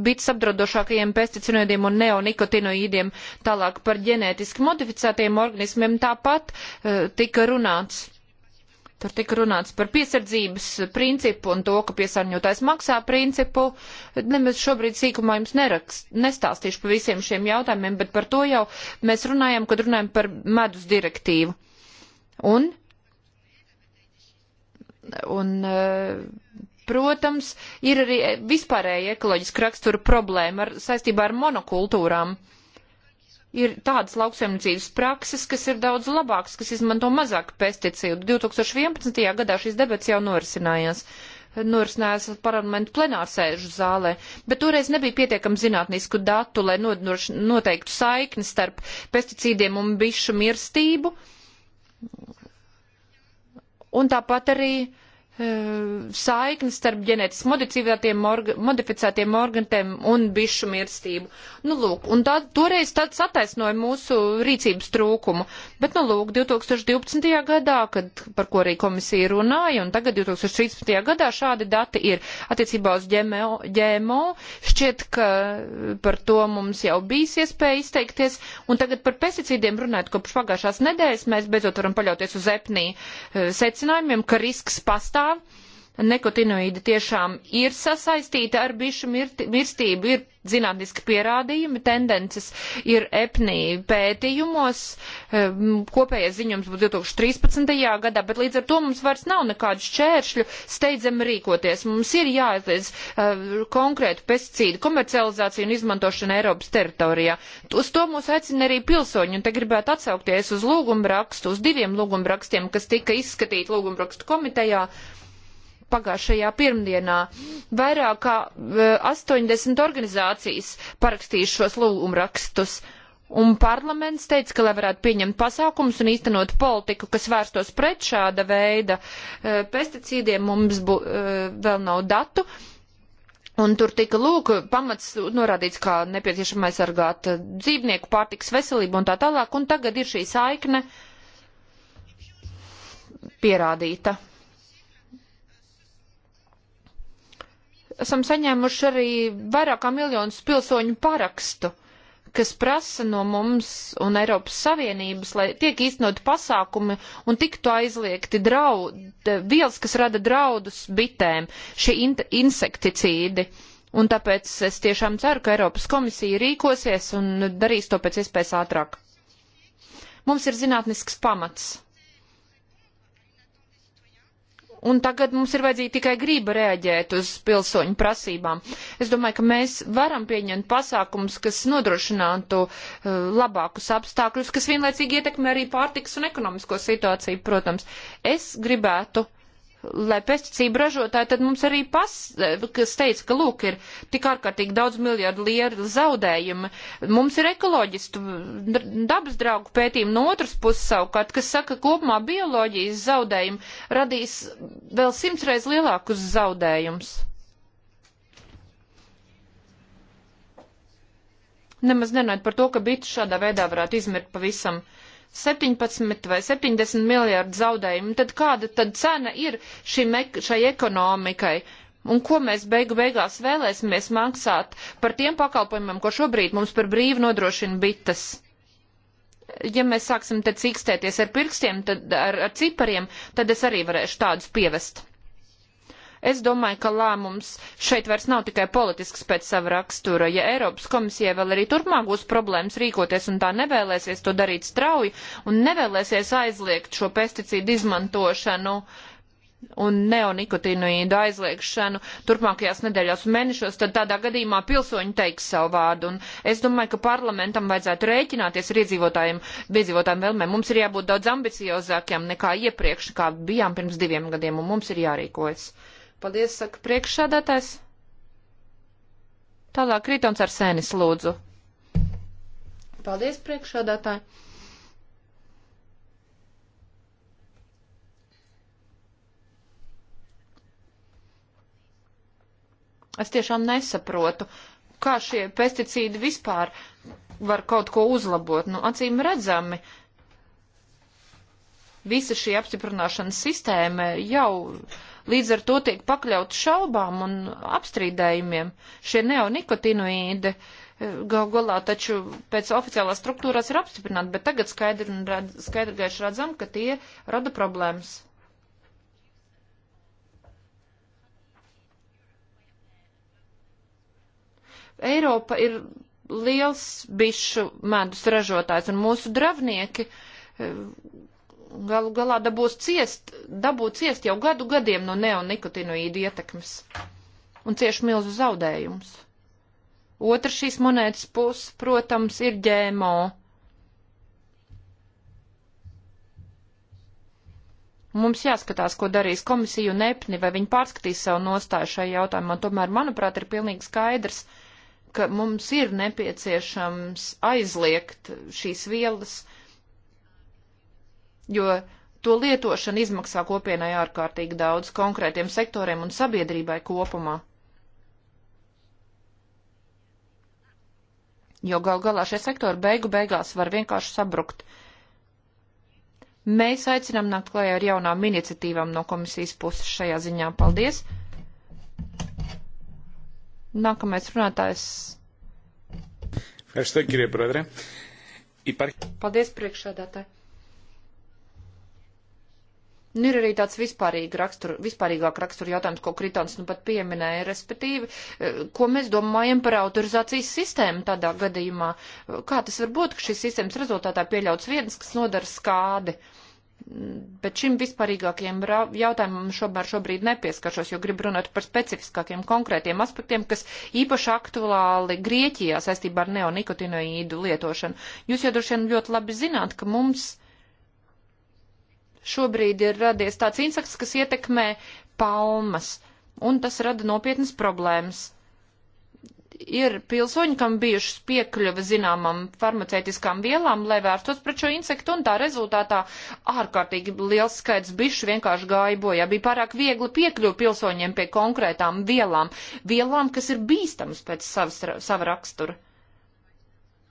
bits apdraudošākajiem pesticinoidiem un neonikotinoīdiem, tālāk par ģenētiski modificētiem organismiem tāpat uh, tika runāts. Tur tika runāts par piesardzības principu un to, ka piesārņotājs maksā principu. Nemaz šobrīd sīkumā jums nerakst, nestāstīšu par visiem šiem jautājumiem, bet par to jau mēs runājam, kad runājam par medus direktīvu. Un Un, eh, protams, ir arī vispārēja ekoloģiska rakstura problēma ar, saistībā ar monokultūrām ir tādas lauksaimniecības prakses, kas ir daudz labākas, kas izmanto mazāk pesticīdu. 2011. gadā šīs debats jau norisinājās. Norisinājās parlamentu plenārsēžu zālē, bet toreiz nebija pietiekami zinātnisku datu, lai noteiktu saikni starp pesticīdiem un bišu mirstību Un tāpat arī uh, E, saiknes starp ģenētiski modificētiem, orga, modificētiem organtiem un bišu mirstību. Nu, lūk, un tā, toreiz tāds attaisnoja mūsu rīcības trūkumu. Bet, nu, lūk, 2012. gadā, kad, par ko arī komisija runāja, un tagad 2013. gadā šādi dati ir attiecībā uz ģemo, ģemo. Šķiet, ka par to mums jau bijis iespēja izteikties, un tagad par pesticīdiem runājot, kopš pagājušās nedēļas mēs beidzot varam paļauties uz EPNI e, secinājumiem, ka risks pastāv pastāv. Nekotinoīdi tiešām ir sasaistīta ar bišu mirstību, ir zinātniski pierādījumi, tendences ir epnī pētījumos, um, kopējais ziņums būs 2013. gadā, bet līdz ar to mums vairs nav nekādu šķēršļu steidzam rīkoties. Mums ir jāizliedz uh, konkrētu pesticīdu komercializāciju un izmantošanu Eiropas teritorijā. Uz to mūs aicina arī pilsoņi, un te gribētu atsaukties uz lūgumrakstu, uz diviem lūgumrakstiem, kas tika izskatīti lūgumrakstu komitejā. Uh, pagājušajā pirmdienā. Vairāk kā 80 e, organizācijas parakstījušos šos lūgumrakstus. Un parlaments teica, ka, lai varētu pieņemt pasākumus un īstenot politiku, kas vērstos pret šāda veida e, pesticīdiem, mums bu, e, vēl nav datu. Un tur tika lūk, pamats norādīts, kā nepieciešama aizsargāt dzīvnieku pārtiks veselību un tā tālāk, un tagad ir šī saikne pierādīta. esam saņēmuši arī vairākā miljonus pilsoņu parakstu, kas prasa no mums un Eiropas Savienības, lai tiek īstenot pasākumi un tiktu aizliegti draud, vielas, kas rada draudus bitēm, šie in insekticīdi. Un tāpēc es tiešām ceru, ka Eiropas komisija rīkosies un darīs to pēc iespējas ātrāk. Mums ir zinātnisks pamats un tagad mums ir vajadzīga tikai grība reaģēt uz pilsoņu prasībām. Es domāju, ka mēs varam pieņemt pasākums, kas nodrošinātu uh, labākus apstākļus, kas vienlaicīgi ietekmē arī pārtiks un ekonomisko situāciju, protams. Es gribētu uh, lai pesticīdu ražotāji, tad mums arī pas, kas teica, ka lūk, ir tik ārkārtīgi daudz miljardu lieru zaudējumi. Mums ir ekoloģistu dabas draugu pētījumi no otras puses savukārt, kas saka, ka kopumā bioloģijas zaudējumi radīs vēl simtreiz lielākus zaudējumus. Nemaz nenāja par to, ka bites šādā veidā varētu izmirt pavisam. Uh, 17 vai 70 miljārdu zaudējumu, tad kāda tad cena ir šim, šai ekonomikai? Un ko mēs beigu beigās vēlēsimies maksāt par tiem pakalpojumiem, ko šobrīd mums par brīvu nodrošina bitas? Ja mēs sāksim te cikstēties ar pirkstiem, tad ar, ar cipariem, tad es arī varēšu tādus pievest. Es domāju, ka lēmums šeit vairs nav tikai politisks pēc sava rakstura. Ja Eiropas komisija vēl arī turpmāk būs problēmas rīkoties un tā nevēlēsies to darīt strauji un nevēlēsies aizliegt šo pesticīdu izmantošanu, un neonikotinoīdu aizliegšanu turpmākajās nedēļās un mēnešos, tad tādā gadījumā pilsoņi teiks savu vārdu. Un es domāju, ka parlamentam vajadzētu rēķināties ar iedzīvotājiem, iedzīvotājiem vēlmēm. Mums ir jābūt daudz ambiciozākiem nekā iepriekš, kā bijām pirms diviem gadiem, un mums ir jārīkojas. Paldies, saka priekšsādātājs. Tālāk Rītons ar sēnis lūdzu. Paldies, priekšsādātāji. Es tiešām nesaprotu, kā šie pesticīdi vispār var kaut ko uzlabot. Nu, acīm redzami, visa šī apstiprināšanas sistēma jau līdz ar to tiek pakļauti šaubām un apstrīdējumiem. Šie neonikotinoīdi eh, gal galā taču pēc oficiālās struktūrās ir apstiprināti, bet tagad skaidri, redz, skaidri gaiši redzam, ka tie rada problēmas. Eiropa ir liels bišu medus ražotājs, un mūsu dravnieki eh, galu galā dabūs ciest, dabūt ciest jau gadu gadiem no neonikotinoīdu ietekmes un cieši milzu zaudējumus. Otra šīs monētas puse, protams, ir ģēmo. Mums jāskatās, ko darīs komisija un EPNI, vai viņi pārskatīs savu nostāju šajā jautājumā. Tomēr, manuprāt, ir pilnīgi skaidrs, ka mums ir nepieciešams aizliegt šīs vielas uh, jo to lietošana izmaksā kopienai ārkārtīgi daudz konkrētiem sektoriem un sabiedrībai kopumā. Jo gal galā šie sektori beigu beigās var vienkārši sabrukt. Mēs aicinām nākt klajā ar jaunām iniciatīvām no komisijas puses šajā ziņā. Paldies! Nākamais runātājs. Paldies, priekšsēdētāji! Nu, ir arī tāds vispārīgi rakstur, vispārīgāk rakstura jautājums, ko Kritons nu pat pieminēja, respektīvi, eh, ko mēs domājam par autorizācijas sistēmu tādā gadījumā. Kā tas var būt, ka šīs sistēmas rezultātā pieļauts viens, kas nodara skādi? Bet šim vispārīgākajam jautājumam šobrīd, šobrīd nepieskaršos, jo gribu runāt par specifiskākiem konkrētiem aspektiem, kas īpaši aktuāli Grieķijā saistībā ar neonikotinoīdu lietošanu. Jūs jau droši vien ļoti labi zināt, ka mums šobrīd ir radies tāds insekts, kas ietekmē palmas, un tas rada nopietnas problēmas. Ir pilsoņi, kam bijušas piekļuve zināmam farmaceitiskām vielām, lai vērstos pret šo insektu, un tā rezultātā ārkārtīgi liels skaits bišu vienkārši gāja bojā. Bija pārāk viegli piekļuvi pilsoņiem pie konkrētām vielām, vielām, kas ir bīstamas pēc savas, sava rakstura.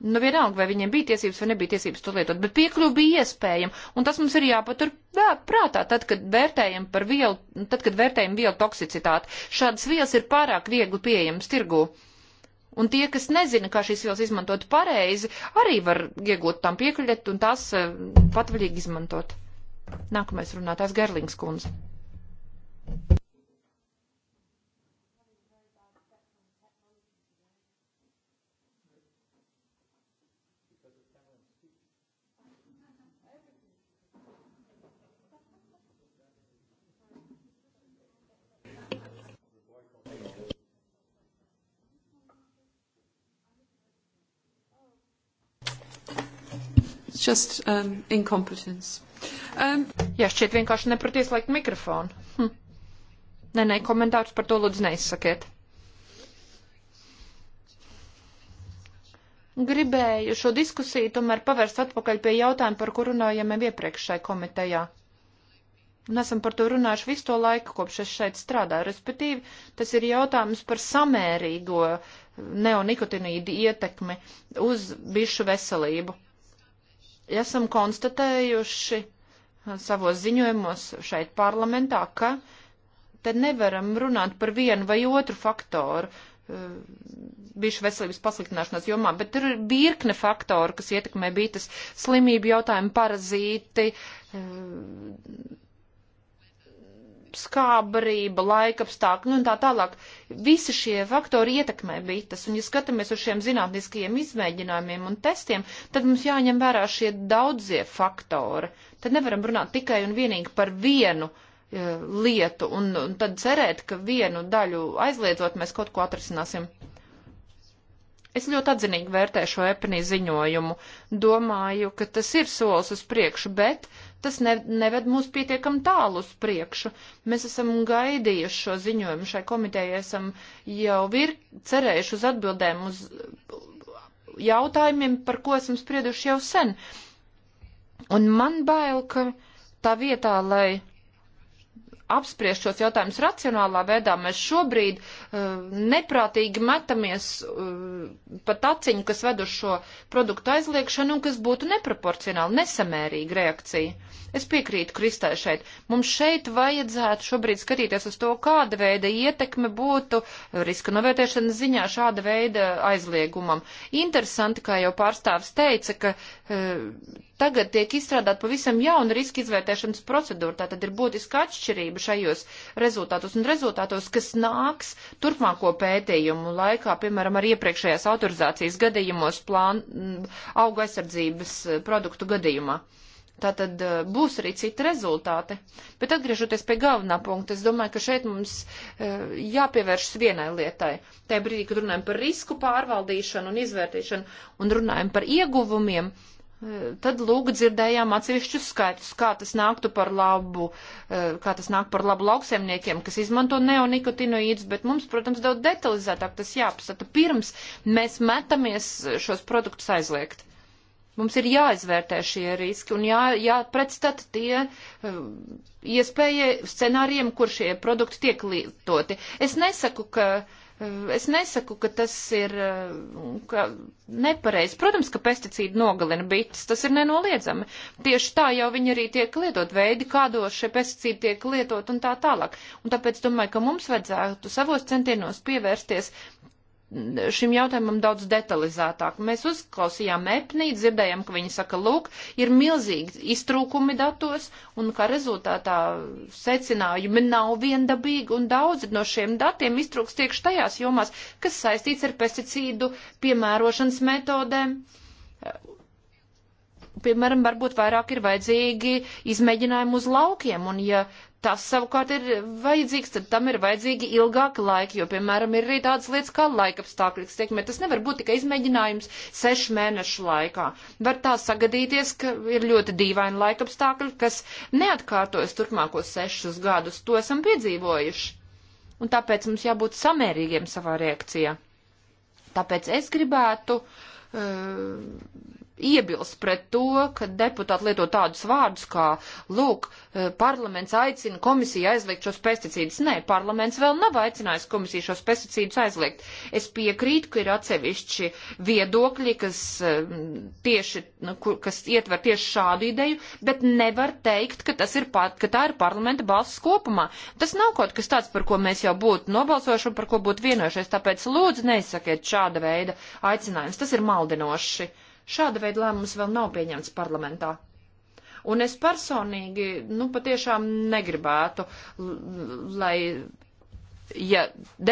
Nu, vienalga, vai viņiem bija tiesības vai nebija tiesības to lietot, bet piekļuva bija iespējama, un tas mums ir jāpatur prātā, tad, kad vērtējam par vielu, tad, kad vērtējam vielu toksicitāti. Šādas vielas ir pārāk viegli pieejamas tirgū. Un tie, kas nezina, kā šīs vielas izmantot pareizi, arī var iegūt tam piekļuļet un tās eh, patvaļīgi izmantot. Nākamais runātājs Gerlings kundze. just um, incompetence. Um, Jā, šķiet vienkārši nepratieslēgt mikrofonu. Hm. Nē, nē, komentārus par to lūdzu neizsakiet. Gribēju šo diskusiju tomēr pavērst atpakaļ pie jautājuma, par kur runājam jau iepriekš šai komitejā. Un esam par to runājuši visu to laiku, kopš es šeit strādāju. Respektīvi, tas ir jautājums par samērīgo neonikotinoīdu ietekmi uz bišu veselību esam konstatējuši uh, savos ziņojumos šeit parlamentā, ka te nevaram runāt par vienu vai otru faktoru uh, bijušu veselības pasliktināšanās jomā, bet tur ir virkne faktoru, kas ietekmē bītas slimību jautājumu, parazīti, uh, skābarība, laikapstākļi nu, un tā tālāk. Visi šie faktori ietekmē bites, un ja skatāmies uz šiem zinātniskajiem izmēģinājumiem un testiem, tad mums jāņem vērā šie daudzie faktori. Tad nevaram runāt tikai un vienīgi par vienu e, lietu, un, un tad cerēt, ka vienu daļu aizliedzot mēs kaut ko atrisināsim. Es ļoti atzinīgi vērtēju šo epinī ziņojumu. Domāju, ka tas ir solis uz priekšu, bet tas ne, neved mūs pietiekam tālu uz priekšu. Mēs esam gaidījuši šo ziņojumu šai komitejai, esam jau vir cerējuši uz atbildēm uz jautājumiem, par ko esam sprieduši jau sen. Un man bail, ka tā vietā, lai apspriest šos jautājumus racionālā veidā, mēs šobrīd uh, neprātīgi metamies uh, eh, pat aciņu, kas ved uz šo produktu aizliekšanu un kas būtu neproporcionāli, nesamērīga reakcija. Es piekrītu Kristai šeit. Mums šeit vajadzētu šobrīd skatīties uz to, kāda veida ietekme būtu riska novērtēšanas ziņā šāda veida aizliegumam. Interesanti, kā jau pārstāvs teica, ka uh, Tagad tiek izstrādāt pavisam jauna riska izvērtēšanas procedūra, tātad ir būtiska atšķirība šajos rezultātos un rezultātos, kas nāks turpmāko pētījumu laikā, piemēram, ar iepriekšējās autorizācijas gadījumos plānu mm, auga aizsardzības eh, produktu gadījumā. Tātad eh, būs arī citi rezultāti. Bet atgriežoties pie galvenā punkta, es domāju, ka šeit mums eh, jāpievēršas vienai lietai. Tajā brīdī, kad runājam par risku pārvaldīšanu un izvērtīšanu un runājam par ieguvumiem, Tad lūk dzirdējām atsevišķus skaitus, kā tas nāktu par labu, eh, kā tas nāk par labu lauksemniekiem, kas izmanto neonikotinoīdus, bet mums, protams, daudz detalizētāk tas jāpasata pirms mēs metamies šos produktus aizliegt. Mums ir jāizvērtē šie riski un jā, jāpredstata tie uh, eh, iespēja scenārijiem, kur šie produkti tiek lietoti. Es nesaku, ka uh, Eh, es nesaku, ka tas ir eh, ka nepareizi. Protams, ka pesticīdi nogalina bites, tas ir nenoliedzami. Tieši tā jau viņi arī tiek lietot, veidi, kādos šie pesticīdi tiek lietot un tā tālāk. Un tāpēc domāju, ka mums vajadzētu savos centienos pievērsties šim jautājumam daudz detalizētāk. Mēs uzklausījām EPNI, dzirdējām, ka viņi saka, lūk, ir milzīgi iztrūkumi datos, un kā rezultātā secinājumi nav viendabīgi, un daudzi no šiem datiem iztrūks tieši tajās jomās, kas saistīts ar pesticīdu piemērošanas metodēm. Piemēram, varbūt vairāk ir vajadzīgi izmēģinājumi uz laukiem, un ja tas savukārt ir vajadzīgs, tad tam ir vajadzīgi ilgāka laika, jo, piemēram, ir arī tādas lietas kā laikapstākļi, kas tiek, bet tas nevar būt tikai izmēģinājums sešu mēnešu laikā. Var tā sagadīties, ka ir ļoti dīvaini laikapstākļi, kas neatkārtojas turpmākos sešus gadus. To esam piedzīvojuši. Un tāpēc mums jābūt samērīgiem savā reakcijā. Tāpēc es gribētu. Uh, iebilst pret to, ka deputāti lieto tādus vārdus kā, lūk, eh, parlaments aicina komisiju aizliegt šos pesticīdus. Nē, parlaments vēl nav aicinājis komisiju šos pesticīdus aizliegt. Es piekrītu, ka ir atsevišķi viedokļi, kas eh, tieši, nu, kas ietver tieši šādu ideju, bet nevar teikt, ka, tas ir, pat, ka tā ir parlamenta balss kopumā. Tas nav kaut kas tāds, par ko mēs jau būtu nobalsojuši un par ko būtu vienojušies, tāpēc lūdzu neizsakiet šāda veida aicinājums. Tas ir maldinoši. Šāda veida lēmums vēl nav pieņemts parlamentā. Un es personīgi, nu, patiešām negribētu, lai ja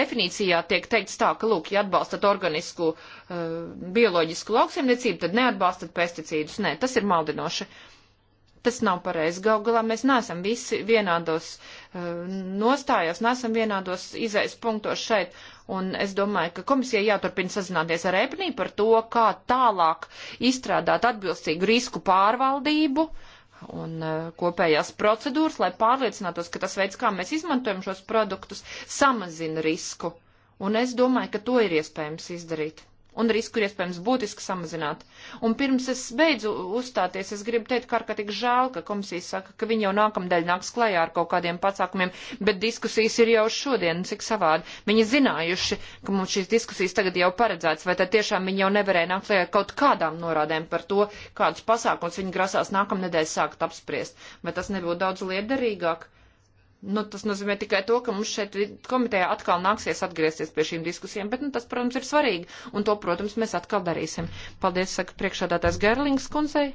definīcijā tiek teikts tā, ka, lūk, ja atbalstat organisku, uh, bioloģisku lauksaimniecību, tad neatbalstat pesticīdus. Nē, tas ir maldinoši. Uh, Tas nav pareizi. Gal galā mēs neesam visi vienādos uh, nostājos, neesam vienādos izaisa punktos šeit. Un es domāju, ka komisija jāturpina sazināties ar EPNI par to, kā tālāk izstrādāt atbilstīgu risku pārvaldību un uh, kopējās procedūras, lai pārliecinātos, ka tas veids, kā mēs izmantojam šos produktus, samazina risku. Un es domāju, ka to ir iespējams izdarīt un risku ir iespējams būtiski samazināt. Un pirms es beidzu uzstāties, es gribu teikt, ka ārkārtīgi žēl, ka komisija saka, ka viņi jau nākamdēļ nāks klajā ar kaut kādiem pasākumiem, bet diskusijas ir jau šodien, cik savādi. Viņi zinājuši, ka mums šīs diskusijas tagad jau paredzēts, vai tad tiešām viņi jau nevarēja nākt klajā ar kaut kādām norādēm par to, kādus pasākums viņi grasās nākamnedēļ sākt apspriest. Vai tas nebūtu daudz liederīgāk? Nu, tas nozīmē tikai to, ka mums šeit komitejā atkal nāksies atgriezties pie šīm diskusijām, bet nu, tas, protams, ir svarīgi, un to, protams, mēs atkal darīsim. Paldies, saka priekšādātājs Gerlings kundzei,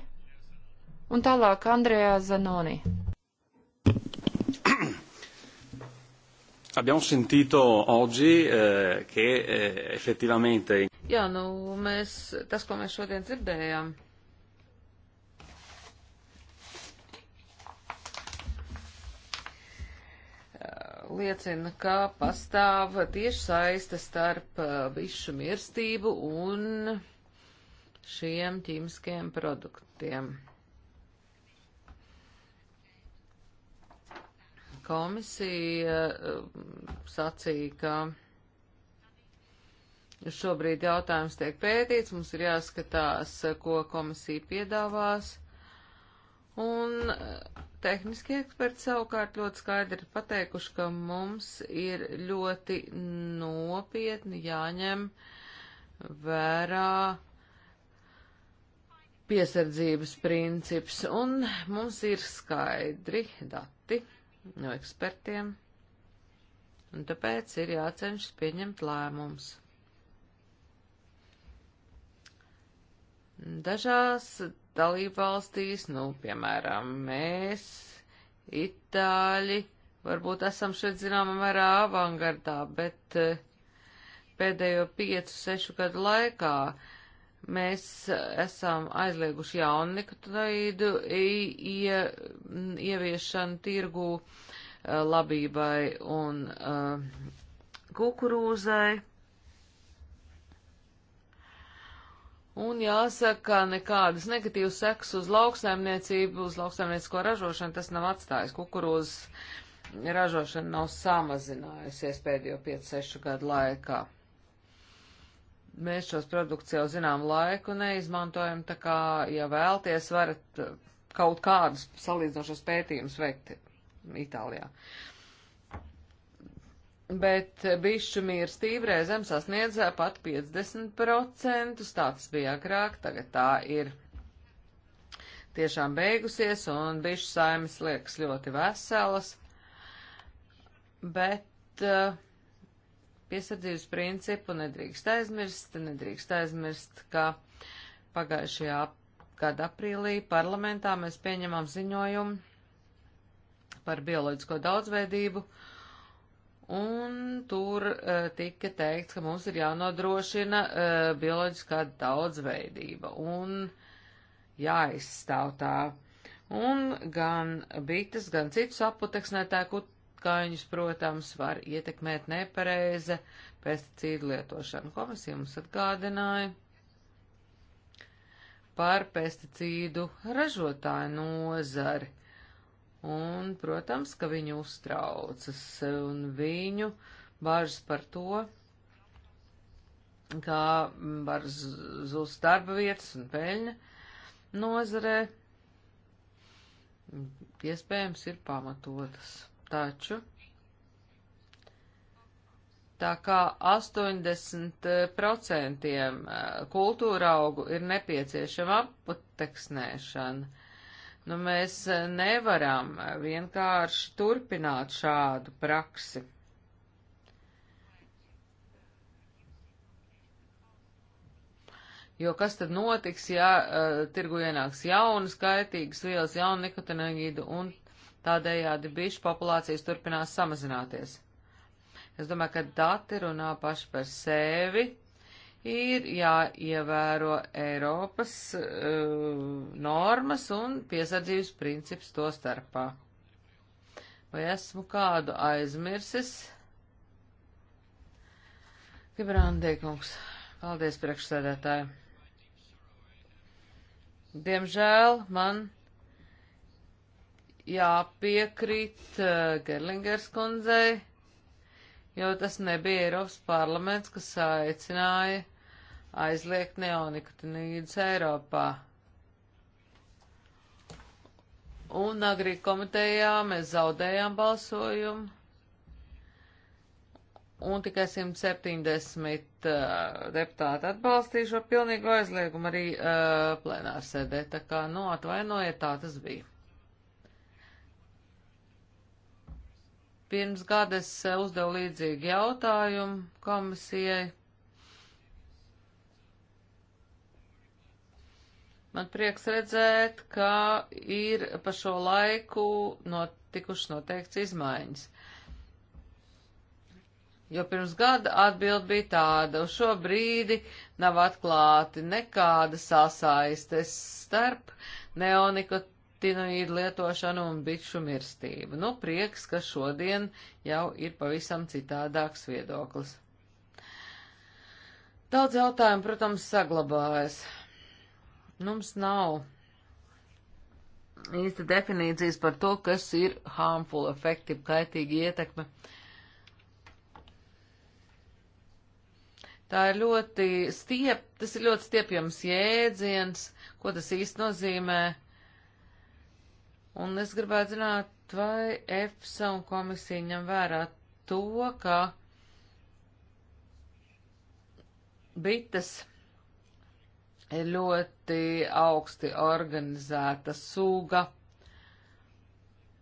un tālāk Andrejā Zanoni. Abbiamo sentito oggi eh, che eh, effettivamente. Jā, nu, mēs, tas, ko mēs šodien dzirdējām, liecina, ka pastāv tieši saiste starp višu uh, mirstību un šiem ķīmiskiem produktiem. Komisija uh, sacīja, ka Šobrīd jautājums tiek pētīts, mums ir jāskatās, ko komisija piedāvās. Un eh, tehniski eksperti savukārt ļoti skaidri pateikuši, ka mums ir ļoti nopietni jāņem vērā piesardzības princips, un mums ir skaidri dati no ekspertiem, un tāpēc ir jācenšas pieņemt lēmums. Dažās dalībvalstīs, nu, piemēram, mēs, Itāļi, varbūt esam šeit zināmā mērā avangardā, bet eh, pēdējo piecu, sešu gadu laikā mēs eh, esam aizlieguši jaunu nikotinoīdu ie, ieviešanu tirgū eh, labībai un uh, kukurūzai. Un jāsaka, nekādas negatīvas sekas uz lauksaimniecību, uz lauksaimniecisko ražošanu tas nav atstājis. Kukurūzas ražošana nav samazinājusies pēdējo 5-6 gadu laikā. Mēs šos produktus jau zinām laiku neizmantojam, tā kā, ja vēlties, varat kaut kādus salīdzinošos pētījumus veikt Itālijā. Uh, bet bišu mīlestība reizēm sasniedz pat 50%, tā tas bija agrāk, tagad tā ir tiešām beigusies, un bišu saimes liekas ļoti veselas, bet uh, piesardzības principu nedrīkst aizmirst, nedrīkst aizmirst, ka pagājušajā gada aprīlī parlamentā mēs pieņemam ziņojumu par bioloģisko daudzveidību, uh, Un tur uh, tika teikts, ka mums ir jānodrošina uh, bioloģiskā daudzveidība un jāizstāv tā. Un gan bites, gan citus aputeksnētāju kutkāņus, protams, var ietekmēt nepareiza pesticīdu lietošana. Komisija mums atgādināja par pesticīdu ražotāju nozari. Un, protams, ka viņu uztraucas un viņu bažas par to, kā var zust darba vietas un peļņa nozarē, iespējams, ir pamatotas. Taču, tā kā 80% eh, kultūra augu ir nepieciešama apteksnēšana, Nu, mēs eh, nevaram eh, vienkārši turpināt šādu praksi. Jo kas tad notiks, ja uh, tirgu ienāks jaunas kaitīgas vielas, jauna nikotinoīdu un tādējādi bišu populācijas turpinās samazināties? Es domāju, ka dati runā paši par sevi ir jāievēro Eiropas uh, normas un piesardzības princips to starpā. Vai esmu kādu aizmirsis? Gibrandēkungs, paldies priekšsēdētāji. Diemžēl man jāpiekrīt uh, Gerlingers kundzei, jo tas nebija Eiropas parlaments, kas aicināja aizliegt neonikotinīdus Eiropā. Un agrī komitejā mēs zaudējām balsojumu. Un tikai 170 uh, deputāti atbalstīja šo pilnīgu aizliegumu arī uh, plenārsēdē. Tā kā, nu, atvainojiet, tā tas bija. Pirms gada es uh, uzdevu līdzīgu jautājumu komisijai Man prieks redzēt, ka ir pa šo laiku notikušas noteikts izmaiņas. Jo pirms gada atbild bija tāda, uz šo brīdi nav atklāti nekāda sasaistes starp neonikotinoīdu lietošanu un bikšu mirstību. Nu, prieks, ka šodien jau ir pavisam citādāks viedoklis. Daudz jautājumu, protams, saglabājas. Mums nav īsta definīcijas par to, kas ir harmful efekti, kaitīgi ietekme. Tā ir ļoti stiep, tas ir ļoti stiepjams jēdziens, ko tas īsti nozīmē. Un es gribētu zināt, vai EFSA un komisija ņem vērā to, ka bites ļoti augsti organizēta suga,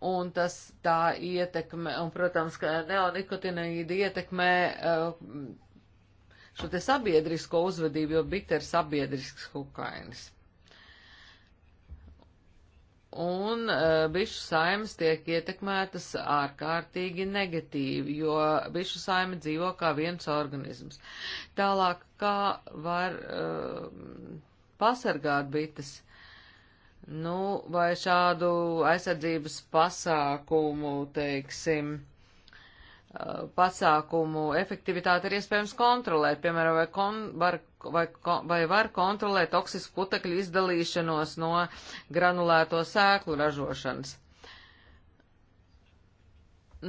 un tas tā ietekmē, un, protams, ka neonikotinoīdi ietekmē uh, šo te sabiedrisko uzvedību, jo bite ir sabiedrisks kukainis un uh, bišu saimas tiek ietekmētas ārkārtīgi negatīvi, jo bišu saima dzīvo kā viens organisms. Tālāk, kā var uh, pasargāt bites? Nu, vai šādu aizsardzības pasākumu, teiksim, uh, pasākumu efektivitāti ir iespējams kontrolēt, piemēram, vai kon var vai, vai var kontrolēt toksisku putekļu izdalīšanos no granulēto sēklu ražošanas.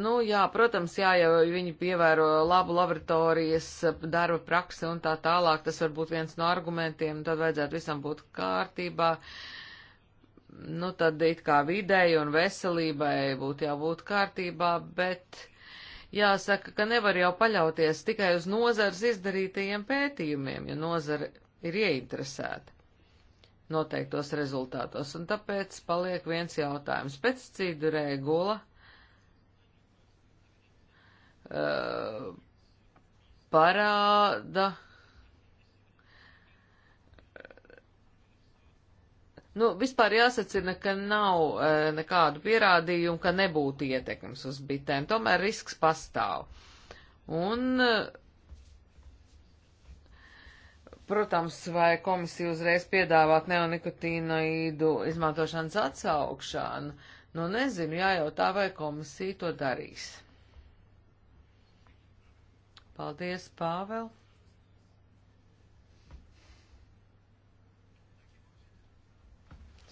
Nu, jā, protams, jā, ja viņi pievēro labu laboratorijas darba praksi un tā tālāk, tas var būt viens no argumentiem, tad vajadzētu visam būt kārtībā. Nu, tad it kā videi un veselībai būtu jābūt kārtībā, bet Jāsaka, ka nevar jau paļauties tikai uz nozars izdarītajiem pētījumiem, jo nozara ir ieinteresēta noteiktos rezultātos, un tāpēc paliek viens jautājums. Pesticīdu regula uh, parāda, Nu, vispār jāsacina, ka nav e, nekādu pierādījumu, ka nebūtu ietekmes uz bitēm. Tomēr risks pastāv. Un, e, protams, vai komisija uzreiz piedāvāt neonikotīnoīdu izmantošanas atsaukšanu, nu nezinu, jājautā, vai komisija to darīs. Paldies, Pāvēl!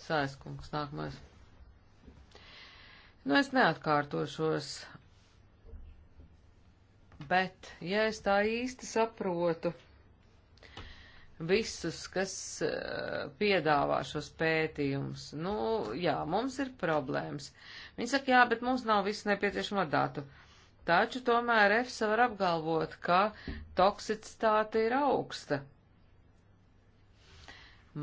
Saiskungs nākamais. Nu, es neatkārtošos, bet, ja es tā īsti saprotu visus, kas uh, piedāvā šos pētījumus, nu, jā, mums ir problēmas. Viņi saka, jā, bet mums nav visu nepieciešamo datu. Taču tomēr EFSA var apgalvot, ka toksicitāte ir augsta.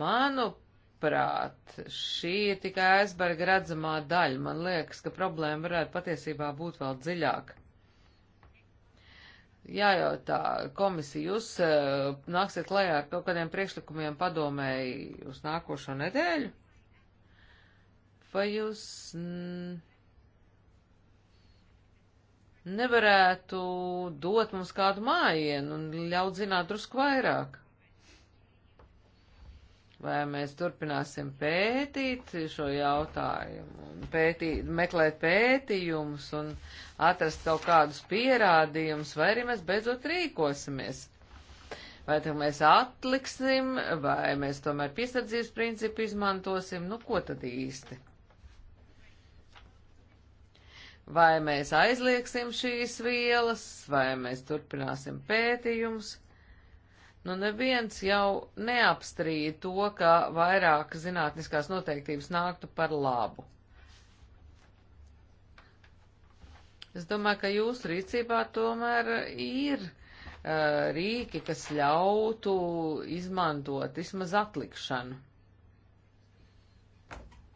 Manuprāt, prāt, šī ir tikai aizberga redzamā daļa. Man liekas, ka problēma varētu patiesībā būt vēl dziļāk. Jājautā komisija, jūs uh, nāksiet klajā ar kaut kādiem priekšlikumiem padomēji uz nākošo nedēļu? Vai jūs nevarētu dot mums kādu mājienu un ļaut zināt drusku vairāk? vai mēs turpināsim pētīt šo jautājumu, pētīt, meklēt pētījumus un atrast kaut kādus pierādījumus, vai arī mēs beidzot rīkosimies. Vai tad mēs atliksim, vai mēs tomēr piesardzības principu izmantosim, nu ko tad īsti? Vai mēs aizliegsim šīs vielas, vai mēs turpināsim pētījumus? Nu, neviens jau neapstrīd to, ka vairāk zinātniskās noteiktības nāktu par labu. Es domāju, ka jūsu rīcībā tomēr ir uh, rīki, kas ļautu izmantot vismaz atlikšanu.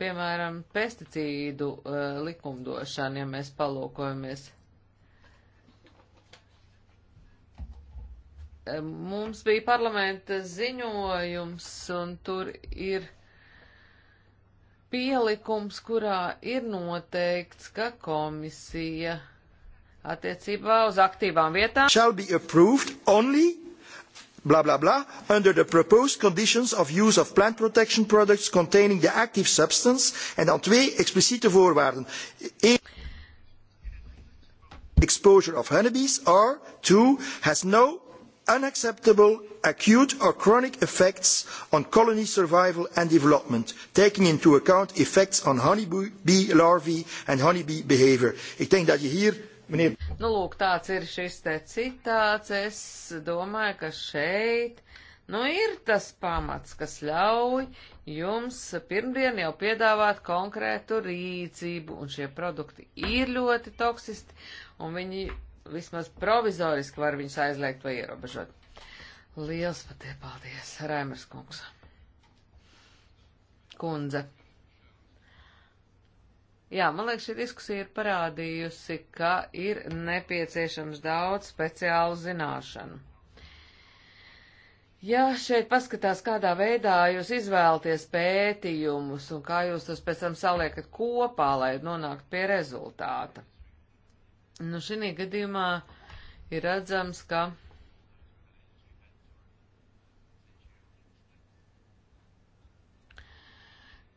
Piemēram, pesticīdu uh, likumdošanu, ja mēs palūkojamies. Mums bija parlamenta ziņojums, un tur ir pielikums, kurā ir noteikts, ka komisija attiecībā uz aktīvām vietām shall be approved only blah blah blah under the proposed conditions of use of plant protection products containing the active substance en dan twee expliciete voorwaarden. Eén, exposure of honeybees or two has no unacceptable acute or chronic effects on colony survival and development taking into account effects on honeybee larvae and honeybee behavior. Ik denk dat je hier, meneer... Nu, lūk, tāds ir šis te citāts. Es domāju, ka šeit, nu, ir tas pamats, kas ļauj jums pirmdien jau piedāvāt konkrētu rīcību, un šie produkti ir ļoti toksisti, un viņi vismaz provizoriski var viņus aizliegt vai ierobežot. Liels patie paldies, Rēmers kungs. Kundze. Jā, man liekas, šī diskusija ir parādījusi, ka ir nepieciešams daudz speciālu zināšanu. Ja šeit paskatās, kādā veidā jūs izvēlaties pētījumus un kā jūs tos pēc tam saliekat kopā, lai nonāktu pie rezultāta. Nu, šī gadījumā ir redzams, ka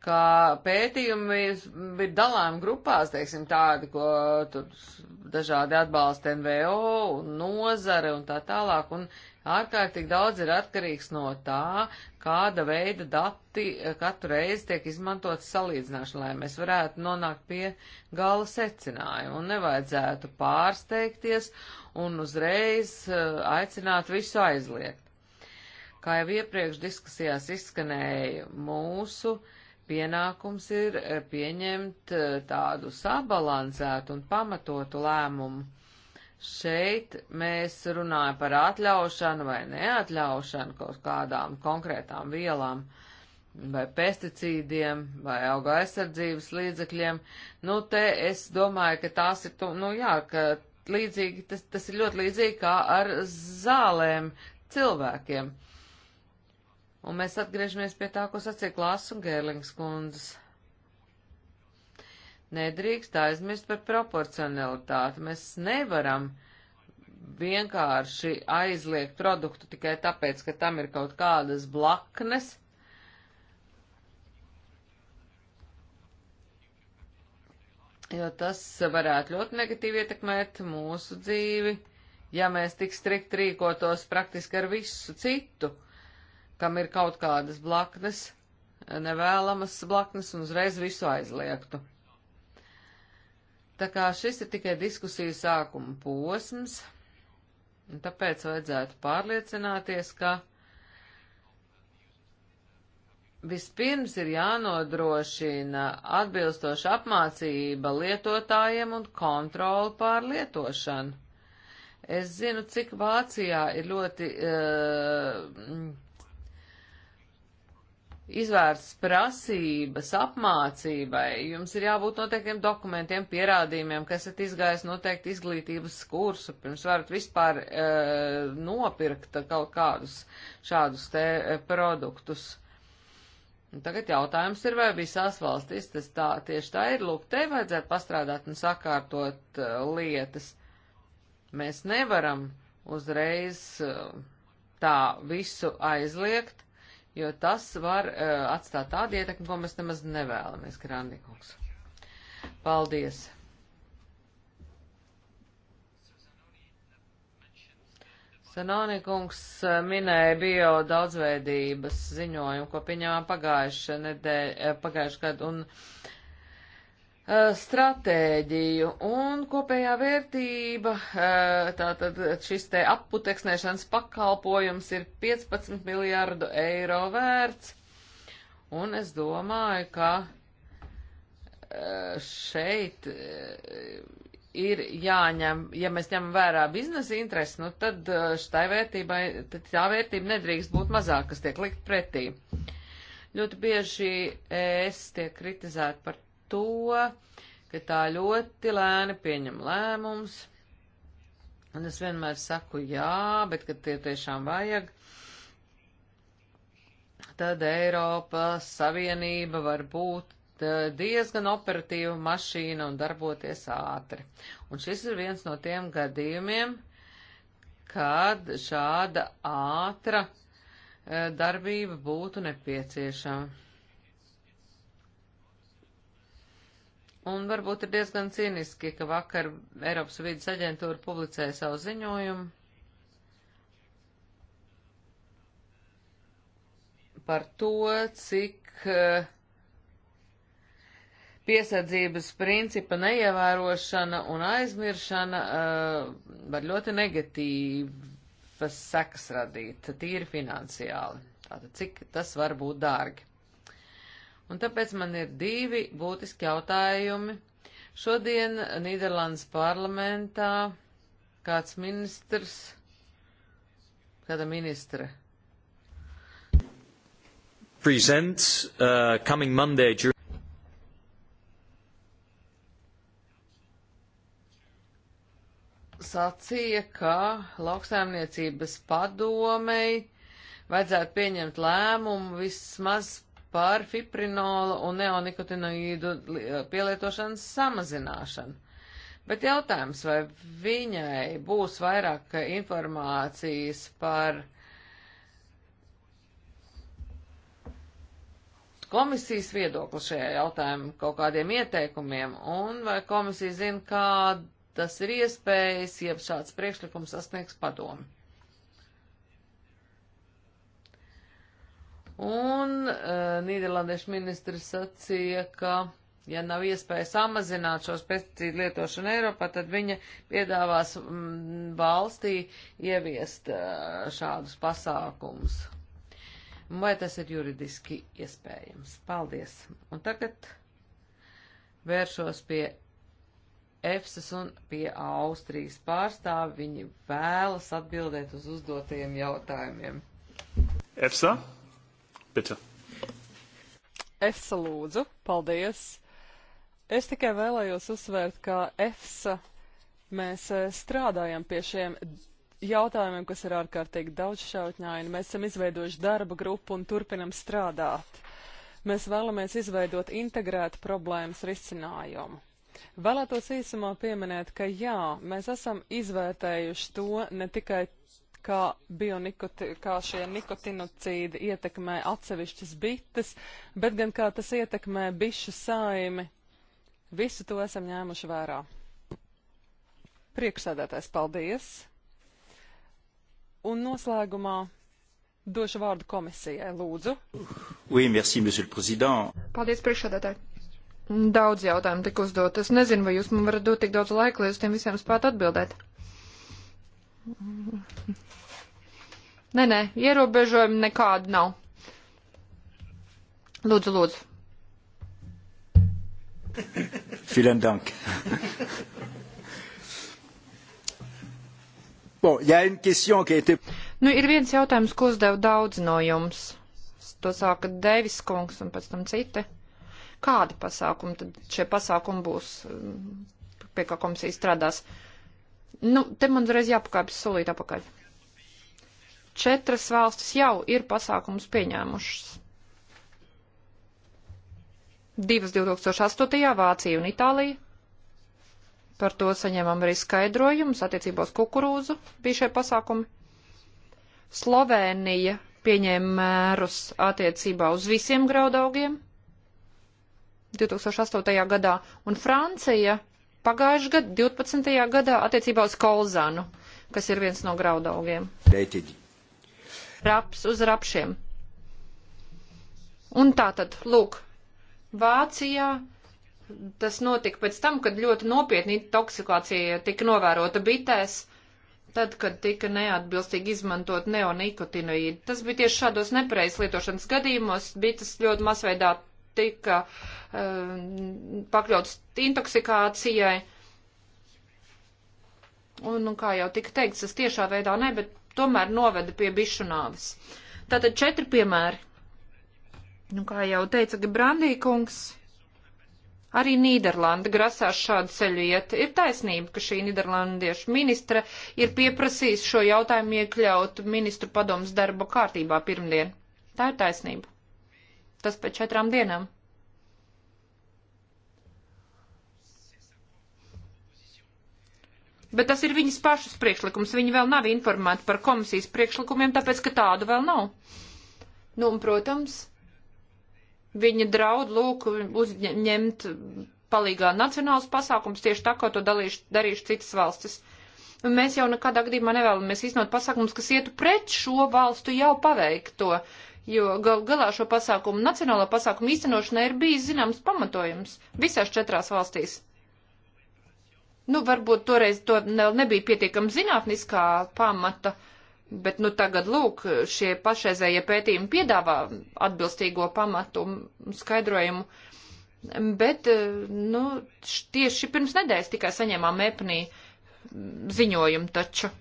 ka pētījumi ir dalām grupās, teiksim, tādi, ko tur dažādi atbalsta NVO un nozare un tā tālāk, un ārkārtīgi daudz ir atkarīgs no tā, kāda veida dati katru reizi tiek izmantot salīdzināšanu, lai mēs varētu nonākt pie gala secinājuma un nevajadzētu pārsteigties un uzreiz e, aicināt visu aizliegt. Kā jau iepriekš diskusijās izskanēja, mūsu uh, pienākums ir eh, pieņemt eh, tādu sabalansētu un pamatotu lēmumu. Šeit mēs runājam par atļaušanu vai neatļaušanu kaut kādām konkrētām vielām vai pesticīdiem vai auga aizsardzības līdzekļiem. Nu, te es domāju, ka tās ir, tu, nu jā, ka līdzīgi, tas, tas ir ļoti līdzīgi kā ar zālēm cilvēkiem. Uh, Un mēs atgriežamies pie tā, ko sacīja Klāsts un Gērlings kundzes. Nedrīkst aizmirst par proporcionalitāti. Mēs nevaram vienkārši aizliegt produktu tikai tāpēc, ka tam ir kaut kādas blaknes. Jo tas varētu ļoti negatīvi ietekmēt mūsu dzīvi, ja mēs tik strikt rīkotos praktiski ar visu citu kam ir kaut kādas blaknes, nevēlamas blaknes un uzreiz visu aizliegtu. Tā kā šis ir tikai diskusiju sākuma posms, un tāpēc vajadzētu pārliecināties, ka vispirms ir jānodrošina atbilstoša apmācība lietotājiem un kontroli pār lietošanu. Es zinu, cik Vācijā ir ļoti uh, izvērts prasības apmācībai, jums ir jābūt noteiktiem dokumentiem, pierādījumiem, kas esat izgājis noteikti izglītības kursu, pirms varat vispār e, nopirkt kaut kādus šādus te e, produktus. Un tagad jautājums ir, vai visās valstīs tas tā, tieši tā ir, lūk, te vajadzētu pastrādāt un sakārtot e, lietas. Mēs nevaram uzreiz e, tā visu aizliegt, jo tas var uh, atstāt tādu ietekmi, ko mēs nemaz nevēlamies, Grandikungs. Paldies! Sanonikungs eh, minēja bio daudzveidības ziņojumu, ko pieņēmām pagājušajā nedēļā, eh, pagājušajā gadā, un Eh, stratēģiju un kopējā vērtība, eh, tātad šis te apputeksnēšanas pakalpojums ir 15 miljārdu eiro vērts, un es domāju, ka eh, šeit ir jāņem, ja mēs ņemam vērā biznesa intereses, nu tad štai vērtībai, tad tā vērtība nedrīkst būt mazāk, kas tiek likt pretī. Ļoti bieži es tiek kritizēta par to, ka tā ļoti lēni pieņem lēmums. Un es vienmēr saku jā, bet, kad tie tiešām vajag, tad Eiropas Savienība var būt eh, diezgan operatīva mašīna un darboties ātri. Un šis ir viens no tiem gadījumiem, kad šāda ātra eh, darbība būtu nepieciešama. Un varbūt ir diezgan cīniski, ka vakar Eiropas vidas aģentūra publicēja savu ziņojumu par to, cik uh, piesardzības principa neievērošana un aizmiršana uh, var ļoti negatīvas sekas radīt, tīri finansiāli. Tātad, cik tas var būt dārgi. Un tāpēc man ir divi būtiski jautājumi. Šodien Nīderlandes parlamentā kāds ministrs, kāda ministre. Presents uh, coming Monday during. sacīja, ka lauksaimniecības padomei vajadzētu pieņemt lēmumu vismaz par fiprinola un neonikotinoīdu eh, pielietošanas samazināšanu. Bet jautājums, vai viņai būs vairāk informācijas par komisijas viedokli šajā jautājumā, kaut kādiem ieteikumiem, un vai komisija zina, kādas ir iespējas, ja šāds priekšlikums sasniegs padomu? Un uh, eh, Nīderlandiešu ministrs sacīja, ka, ja nav iespēja samazināt šos pesticīdu lietošanu Eiropā, tad viņa piedāvās mm, valstī ieviest uh, šādus pasākumus. Vai tas ir juridiski iespējams? Paldies! Un tagad vēršos pie EFSAS un pie Austrijas pārstāvi. Viņi vēlas atbildēt uz uzdotajiem jautājumiem. EFSA? Bitte. Es lūdzu, paldies. Es tikai vēlējos uzsvērt, ka EFSA mēs eh, strādājam pie šiem jautājumiem, kas ir ārkārtīgi daudzšķautņaini. Mēs esam izveidojuši darba grupu un turpinam strādāt. Mēs vēlamies izveidot integrētu problēmas risinājumu. Vēlētos īsumā pieminēt, ka jā, mēs esam izvērtējuši to ne tikai kā, bionikoti, kā šie nikotinocīdi ietekmē atsevišķas bites, bet gan kā tas ietekmē bišu saimi. Visu to esam ņēmuši vērā. Priekšsēdētājs, paldies! Un noslēgumā došu vārdu komisijai, lūdzu. Oui, merci, monsieur le président. Paldies, priekšsēdētāji. Daudz jautājumu tik uzdot. Es nezinu, vai jūs man varat dot tik daudz laika, lai uz tiem visiem spētu atbildēt. Nē, nē, ierobežojumi nekādi nav. Lūdzu, lūdzu. Vielen Dank. bon, y a une question qui a été... Nu, ir viens jautājums, ko uzdev daudz no jums. To sāka Devis kungs un pēc tam citi. Kādi pasākumi tad šie pasākumi būs, pie kā komisija strādās? Nu, te man uzreiz jāpakāpjas solīt apakaļ. Četras valstis jau ir pasākumus pieņēmušas. Divas 2008. Vācija un Itālija. Par to saņemam arī skaidrojumus attiecībos kukurūzu bija šie pasākumi. Slovēnija pieņēma mērus attiecībā uz visiem graudaugiem 2008. gadā, un Francija pagājušajā gadā, 12. gadā, attiecībā uz kolzanu, kas ir viens no graudaugiem. Dēķiģi raps uz rapšiem. Un tā tad, lūk, Vācijā tas notika pēc tam, kad ļoti nopietni toksikācija tika novērota bitēs tad, kad tika neatbilstīgi izmantot neonikotinoīdu. Tas bija tieši šādos nepareizs lietošanas gadījumos, bija tas ļoti masveidā tika um, pakļauts intoksikācijai. Un, un nu, kā jau tika teikts, tas tiešā veidā ne, bet tomēr noveda pie bišu nāves. Tātad četri piemēri. Nu, kā jau teica Gebrandīkungs, arī Nīderlanda grasās šādu ceļu iet. Ir taisnība, ka šī Nīderlandiešu ministra ir pieprasījusi šo jautājumu iekļaut ministru padomus darba kārtībā pirmdien. Tā ir taisnība. Tas pēc četrām dienām. Bet tas ir viņas pašas priekšlikums. Viņi vēl nav informēti par komisijas priekšlikumiem, tāpēc, ka tādu vēl nav. Nu, un, protams, viņa draud lūk uzņemt palīgā nacionāls pasākums, tieši tā, kā to dalīšu, darīšu citas valstis. Un mēs jau nekādā gadījumā nevēlamies iznot pasākumus, kas ietu pret šo valstu jau paveikto, jo gal galā šo pasākumu, nacionālo pasākumu īstenošanai ir bijis zināms pamatojums visās četrās valstīs. Nu, varbūt toreiz to nebija pietiekami zinātniskā pamata, bet, nu, tagad, lūk, šie pašreizējie pētījumi piedāvā atbilstīgo pamatu un skaidrojumu. Bet, nu, tieši pirms nedēļas tikai saņēmām EPNI ziņojumu taču.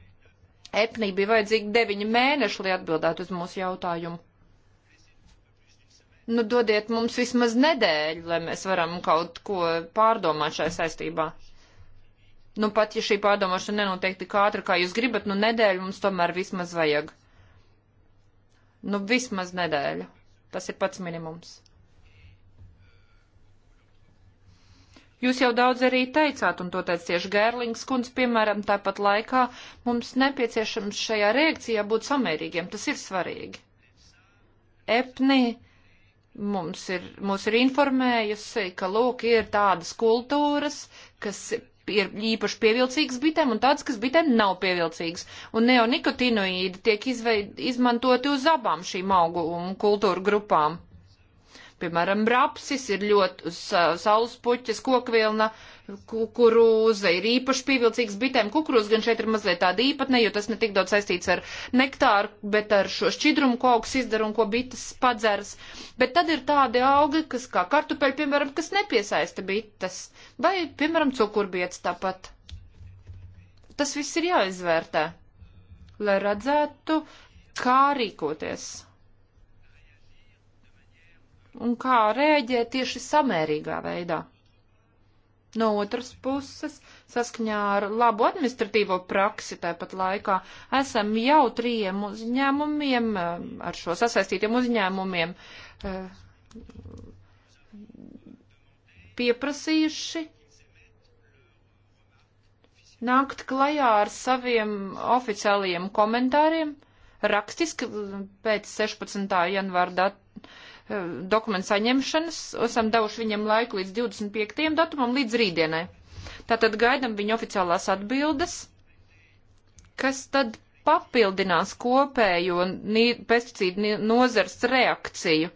EPNI bija vajadzīgi deviņi mēneši, lai atbildētu uz mūsu jautājumu nu, dodiet mums vismaz nedēļu, lai mēs varam kaut ko pārdomāt šai saistībā. Nu, pat ja šī pārdomāšana nenotiek tik ātri, kā jūs gribat, nu, nedēļu mums tomēr vismaz vajag. Nu, vismaz nedēļu. Tas ir pats minimums. Jūs jau daudz arī teicāt, un to teica tieši Gērlings kundze, piemēram, tāpat laikā mums nepieciešams šajā reakcijā būt samērīgiem. Tas ir svarīgi. Epni mums ir, mums ir informējusi, ka, lūk, ir tādas kultūras, kas ir īpaši pievilcīgas bitēm un tādas, kas bitēm nav pievilcīgas. Un neonikotinoīdi tiek izveid, izmantoti uz abām šīm augu un kultūru grupām. Piemēram, rapsis ir ļoti saulespuķis, kokvilna, kukurūza ir īpaši pievilcīgs bitēm. Kukurūza gan šeit ir mazliet tāda īpatnē, jo tas ne tik daudz saistīts ar nektāru, bet ar šo šķidrumu, ko augs izdara un ko bites padzeras. Bet tad ir tādi augi, kas kā kartupeļi, piemēram, kas nepiesaista bites. Vai, piemēram, cukurbietis tāpat. Tas viss ir jāizvērtē, lai redzētu, kā rīkoties un kā rēģēt tieši samērīgā veidā. No otras puses, saskaņā ar labu administratīvo praksi tāpat laikā, esam jau trījiem uzņēmumiem, eh, ar šo sasaistītiem uzņēmumiem eh, pieprasījuši nākt klajā ar saviem oficiālajiem komentāriem, rakstiski eh, pēc 16. janvāra dat Eh, dokumentu saņemšanas. Esam devuši viņam laiku līdz 25. datumam, līdz rītdienai. Tātad gaidam viņa oficiālās atbildes, kas tad papildinās kopējo pesticīdu nozars reakciju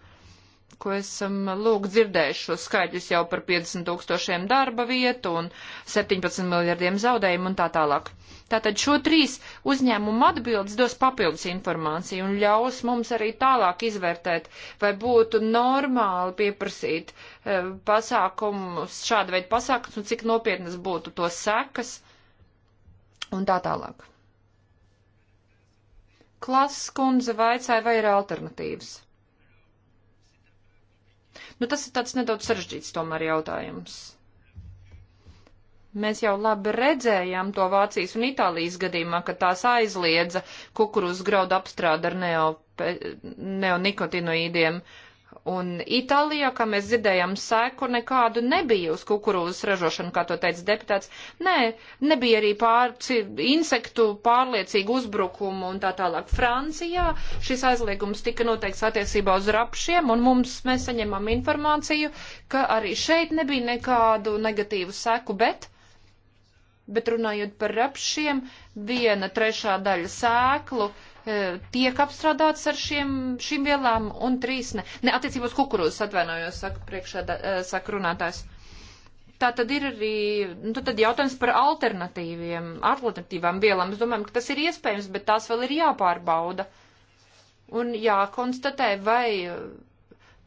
ko esam lūk dzirdējuši šo skaidrs jau par 50 tūkstošiem darba vietu un 17 miljardiem zaudējumu un tā tālāk. Tātad šo trīs uzņēmumu atbildes dos papildus informāciju un ļaus mums arī tālāk izvērtēt, vai būtu normāli pieprasīt eh, pasākumus, šāda veida pasākumus un cik nopietnas būtu to sekas un tā tālāk. Klases kundze vaicāja, vai ir alternatīvas. Nu, tas ir tāds nedaudz sarežģīts tomēr jautājums. Mēs jau labi redzējām to Vācijas un Itālijas gadījumā, kad tās aizliedza kukurūzu graudu apstrādi ar neonikotinoīdiem. Neo Un Itālijā, kā mēs dzirdējām, sēku nekādu nebija uz kukurūzas ražošanu, kā to teica deputāts. Nē, nebija arī pār, insektu pārliecīgu uzbrukumu un tā tālāk. Francijā šis aizliegums tika noteikts attiecībā uz rapšiem, un mums mēs saņemam informāciju, ka arī šeit nebija nekādu negatīvu seku, bet bet runājot par rapšiem, viena trešā daļa sēklu uh, E, tiek apstrādāts ar šiem, šīm vielām un trīs ne. Ne, attiecībos kukurūzas atvainojos, saka priekšādā, e, saka runātājs. Tā tad ir arī, nu tad jautājums par alternatīviem, alternatīvām vielām. Es domāju, ka tas ir iespējams, bet tās vēl ir jāpārbauda. Un jākonstatē, vai e,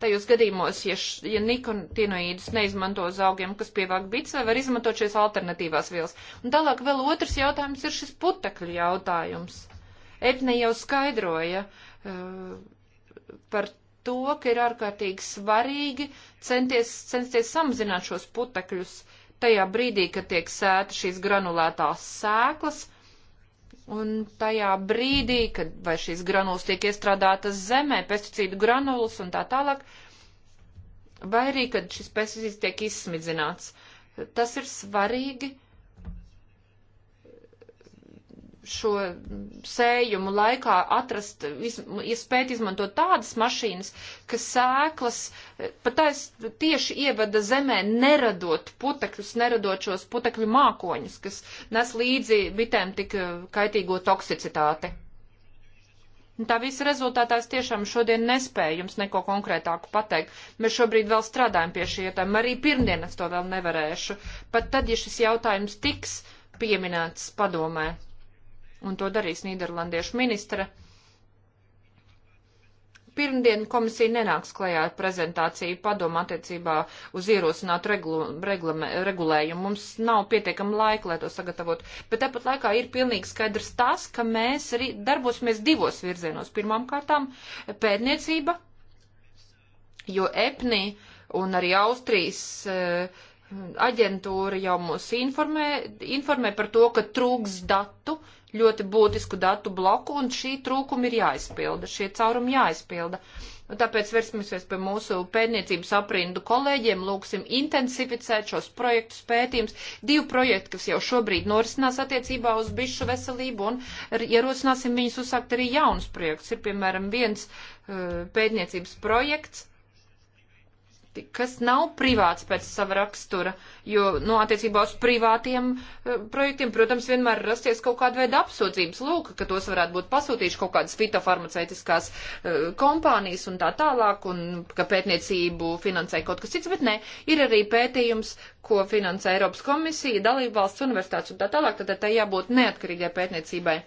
tajos gadījumos, ja, š, ja nikotinoīdus neizmanto uz augiem, kas pievāk bits, vai var izmantot šīs alternatīvās vielas. Un tālāk vēl otrs jautājums ir šis putekļu jautājums. Edne jau skaidroja uh, par to, ka ir ārkārtīgi svarīgi centies, censties samazināt šos putekļus tajā brīdī, kad tiek sēta šīs granulētās sēklas, un tajā brīdī, kad vai šīs granulas tiek iestrādātas zemē, pesticīdu granulas un tā tālāk, vai arī, kad šis pesticīds tiek izsmidzināts. Tas ir svarīgi šo sējumu laikā atrast, iz, spēt izmantot tādas mašīnas, kas sēklas eh, patais tieši ievada zemē, neradot putekļus, neradot šos putekļu mākoņus, kas nes līdzi bitēm tik eh, kaitīgo toksicitāti. Un tā visa rezultātā es tiešām šodien nespēju jums neko konkrētāku pateikt. Mēs šobrīd vēl strādājam pie šī jautājuma. Arī pirmdien es to vēl nevarēšu. Pat tad, ja šis jautājums tiks pieminēts padomē un to darīs Nīderlandiešu ministre. Pirmdien komisija nenāks klajā ar prezentāciju padomu attiecībā uz ierosinātu reglu, regla, regulējumu. Mums nav pietiekama laika, lai to sagatavot. Bet tāpat laikā ir pilnīgi skaidrs tas, ka mēs arī darbosimies divos virzienos. Pirmām kārtām pētniecība, jo EPNI un arī Austrijas eh, aģentūra jau mūs informē, informē par to, ka trūks datu ļoti būtisku datu bloku, un šī trūkuma ir jāizpilda, šie caurumi jāizpilda. Un tāpēc versimies pie mūsu pētniecības aprindu kolēģiem, lūksim intensificēt šos projektus pētījums. Divi projekti, kas jau šobrīd norisinās attiecībā uz bišu veselību, un ierosināsim viņus uzsākt arī jaunus projektus. Ir, piemēram, viens uh, pētniecības projekts, kas nav privāts pēc sava rakstura, jo, nu, attiecībā uz privātiem eh, projektiem, protams, vienmēr rasties kaut kāda veida apsūdzības lūk, ka tos varētu būt pasūtījuši kaut kādas fitofarmaceitiskās uh, kompānijas un tā tālāk, un ka pētniecību finansē kaut kas cits, bet nē, ir arī pētījums, ko finansē Eiropas komisija, dalību valsts universitātes un tā tālāk, tad tā jābūt neatkarīgai pētniecībai.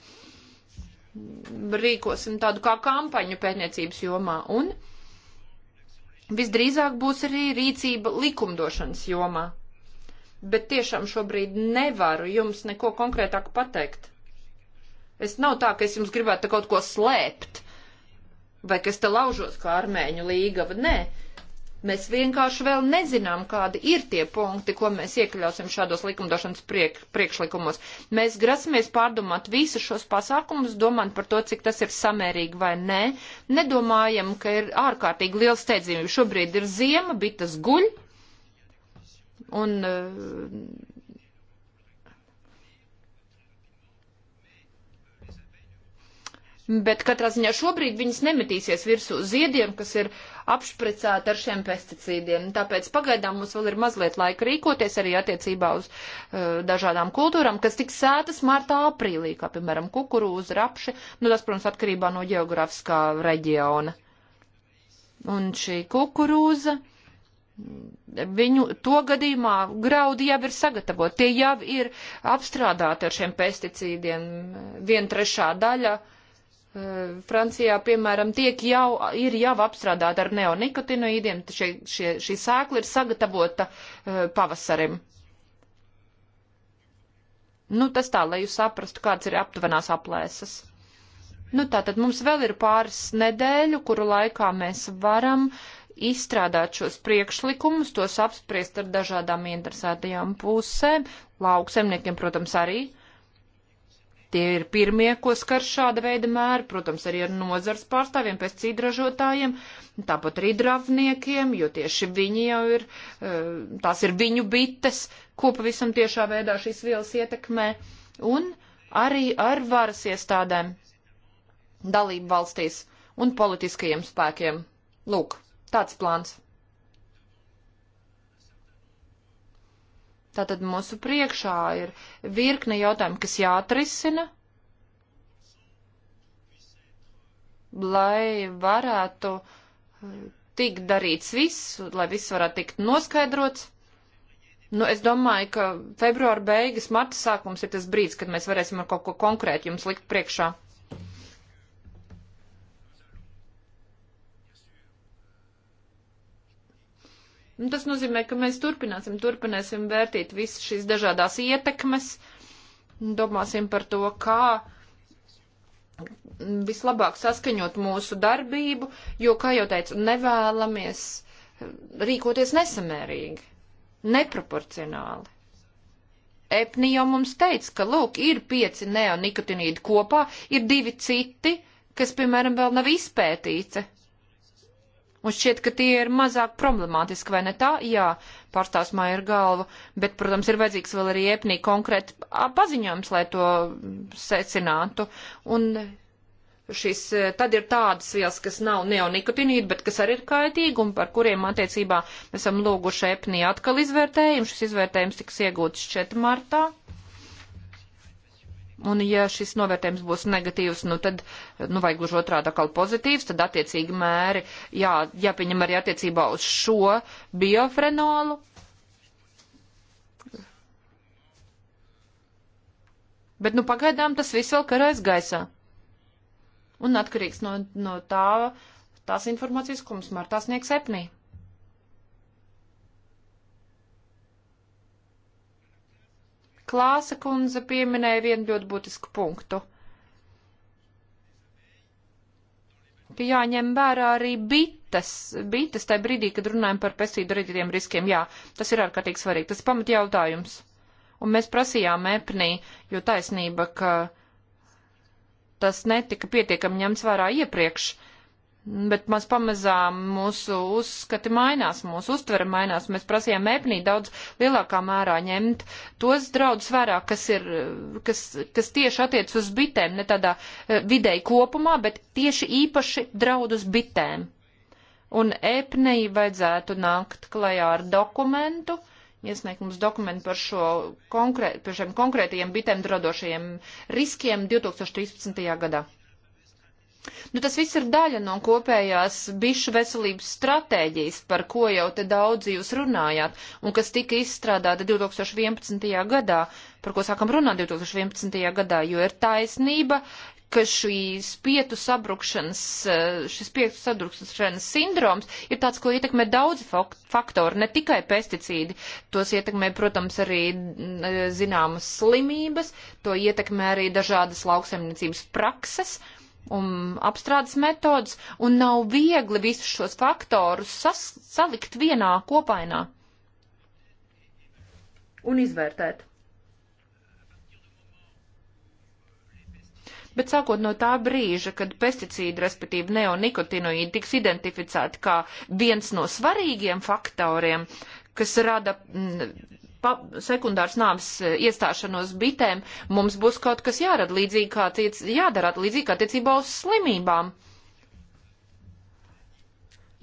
Rīkosim tādu kā kampaņu pētniecības jomā un visdrīzāk būs arī rīcība likumdošanas jomā. Bet tiešām šobrīd nevaru jums neko konkrētāk pateikt. Es nav tā, ka es jums gribētu kaut ko slēpt, vai ka es te laužos kā armēņu līgava. Nē, Mēs vienkārši vēl nezinām, kādi ir tie punkti, ko mēs iekļausim šādos likumdošanas priek, priekšlikumos. Mēs grasamies pārdomāt visus šos pasākumus, domājam par to, cik tas ir samērīgi vai nē. Nedomājam, ka ir ārkārtīgi liels steidzījums. Šobrīd ir ziema, bitas guļ. Un, uh, bet katrā ziņā šobrīd viņas nemetīsies virsū ziediem, kas ir apšprecēti ar šiem pesticīdiem. Tāpēc pagaidām mums vēl ir mazliet laika rīkoties arī attiecībā uz uh, dažādām kultūrām, kas tiks sētas martā aprīlī, kā piemēram kukurūza, rapši, nu tas, protams, atkarībā no geogrāfiskā reģiona. Un šī kukurūza. Viņu to gadījumā graudi jau ir sagatavot, tie jau ir apstrādāti ar šiem pesticīdiem, viena trešā daļa uh, Eh, Francijā, piemēram, tiek jau, ir jau apstrādāta ar neonikotinoīdiem, šie, šie, šī sēkla ir sagatavota uh, pavasarim. Nu, tas tā, lai jūs saprastu, kāds ir aptuvenās aplēses. Nu, tā tad mums vēl ir pāris nedēļu, kuru laikā mēs varam izstrādāt šos priekšlikumus, tos apspriest ar dažādām interesētajām pusēm, lauksemniekiem, protams, arī. Uh, Tie ir pirmie, ko skar šāda veida mēri, protams, arī ar nozars pārstāvjiem, pestīdražotājiem, tāpat arī dravniekiem, jo tieši viņi jau ir, eh, tās ir viņu bites, ko pavisam tiešā veidā šīs vielas ietekmē, un arī ar varas iestādēm dalību valstīs un politiskajiem spēkiem. Lūk, tāds plāns. Tātad mūsu priekšā ir virkne jautājumu, kas jāatrisina, lai varētu uh, tikt darīts viss, lai viss varētu tikt noskaidrots. Nu, es domāju, ka februāra beigas, marta sākums ir tas brīdis, kad mēs varēsim ar kaut ko konkrētu jums likt priekšā. Un nu, tas nozīmē, ka mēs turpināsim, turpināsim vērtīt visas šīs dažādās ietekmes, domāsim par to, kā vislabāk saskaņot mūsu darbību, jo, kā jau teicu, nevēlamies rīkoties nesamērīgi, neproporcionāli. Epni jau mums teica, ka, lūk, ir pieci neonikotinīdi kopā, ir divi citi, kas, piemēram, vēl nav izpētīti. Mums šķiet, ka tie ir mazāk problemātiski, vai ne tā? Jā, pārstāvs māja ir galva, bet, protams, ir vajadzīgs vēl arī iepnī konkrēti paziņojums, lai to secinātu. Un šis, eh, tad ir tādas vielas, kas nav neonikotinīdi, bet kas arī ir kaitīgi un par kuriem attiecībā mēs esam lūguši epnī atkal izvērtējumu. Šis izvērtējums tiks iegūts 4. martā. Un ja šis novērtējums būs negatīvs, nu tad, nu vai gluži otrādi atkal pozitīvs, tad attiecīgi mēri jā, jāpieņem arī attiecībā uz šo biofrenolu. Bet nu pagaidām tas viss vēl karais gaisā. Un atkarīgs no, no tā, tās informācijas, ko mums Martā sniegs Epnī. Klāsa kundze pieminēja vienu ļoti būtisku punktu. Ka jāņem vērā arī bites, bites tajā brīdī, kad runājam par pestīdu reģitiem riskiem. Jā, tas ir ārkārtīgi svarīgi. Tas pamat jautājums. Un mēs prasījām epnī, jo taisnība, ka tas netika pietiekami ņemts vērā iepriekš. Uh, bet maz pamazām mūsu uzskati mainās, mūsu uztvere mainās. Mēs prasījām mēpnī daudz lielākā mērā ņemt tos draudus vērā, kas, ir, kas, kas tieši attiec uz bitēm, ne tādā eh, videi kopumā, bet tieši īpaši draudus bitēm. Un ēpnei vajadzētu nākt klajā ar dokumentu, iesniegt mums dokumentu par, šo konkrē, par šiem konkrētajiem bitēm dradošajiem riskiem 2013. gadā. Nu, tas viss ir daļa no kopējās bišu veselības stratēģijas, par ko jau te daudzi jūs runājāt, un kas tika izstrādāta 2011. gadā, par ko sākam runāt 2011. gadā, jo ir taisnība, ka šīs pietu sabrukšanas, eh, šis pietu sabrukšanas sindroms ir tāds, ko ietekmē daudzi faktori, ne tikai pesticīdi. Tos ietekmē, protams, arī mm, eh, zināmas slimības, to ietekmē arī dažādas lauksaimniecības prakses. Uh, un um, apstrādes metodas, un nav viegli visus šos faktorus sas, salikt vienā kopainā un izvērtēt. Bet sākot no tā brīža, kad pesticīdi, respektīvi neonikotinoīdi, tiks identificēti kā viens no svarīgiem faktoriem, kas rada mm, pa, sekundārs nāves e, iestāšanos bitēm, mums būs kaut kas jārada līdzīgi kā tiec, jādara līdzīgi kā tiecībā uz slimībām.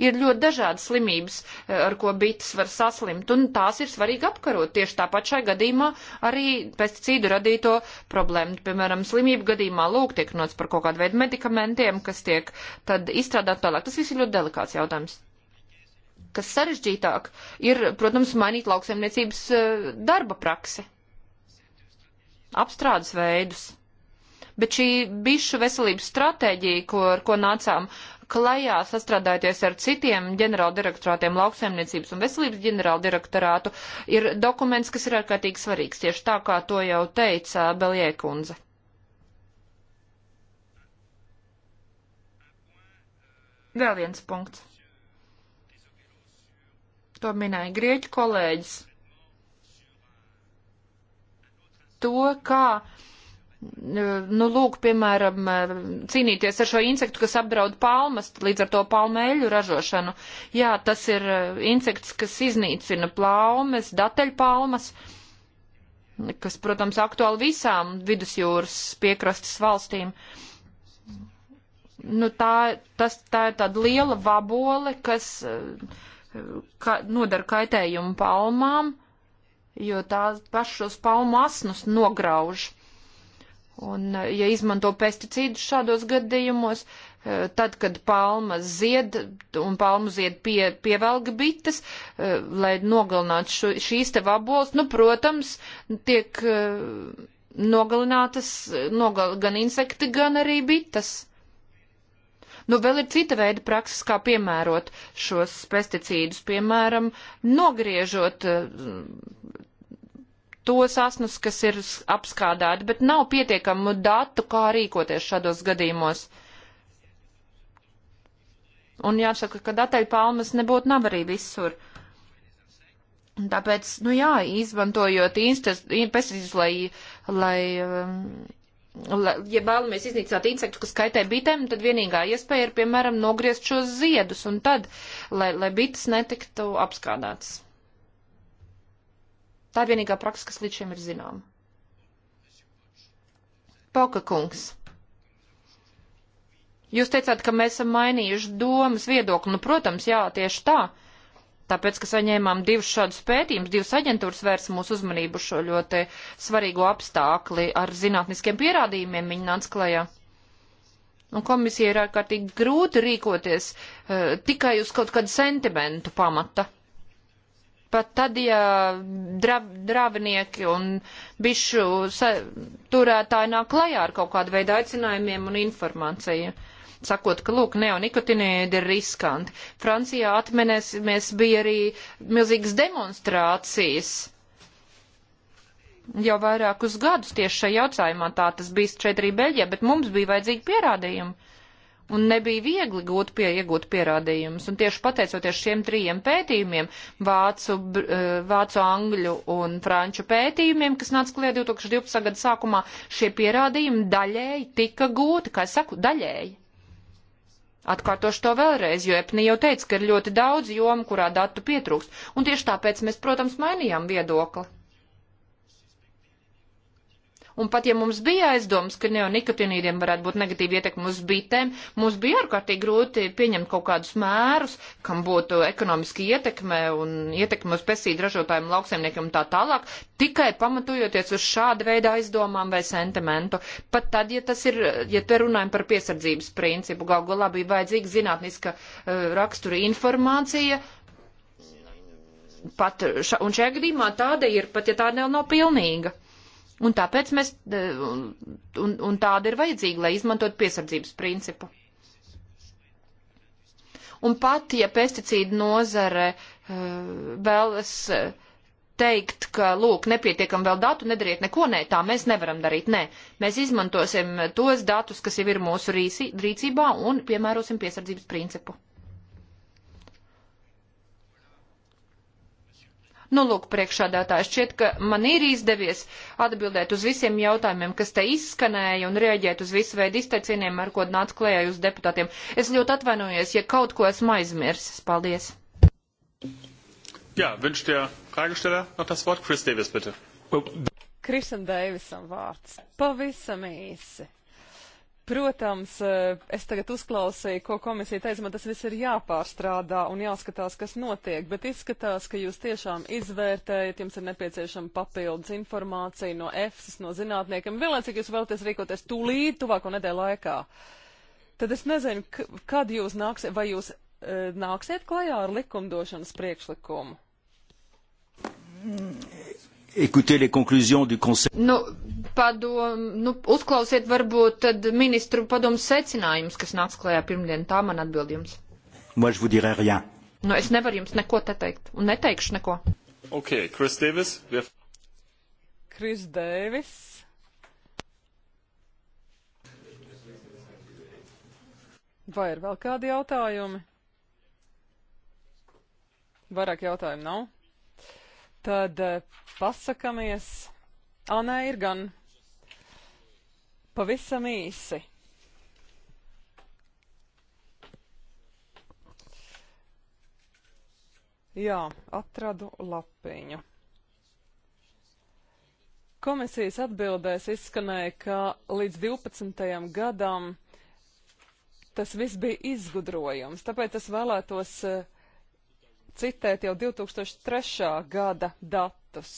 Ir ļoti dažādas slimības, e, ar ko bites var saslimt, un tās ir svarīgi apkarot. Tieši tāpat šai gadījumā arī pesticīdu radīto problēmu. Piemēram, slimību gadījumā lūk tiek nots par kaut kādu veidu medikamentiem, kas tiek tad izstrādāt tālāk. Tas viss ir ļoti delikāts jautājums kas sarežģītāk, ir, protams, mainīt lauksaimniecības eh, darba praksi, apstrādes veidus. Bet šī bišu veselības stratēģija, ko, ar ko nācām klajā sastrādājoties ar citiem ģenerāldirektorātiem, lauksaimniecības un veselības ģenerāldirektorātu, ir dokuments, kas ir ārkārtīgi svarīgs, tieši tā kā to jau teica Belie kundze. Vēl viens punkts to minēja grieķu kolēģis. To, kā, nu, lūk, piemēram, cīnīties ar šo insektu, kas apdraud palmas, līdz ar to palmēļu ražošanu. Jā, tas ir eh, insekts, kas iznīcina plaumes, dateļpalmas, kas, protams, aktuāli visām vidusjūras piekrastes valstīm nu, tā, tas, tā ir tāda liela vabole, kas uh, ka, nodara kaitējumu palmām, jo tās pašos palmu asnus nograuž. Un, ja izmanto pesticīdus šādos gadījumos, eh, tad, kad palma zied un palmu zied pie, pievelga bites, eh, lai nogalinātu šo, šīs te vabolas, nu, protams, tiek eh, nogalinātas nogal, gan insekti, gan arī bites. Nu, vēl ir cita veida prakses, kā piemērot šos pesticīdus, piemēram, nogriežot eh, tos asnus, kas ir apskādāti, bet nav pietiekamu datu, kā rīkoties šādos gadījumos. Un jāsaka, ka dataļpalmas nebūtu nav arī visur. Tāpēc, nu jā, izmantojot pesticīdus, lai, lai um, ja vēlamies iznīcināt insektu, kas kaitē bitēm, tad vienīgā iespēja ir, piemēram, nogriezt šos ziedus un tad, lai, lai bites netiktu apskādātas. Tā ir vienīgā praksa, kas līdz šim ir zināma. Pauka kungs. Jūs teicāt, ka mēs esam mainījuši domas viedokli. Nu, protams, jā, tieši tā. Uh, tāpēc, ka saņēmām divus šādus pētījumus, divas aģentūras vērsa mūsu uzmanību šo ļoti svarīgo apstākli ar zinātniskiem pierādījumiem viņi nāca klajā. Un komisija ir ārkārtīgi grūti rīkoties uh, tikai uz kaut kādu sentimentu pamata. Pat tad, ja drav, dravinieki un bišu turētāji nāk klajā ar kaut kādu veidu aicinājumiem un informāciju. Uh, sakot, ka lūk, neonikotinoīdi ir riskanti. Francijā atminēsimies bija arī milzīgas demonstrācijas. Jau vairākus gadus tieši šajā jautājumā tā tas bija šeit arī Beļģijā, bet mums bija vajadzīgi pierādījumi. Un nebija viegli gūt pie, iegūt pierādījumus. Un tieši pateicoties šiem trījiem pētījumiem, vācu, eh, vācu angļu un franču pētījumiem, kas nāca klajā 2012. gada sākumā, šie pierādījumi daļēji tika gūti, kā es saku, daļēji. Atkārtošu to vēlreiz, jo Epni jau teica, ka ir ļoti daudz jomu, kurā datu pietrūkst, un tieši tāpēc mēs, protams, mainījām viedokli. Un pat ja mums bija aizdomas, ka neonikotinīdiem varētu būt negatīva ietekme uz bitēm, mums bija ārkārtīgi grūti pieņemt kaut kādus mērus, kam būtu ekonomiski ietekme un ietekme uz pesīdu ražotājiem, lauksaimniekiem un tā tālāk, tikai pamatojoties uz šāda veida aizdomām vai sentimentu. Pat tad, ja tas ir, ja te runājam par piesardzības principu, gal galā bija vajadzīga zinātniska uh, rakstura informācija, pat, ša, un šajā gadījumā tāda ir, pat ja tāda vēl nav pilnīga. Un tāpēc mēs, un, un tāda ir vajadzīga, lai izmantot piesardzības principu. Un pat, ja pesticīdu nozare eh, vēlas eh, teikt, ka, lūk, nepietiekam vēl datu, nedariet neko, nē, tā mēs nevaram darīt, nē. Mēs izmantosim tos datus, kas jau ir mūsu rīcībā un piemērosim piesardzības principu. Nu, lūk, priekšādātājs šķiet, ka man ir izdevies atbildēt uz visiem jautājumiem, kas te izskanēja un rēģēt uz visu veidu izteicieniem, ar ko nāca klējā uz deputātiem. Es ļoti atvainojos, ja kaut ko esmu aizmirsis. Paldies! Jā, viņš tie Fragesteller noch das Wort. Chris Davis, bitte. Chrisam Davisam vārds. Pavisam īsi. Protams, e, es tagad uzklausīju, ko komisija teica, man tas viss ir jāpārstrādā un jāskatās, kas notiek, bet izskatās, ka jūs tiešām izvērtējat, jums ir nepieciešama papildus informācija no EFSAS, no zinātniekiem, vienlaicīgi jūs vēlaties rīkoties tūlīt tuvāko nedēļu laikā. Tad es nezinu, kad jūs nāksiet, vai jūs e, nāksiet klajā ar likumdošanas priekšlikumu. Écoutez les conclusions du Conseil. Nu, padom, nu, uzklausiet varbūt tad ministru padomu secinājumus, kas nāks klējā pirmdien. Tā man atbild jums. Moi, je vous dirai rien. Nu, es nevaru jums neko te teikt, un neteikšu neko. Ok, Chris Davis. Have... Chris Davis. Vai ir vēl kādi jautājumi? Vairāk jautājumu nav. Tad eh, pasakamies. Anē ir gan. Pavisam īsi. Jā, atradu lapiņu. Komisijas atbildēs izskanēja, ka līdz 12. gadam tas viss bija izgudrojums, tāpēc es vēlētos eh, citēt jau 2003. gada datus.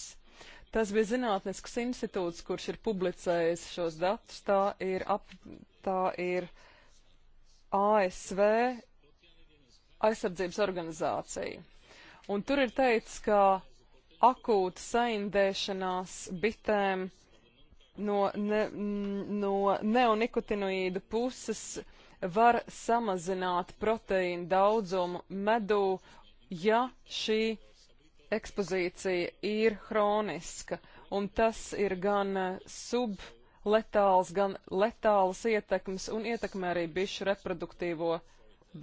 Tas bija zinātnisks institūts, kurš ir publicējis šos datus. Tā ir, ap, tā ir ASV aizsardzības organizācija. Un tur ir teicis, ka akūta saindēšanās bitēm no, ne, no neonikotinoīdu puses var samazināt proteīnu daudzumu medū, ja šī ekspozīcija ir hroniska, un tas ir gan eh, subletāls, gan letāls ietekmes un ietekmē arī bišu reproduktīvo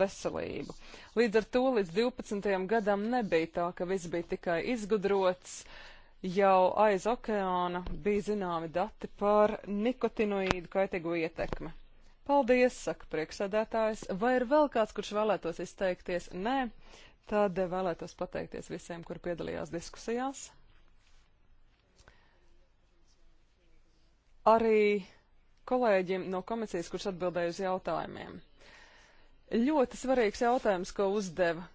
veselību. Līdz ar to līdz 12. gadam nebija tā, ka viss bija tikai izgudrots, jau aiz okeāna bija zināmi dati par nikotinoīdu kaitīgo ietekmi. Paldies, saka priekšsēdētājs. Vai ir vēl kāds, kurš vēlētos izteikties? Nē. Tad vēlētos pateikties visiem, kur piedalījās diskusijās. Arī kolēģim no komisijas, kurš atbildēja uz jautājumiem. Ļoti svarīgs jautājums, ko uzdeva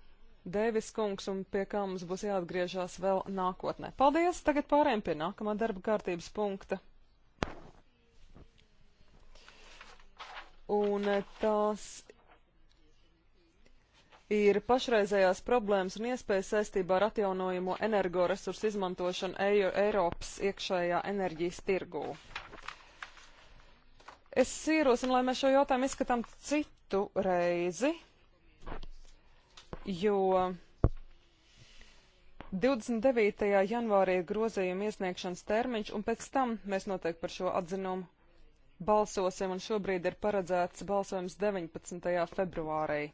Dēvis kungs, un pie kā mums būs jāatgriežās vēl nākotnē. Paldies! Tagad pārējiem pie nākamā darba kārtības punkta. Un eh, tās ir pašreizējās problēmas un iespējas saistībā ar atjaunojamo energoresursu izmantošanu Eiro Eiropas iekšējā enerģijas tirgū. Es ierosinu, lai mēs šo jautājumu izskatām citu reizi, jo 29. janvārī ir grozījuma iesniegšanas termiņš, un pēc tam mēs noteikti par šo atzinumu balsosim, un šobrīd ir paredzēts balsojums 19. februārī.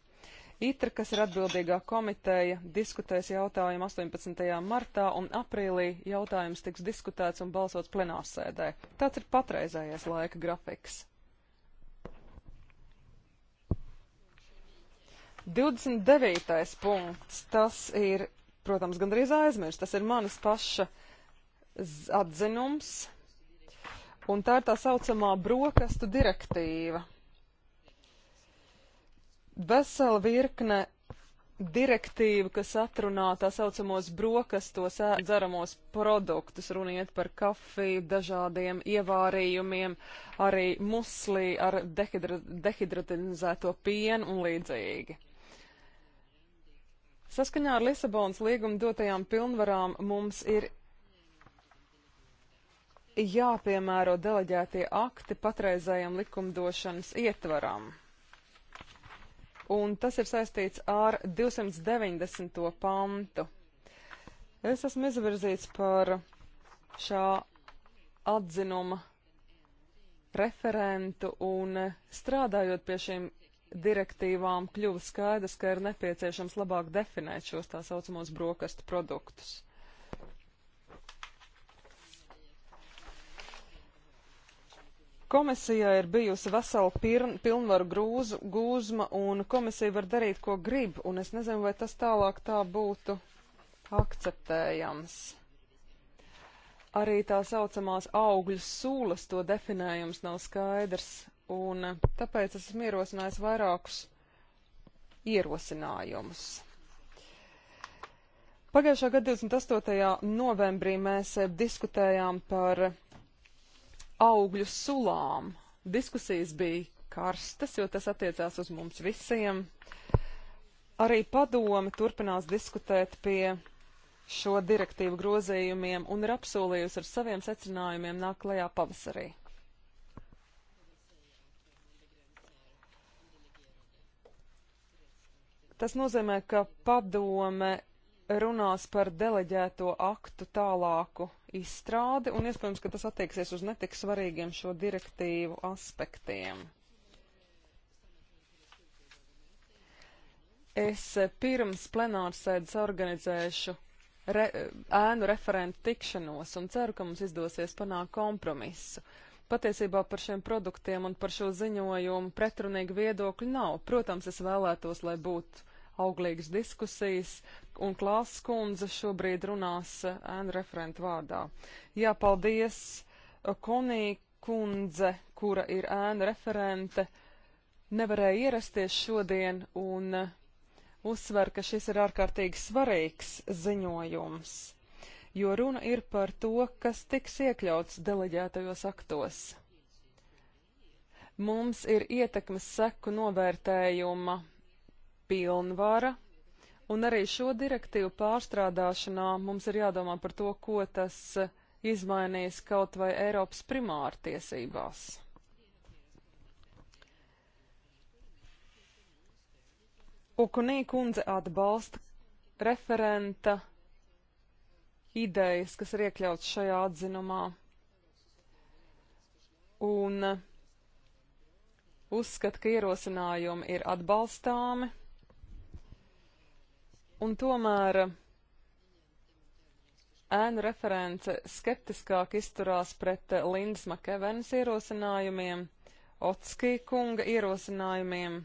ITRA, kas ir atbildīgā komiteja, diskutēs jautājumu 18. martā un aprīlī jautājums tiks diskutēts un balsots plenārsēdē. Tāds ir patreizējais laika grafiks. 29. punkts, tas ir, protams, gandrīz aizmirst, tas ir manas paša atzinums, un tā ir tā saucamā brokastu direktīva vesela virkne direktīvu, kas atrunā tā saucamos brokastos dzeramos produktus, runiet par kafiju, dažādiem ievārījumiem, arī muslī ar dehidra, dehidratizēto pienu un līdzīgi. Saskaņā ar Lisabonas līgumu dotajām pilnvarām mums ir jāpiemēro deleģētie akti patreizējam likumdošanas ietvaram un tas ir saistīts ar 290. pantu. Es esmu izvirzīts par šā atzinuma referentu un strādājot pie šīm direktīvām kļuva skaidrs, ka ir nepieciešams labāk definēt šos tā saucamos brokastu produktus. Komisijai ir bijusi vesela pirn, pilnvaru grūzu, gūzma, un komisija var darīt, ko grib, un es nezinu, vai tas tālāk tā būtu akceptējams. Arī tā saucamās augļu sūlas to definējums nav skaidrs, un tāpēc esmu ierosinājis vairākus ierosinājumus. Pagājušā gada 28. novembrī mēs eh, diskutējām par augļu sulām. Diskusijas bija karstas, jo tas attiecās uz mums visiem. Arī padome turpinās diskutēt pie šo direktīvu grozījumiem un ir apsolījusi ar saviem secinājumiem nāk klajā pavasarī. Tas nozīmē, ka padome runās par deleģēto aktu tālāku izstrādi, un iespējams, ka tas attieksies uz netik svarīgiem šo direktīvu aspektiem. Es pirms plenārsēdes organizēšu re, ēnu referentu tikšanos un ceru, ka mums izdosies panākt kompromisu. Patiesībā par šiem produktiem un par šo ziņojumu pretrunīgi viedokļi nav. Protams, es vēlētos, lai būtu auglīgas diskusijas, un Klāsas kundze šobrīd runās eh, ēnu referentu vārdā. Jā, paldies eh, Konī kundze, kura ir ēnu referente, nevarēja ierasties šodien un eh, uzsver, ka šis ir ārkārtīgi svarīgs ziņojums, jo runa ir par to, kas tiks iekļauts deleģētajos aktos. Mums ir ietekmes seku novērtējuma pilnvara, Un arī šo direktīvu pārstrādāšanā mums ir jādomā par to, ko tas eh, izmainīs kaut vai Eiropas primārtiesībās. Ukunī kundze atbalsta referenta idejas, kas ir iekļauts šajā atzinumā. Un eh, uzskata, ka ierosinājumi ir atbalstāmi Un tomēr ēnu reference skeptiskāk izturās pret Lindas Makevenas ierosinājumiem, Otskī kunga ierosinājumiem.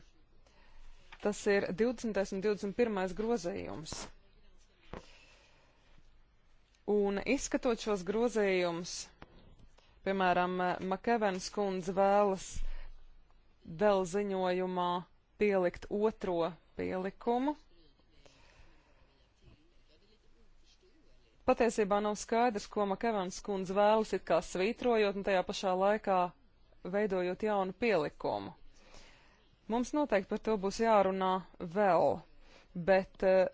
Tas ir 20. un 21. grozījums. Un izskatot šos grozījumus, piemēram, Makevens kundze vēlas dēl ziņojumā pielikt otro pielikumu, Patiesībā nav skaidrs, ko Makavans kundze vēlas it kā svītrojot un tajā pašā laikā veidojot jaunu pielikumu. Mums noteikti par to būs jārunā vēl, bet eh,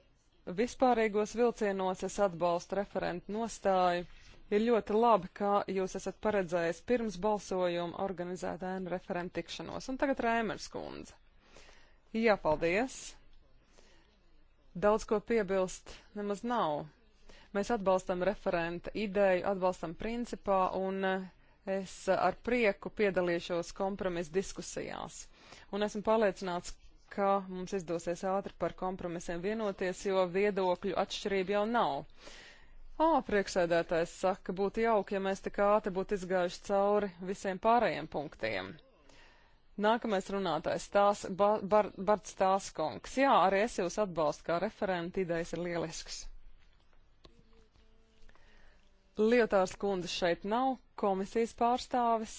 vispārīgos vilcienos es atbalstu referentu nostāju. Ir ļoti labi, ka jūs esat paredzējis pirms balsojuma organizēt ēnu referentu tikšanos. Un tagad Rēmers kundze. Jā, paldies. Daudz ko piebilst nemaz nav. Mēs atbalstam referenta ideju, atbalstam principā, un eh, es ar prieku piedalīšos kompromisu diskusijās. Un esmu pārliecināts, ka mums izdosies ātri par kompromisiem vienoties, jo viedokļu atšķirība jau nav. Ā, priekšsēdētājs saka, būtu jauki, ja mēs tik ātri būtu izgājuši cauri visiem pārējiem punktiem. Nākamais runātājs tās, ba, bar, Barts Tāskungs. Jā, arī es jūs atbalstu, kā referenta idejas ir lielisks. Lietārs kundze šeit nav, komisijas pārstāvis.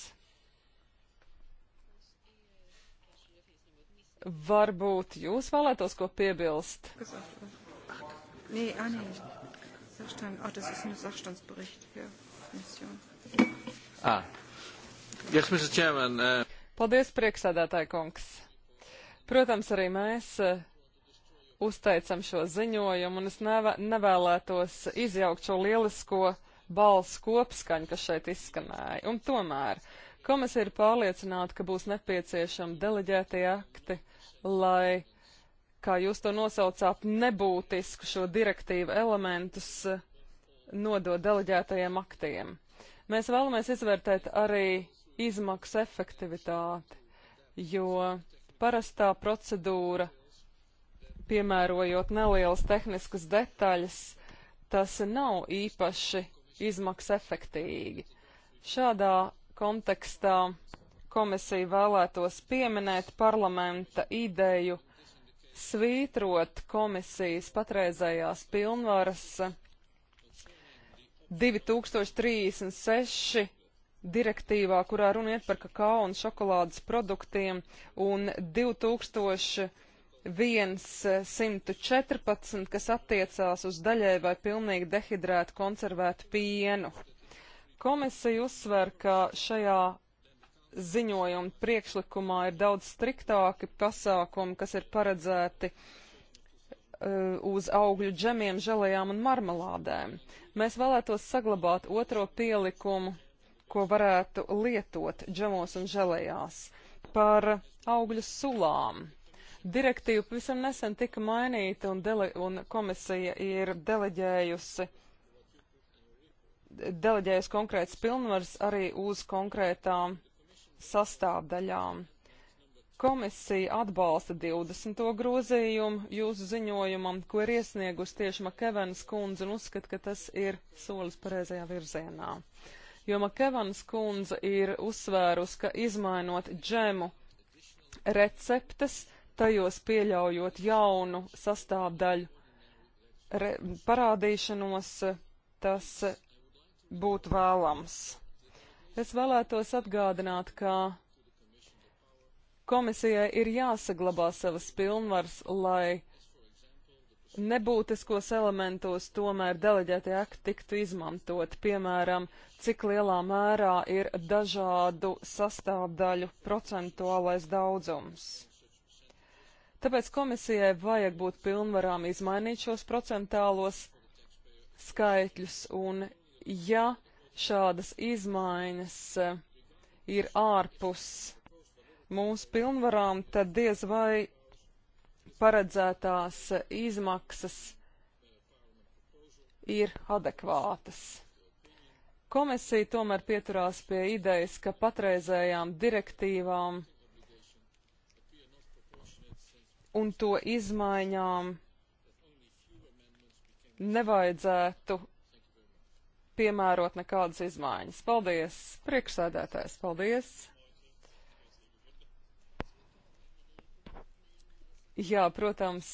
Varbūt jūs vēlētos ko piebilst? Nē, Anī, ah, Sachstand, oh, das ist ein Sachstandsbericht für Kommission. Ah. Yes, Mr. Chairman. Uh... Paldies, prieksēdētāji kungs. Protams, arī mēs uh, uzteicam šo ziņojumu, un es nevē, nevēlētos izjaukt šo lielisko balss kopskaņu, kas šeit izskanēja. Un tomēr komisija ir pārliecināta, ka būs nepieciešami deleģētie akti, lai, kā jūs to nosaucāt, nebūtisku šo direktīvu elementus eh, nodot deleģētajiem aktiem. Mēs vēlamies izvērtēt arī izmaksu efektivitāti, jo parastā procedūra, piemērojot nelielas tehniskas detaļas, tas nav īpaši izmaksu efektīgi. Šādā kontekstā komisija vēlētos pieminēt parlamenta ideju svītrot komisijas patreizējās pilnvaras 2036 direktīvā, kurā runiet par kakao un šokolādes produktiem, un 2000 114, kas attiecās uz daļai vai pilnīgi dehidrētu konservētu pienu. Komisija uzsver, ka šajā ziņojuma priekšlikumā ir daudz striktāki pasākumi, kas ir paredzēti uh, uz augļu džemiem, želejām un marmelādēm. Mēs vēlētos saglabāt otro pielikumu, ko varētu lietot džemos un želejās par augļu sulām. Direktīva pavisam nesen tika mainīta un, dele, un komisija ir deleģējusi, deleģējusi konkrētas pilnvaras arī uz konkrētām sastāvdaļām. Komisija atbalsta 20. grozījumu jūsu ziņojumam, ko ir iesniegusi tieši Makevenas kundze un uzskata, ka tas ir solis pareizajā virzienā. Jo Makevenas kundze ir uzsvērus, ka izmainot džemu receptes, tajos pieļaujot jaunu sastāvdaļu parādīšanos, tas būtu vēlams. Es vēlētos atgādināt, ka komisijai ir jāsaglabā savas pilnvaras, lai nebūtiskos elementos tomēr deleģētie akti tiktu izmantot, piemēram, cik lielā mērā ir dažādu sastāvdaļu procentuālais daudzums. Tāpēc komisijai vajag būt pilnvarām izmainīt šos procentālos skaitļus, un ja šādas izmaiņas eh, ir ārpus mūsu pilnvarām, tad diez vai paredzētās eh, izmaksas ir adekvātas. Komisija tomēr pieturās pie idejas, ka patreizējām direktīvām un to izmaiņām nevajadzētu piemērot nekādas izmaiņas. Paldies, priekšsēdētājs, paldies! Jā, protams,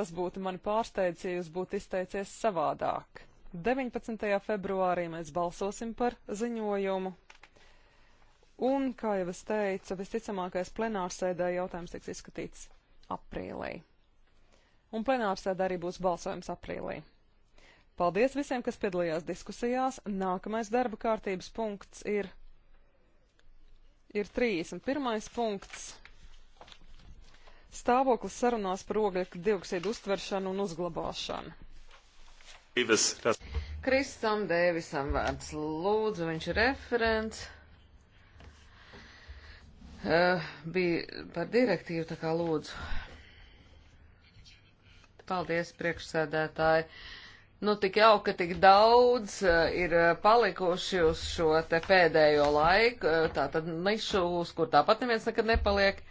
tas būtu mani pārsteidz, ja jūs būtu izteicies savādāk. 19. februārī mēs balsosim par ziņojumu. Un, kā jau es teicu, visticamākais plenārsēdē jautājums tiks izskatīts aprīlī. Un plenārsēdē arī būs balsojums aprīlī. Paldies visiem, kas piedalījās diskusijās. Nākamais darba kārtības punkts ir, ir 31. punkts. Stāvoklis sarunās par ogļu dioksīdu uztveršanu un uzglabāšanu. Kristam Dēvisam vārds lūdzu, viņš ir referents uh, bija par direktīvu, tā kā lūdzu. Paldies, priekšsēdētāji. Nu, tik jau, ka tik daudz uh, ir eh, palikuši uz šo te pēdējo laiku, uh, tā tad nišu, uz kur tāpat neviens nekad nepaliek.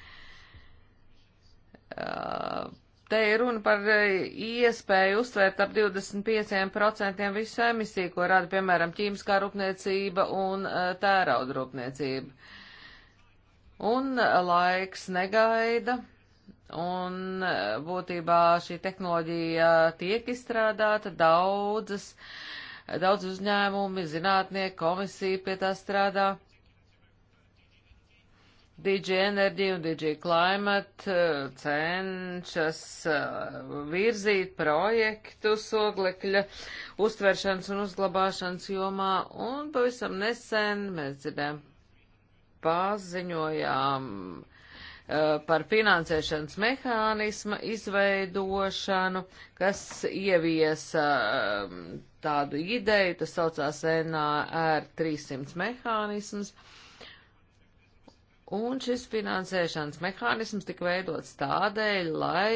Uh, Te ir runa par iespēju uztvērt ap 25% visu emisiju, ko rada, piemēram, ķīmiskā rūpniecība un tērauda rūpniecība. Un laiks negaida, un e, būtībā šī tehnoloģija tiek izstrādāta daudzas, daudz uzņēmumi, zinātnieki, komisija pie tā strādā. DG Energy un DG Climate cenšas e, virzīt projektus oglekļa uztveršanas un uzglabāšanas jomā, un pavisam nesen mēs dzirdējām paziņojām eh, par finansēšanas mehānismu izveidošanu, kas ieviesa eh, tādu ideju, tas saucās NAR 300 mehānisms. Un šis finansēšanas mehānisms tika veidots tādēļ, lai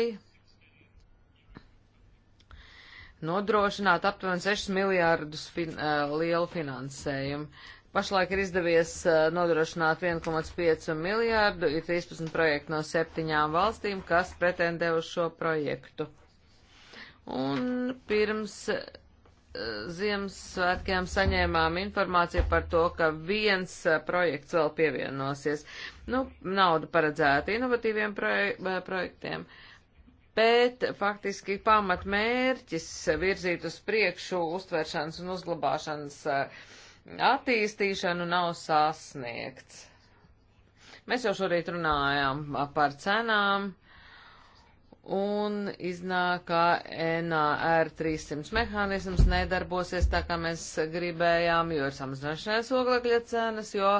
nodrošināt aptuveni 6 miljārdus fin, uh, lielu finansējumu. Pašlaik ir izdevies eh, nodrošināt 1,5 miljārdu, ir 13 projekti no septiņām valstīm, kas pretendē uz šo projektu. Un pirms eh, Ziemassvētkiem saņēmām informāciju par to, ka viens eh, projekts vēl pievienosies. Nu, nauda paredzēta inovatīviem projek projektiem. Bet faktiski pamatmērķis virzīt uz priekšu uztvēršanas un uzglabāšanas uh, attīstīšanu nav sasniegts. Mēs jau šorīt runājām par cenām un iznāk, ka NAR 300 mehānisms nedarbosies tā, kā mēs gribējām, jo ir samazināšanās oglekļa cenas, jo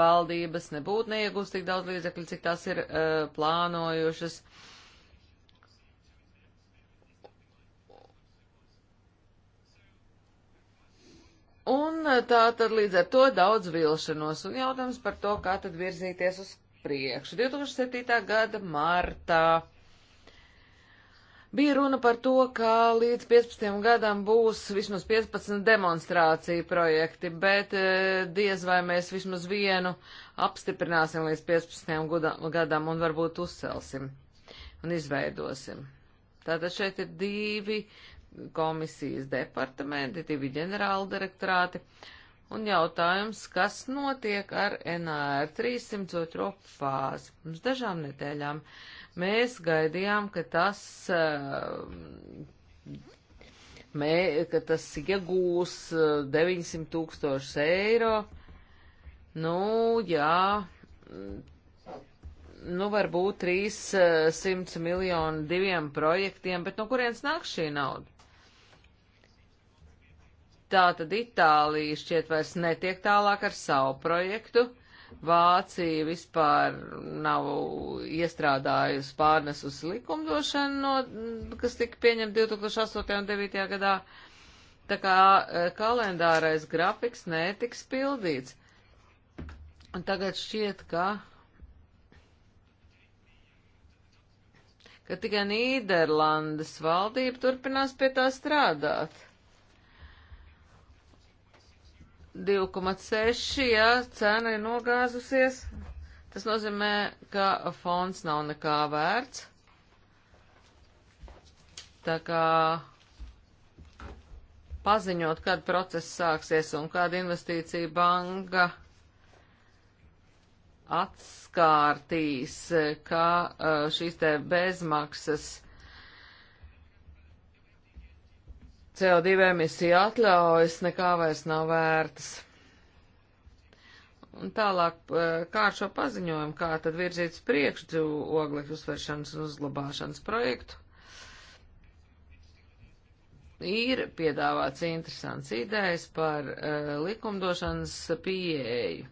valdības nebūtu neiegūst tik daudz līdzekļu, cik tās ir uh, plānojušas. Uh, Un eh, tā tad līdz ar to daudz vilšanos un jautājums par to, kā tad virzīties uz priekšu. 2007. gada martā bija runa par to, ka līdz 15 gadam būs vismaz 15 demonstrāciju projekti, bet eh, diez vai mēs vismaz vienu apstiprināsim līdz 15 gadam un varbūt uzcelsim un izveidosim. Tātad šeit ir divi komisijas departamenti, divi ģenerāli direktorāti. Un jautājums, kas notiek ar NAR 302 fāzi? Mums dažām nedēļām mēs gaidījām, ka tas, eh, mē, ka tas iegūs 900 eh, tūkstošus eiro. Nu, jā, nu, varbūt 300 eh, miljonu diviem projektiem, bet no kurienes nāk šī nauda? Tā tad Itālija šķiet vairs netiek tālāk ar savu projektu. Vācija vispār nav iestrādājusi pārnesus likumdošanu, no, kas tika pieņemta 2008. un 2009. gadā. Tā kā e, kalendārais grafiks netiks pildīts. Un tagad šķiet, ka, ka tikai Nīderlandes valdība turpinās pie tā strādāt. 2,6, ja cena ir nogāzusies, tas nozīmē, ka fonds nav nekā vērts. Tā kā paziņot, kad process sāksies un kāda investīcija banka atskārtīs, ka eh, šīs te bezmaksas CO2 emisiju atļaujas nekā vairs nav vērtas. Un tālāk, eh, kā ar šo paziņojumu, kā tad virzīt priekšu oglekļu uzsveršanas un uzglabāšanas projektu, ir piedāvāts interesants idejas par uh, likumdošanas pieeju.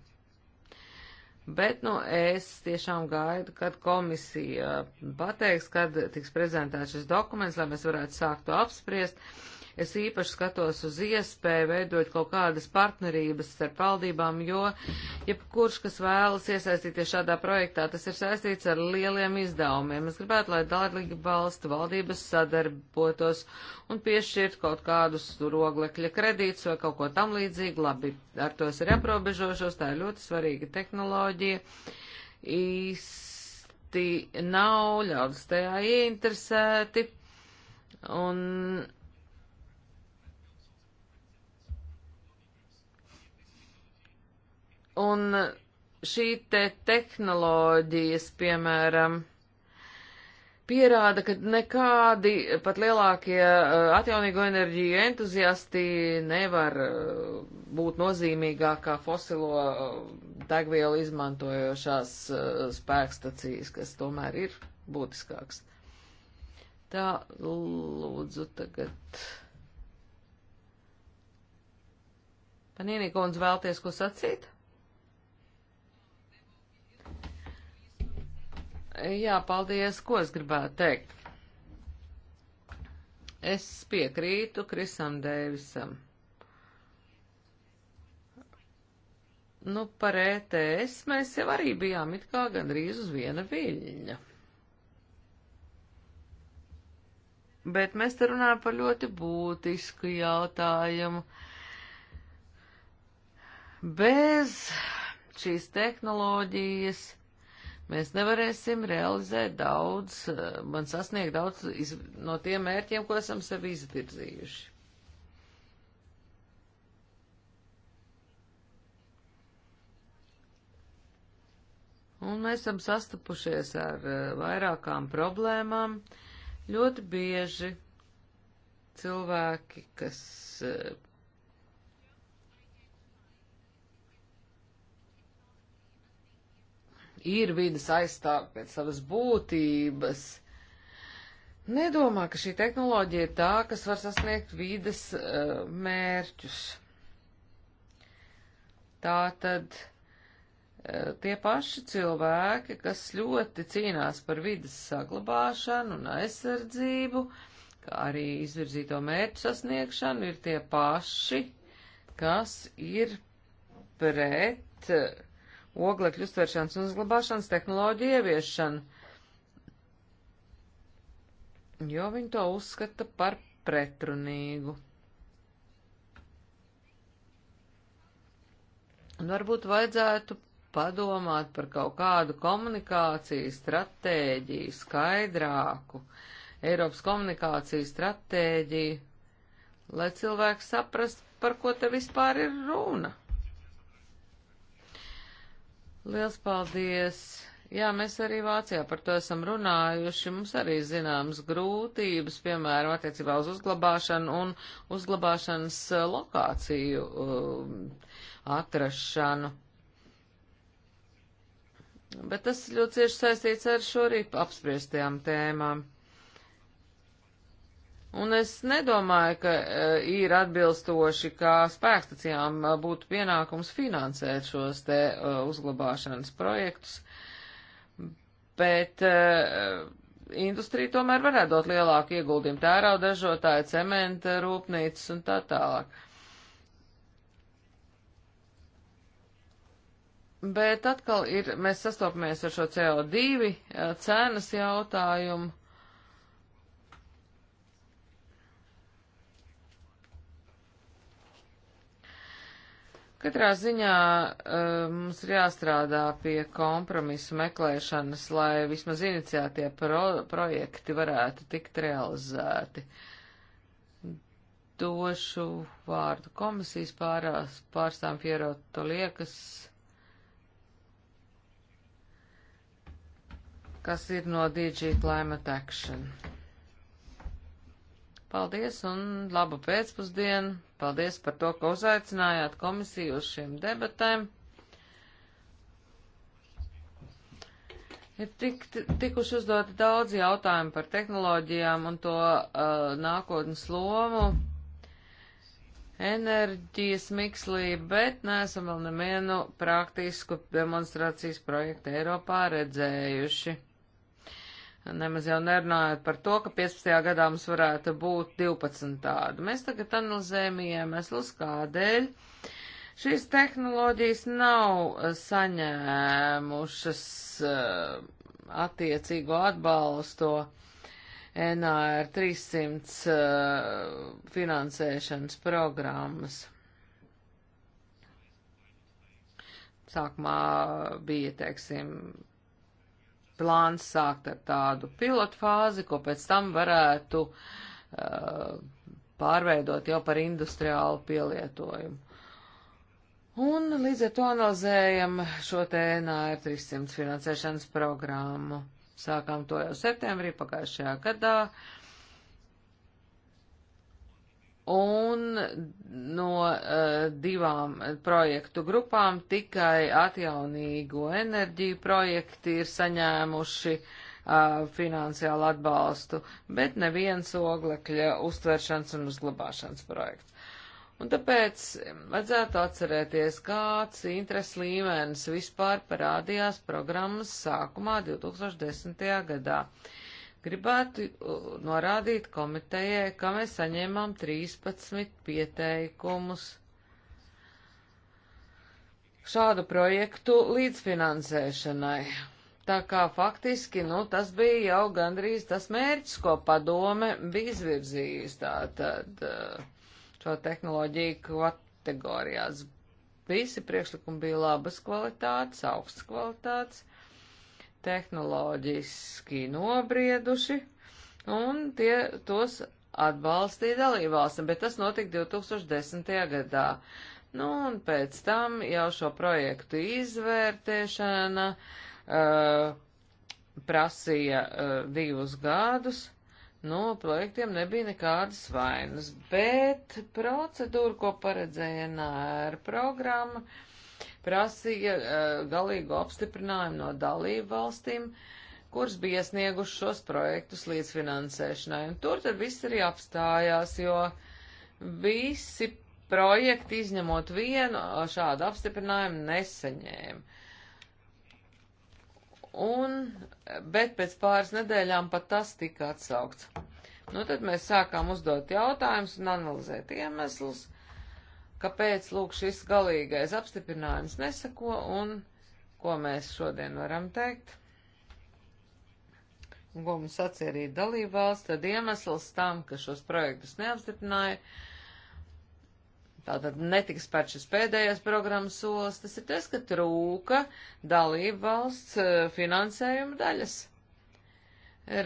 Bet, nu, es tiešām gaidu, kad komisija pateiks, kad tiks prezentēts šis dokuments, lai mēs varētu sākt to apspriest. Uh, Es īpaši skatos uz iespēju veidot kaut kādas partnerības starp valdībām, jo jebkurš, kas vēlas iesaistīties šādā projektā, tas ir saistīts ar lieliem izdevumiem. Es gribētu, lai dalība valstu valdības sadarbotos un piešķirt kaut kādus roglekļa kredītus vai kaut ko tam līdzīgu. Labi, ar tos ir aprobežošos, tā ir ļoti svarīga tehnoloģija. Īsti nav ļaudis tajā ieinteresēti. Un Un šī te tehnoloģijas, piemēram, pierāda, ka nekādi pat lielākie eh, atjaunīgo enerģiju entuziasti nevar eh, būt nozīmīgākā fosilo eh, degvielu izmantojošās spēkstacijas, kas tomēr ir būtiskāks. Tā lūdzu tagad. Panīnī kundze vēlties ko sacīt? Jā, paldies. Ko es gribētu teikt? Es piekrītu Krisam Dēvisam. Nu, par ETS mēs jau arī bijām it kā gandrīz uz viena viļņa. Bet mēs te runājam par ļoti būtisku jautājumu. Bez šīs tehnoloģijas mēs nevarēsim realizēt daudz, eh, man sasniegt daudz iz, no tiem mērķiem, ko esam sev izvirzījuši. Un mēs esam sastapušies ar eh, vairākām problēmām. Ļoti bieži cilvēki, kas eh, ir vidas aizstāvi pēc savas būtības, nedomā, ka šī tehnoloģija ir tā, kas var sasniegt vidas uh, mērķus. Tā tad eh, tie paši cilvēki, kas ļoti cīnās par vidas saglabāšanu un aizsardzību, kā arī izvirzīto mērķu sasniegšanu, ir tie paši, kas ir pret eh, oglekļu uztveršanas un uzglabāšanas tehnoloģiju ieviešanu, jo viņi to uzskata par pretrunīgu. Un varbūt vajadzētu padomāt par kaut kādu komunikāciju stratēģiju, skaidrāku Eiropas komunikāciju stratēģiju, lai cilvēks saprast, par ko te vispār ir runa. Liels paldies! Jā, mēs arī Vācijā par to esam runājuši. Mums arī zināmas grūtības, piemēram, attiecībā uz uzglabāšanu un uzglabāšanas eh, lokāciju uh, atrašanu. Bet tas ļoti cieši saistīts ar šorīt apspriestajām tēmām. Un es nedomāju, ka eh, ir atbilstoši, kā spēkstacijām eh, būtu pienākums finansēt šos te eh, uzglabāšanas projektus, bet industrija tomēr varētu dot lielāku ieguldījumu tērauda ražotāja, cementa rūpnīcas un tā tālāk. Bet atkal ir, mēs sastopamies ar šo CO2 cenas jautājumu Katrā ziņā eh, mums ir jāstrādā pie kompromisu meklēšanas, lai vismaz iniciētie pro projekti varētu tikt realizēti. Došu vārdu komisijas pārās, pārstāvjiem Pieroto Liekas, kas ir no DG Climate Action. Paldies un labu pēcpusdienu. Paldies par to, ka uzaicinājāt komisiju uz šiem debatēm. Ir tik, tikuši uzdoti daudz jautājumu par tehnoloģijām un to uh, nākotnes lomu enerģijas mikslī, bet neesam vēl nevienu praktisku demonstrācijas projektu Eiropā redzējuši. Nemaz jau nerunājot par to, ka 15. gadā mums varētu būt 12 tādu. Mēs tagad analizējam iemeslus, kādēļ šīs tehnoloģijas nav eh, saņēmušas eh, attiecīgo atbalstu NR 300 eh, finansēšanas programmas. Sākumā bija, teiksim, plāns sākt ar tādu pilotu fāzi, ko pēc tam varētu uh, pārveidot jau par industriālu pielietojumu. Un līdz ar to analizējam šo te NR 300 finansēšanas programmu. Sākām to jau septembrī pagājušajā gadā. Uh, un no uh, divām projektu grupām tikai atjaunīgo enerģiju projekti ir saņēmuši uh, finansiālu atbalstu, bet neviens oglekļa uztveršanas un uzglabāšanas projekts. Un tāpēc vajadzētu atcerēties, kāds interes līmenis vispār parādījās programmas sākumā 2010. gadā. Uh, Gribētu norādīt komitejai, ka mēs saņēmām 13 pieteikumus šādu projektu līdzfinansēšanai. Tā kā faktiski, nu, tas bija jau gandrīz tas mērķis, ko padome bija izvirzījis tātad uh, šo tehnoloģiju kategorijās. Visi priekšlikumi bija labas kvalitātes, augstas kvalitātes tehnoloģiski nobrieduši, un tie tos atbalstīja dalībvalstīm, bet tas notika 2010. gadā. Nu, un pēc tam jau šo projektu izvērtēšana uh, prasīja uh, divus gadus. No nu, projektiem nebija nekādas vainas, bet procedūra, ko paredzēja NR programma, uh, prasīja eh, galīgo apstiprinājumu no dalību valstīm, kuras bija iesnieguši šos projektus līdzfinansēšanai. Un tur tad viss arī apstājās, jo visi projekti, izņemot vienu, eh, šādu apstiprinājumu neseņēma. Un, bet pēc pāris nedēļām pat tas tika atsaukts. Nu, tad mēs sākām uzdot jautājumus un analizēt iemeslus, kāpēc lūk šis galīgais apstiprinājums nesako un ko mēs šodien varam teikt. Un, ko mums sacīja arī dalībvalsts, tad iemesls tam, ka šos projektus neapstiprināja, tātad netiks pēc šis pēdējais programmas solis, tas ir tas, ka trūka dalībvalsts eh, finansējuma daļas.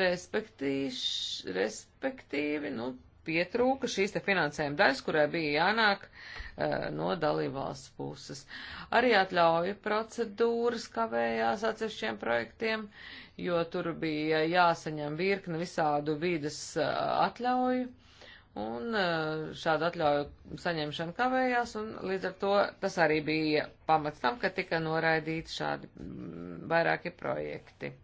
Respektīvi, respektīvi, nu, pietrūka šīs te finansējuma daļas, kurai bija jānāk uh, no dalībvalsts puses. Arī atļauju procedūras kavējās atsevišķiem projektiem, jo tur bija jāsaņem virkni visādu vīdes uh, atļauju, un uh, šādu atļauju saņemšana kavējās, un līdz ar to tas arī bija pamats tam, ka tika noraidīti šādi mm, vairāki projekti.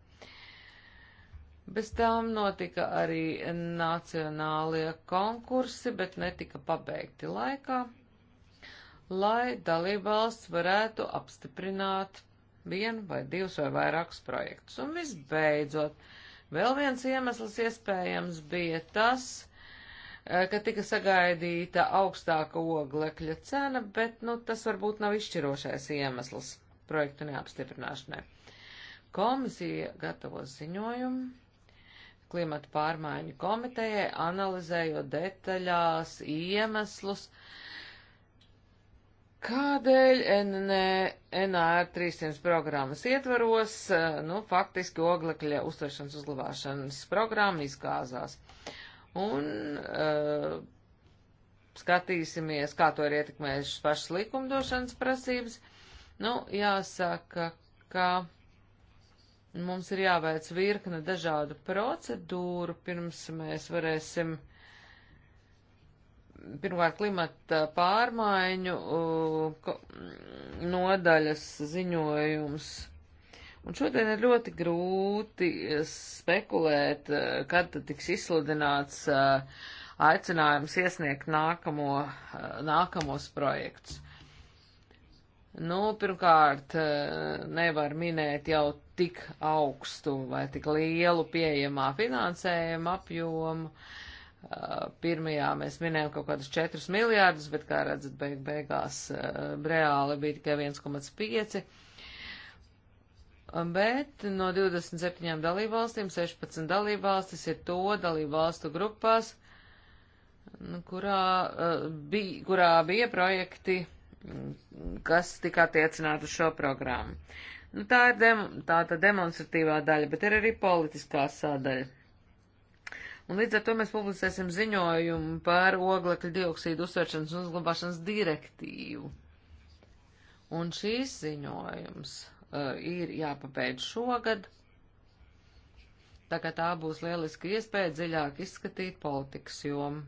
Bez tām notika arī nacionālie konkursi, bet netika pabeigti laikā, lai dalībvalsts varētu apstiprināt vienu vai divus vai vairākus projektus. Un visbeidzot, vēl viens iemesls iespējams bija tas, eh, ka tika sagaidīta augstāka oglekļa cena, bet, nu, tas varbūt nav izšķirošais iemesls projektu neapstiprināšanai. Komisija gatavo ziņojumu klimata pārmaiņu komitejai, analizējot detaļās iemeslus, kādēļ NR e, 300 programmas ietvaros, eh, nu, faktiski oglekļa uztveršanas uzglabāšanas programma izgāzās. Un uh, skatīsimies, kā to ir ietekmējušas pašas likumdošanas prasības. Nu, jāsaka, ka Mums ir jāveic virkne dažādu procedūru, pirms mēs varēsim pirmkārt klimata pārmaiņu uh, mm, nodaļas ziņojums. Un šodien ir ļoti grūti spekulēt, uh, kad tad tiks izsludināts uh, aicinājums iesniegt nākamo, nākamos projektus. Nu, pirmkārt, eh, nevar minēt jau tik augstu vai tik lielu pieejamā finansējuma apjomu. Eh, pirmajā mēs minējām kaut kādus 4 miljārdus, bet, kā redzat, beig beigās eh, reāli bija tikai 1,5. Bet no 27 dalībvalstīm 16 dalībvalstis ir to dalībvalstu grupās, nu, kurā, bij, kurā bija projekti kas tika attiecināta uz šo programmu. Nu, tā ir dem, tā, tā demonstratīvā daļa, bet ir arī politiskā sadaļa. Un līdz ar to mēs publicēsim ziņojumu par oglekļa dioksīdu uzsveršanas un uzglabāšanas direktīvu. Un šīs ziņojums uh, ir jāpabeidz šogad, tā kā tā būs lieliski iespēja dziļāk izskatīt politikas jomu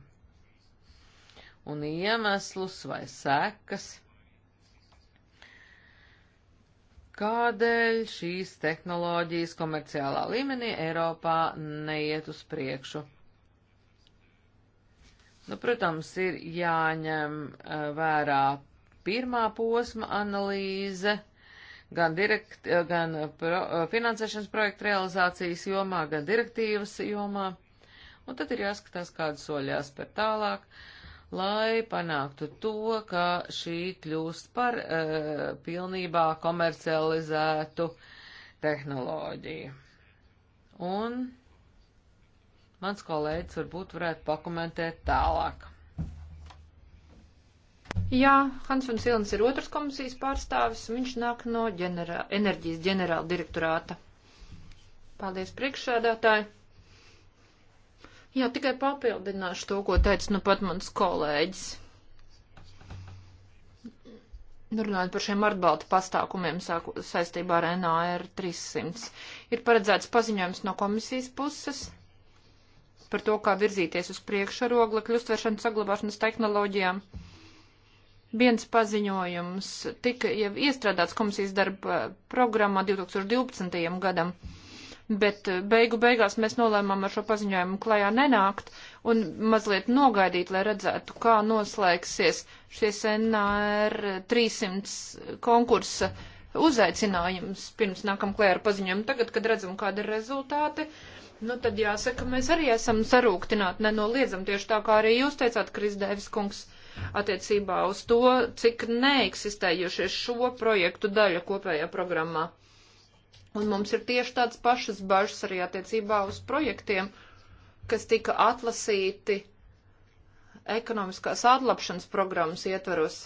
un iemeslus vai sekas kādēļ šīs tehnoloģijas komerciālā līmenī Eiropā neiet uz priekšu. Nu, protams, ir jāņem eh, vērā pirmā posma analīze gan, direkt, eh, gan pro, eh, finansēšanas projektu realizācijas jomā, gan direktīvas jomā. Un tad ir jāskatās, kādu soļu jāspēr tālāk. Uh, lai panāktu to, ka šī kļūst par uh, pilnībā komercializētu tehnoloģiju. Un mans kolēģis varbūt varētu pakomentēt tālāk. Jā, Hans un Silns ir otrs komisijas pārstāvis, un viņš nāk no ģenerā, enerģijas ģenerāla direktorāta. Paldies priekšsēdētāji! Jā, tikai papildināšu to, ko teica nu pat mans kolēģis. Runājot par šiem atbalta pastākumiem sāku, saistībā ar NAR 300, ir paredzēts paziņojums no komisijas puses par to, kā virzīties uz priekšu ar oglekļu uztveršanas saglabāšanas tehnoloģijām. Viens paziņojums tika jau iestrādāts komisijas darba programmā 2012. gadam bet eh, beigu beigās mēs nolēmām ar šo paziņojumu klajā nenākt un mazliet nogaidīt, lai redzētu, kā noslēgsies šis NR 300 konkursa uzaicinājums pirms nākam klajā ar paziņojumu. Tagad, kad redzam, kāda ir rezultāti, nu tad jāsaka, mēs arī esam sarūktināti, nenoliedzam tieši tā, kā arī jūs teicāt, Krisdēvis kungs attiecībā uz to, cik neeksistējušie šo projektu daļa kopējā programmā. Un mums ir tieši tādas pašas bažas arī attiecībā uz projektiem, kas tika atlasīti ekonomiskās atlapšanas programmas ietveros.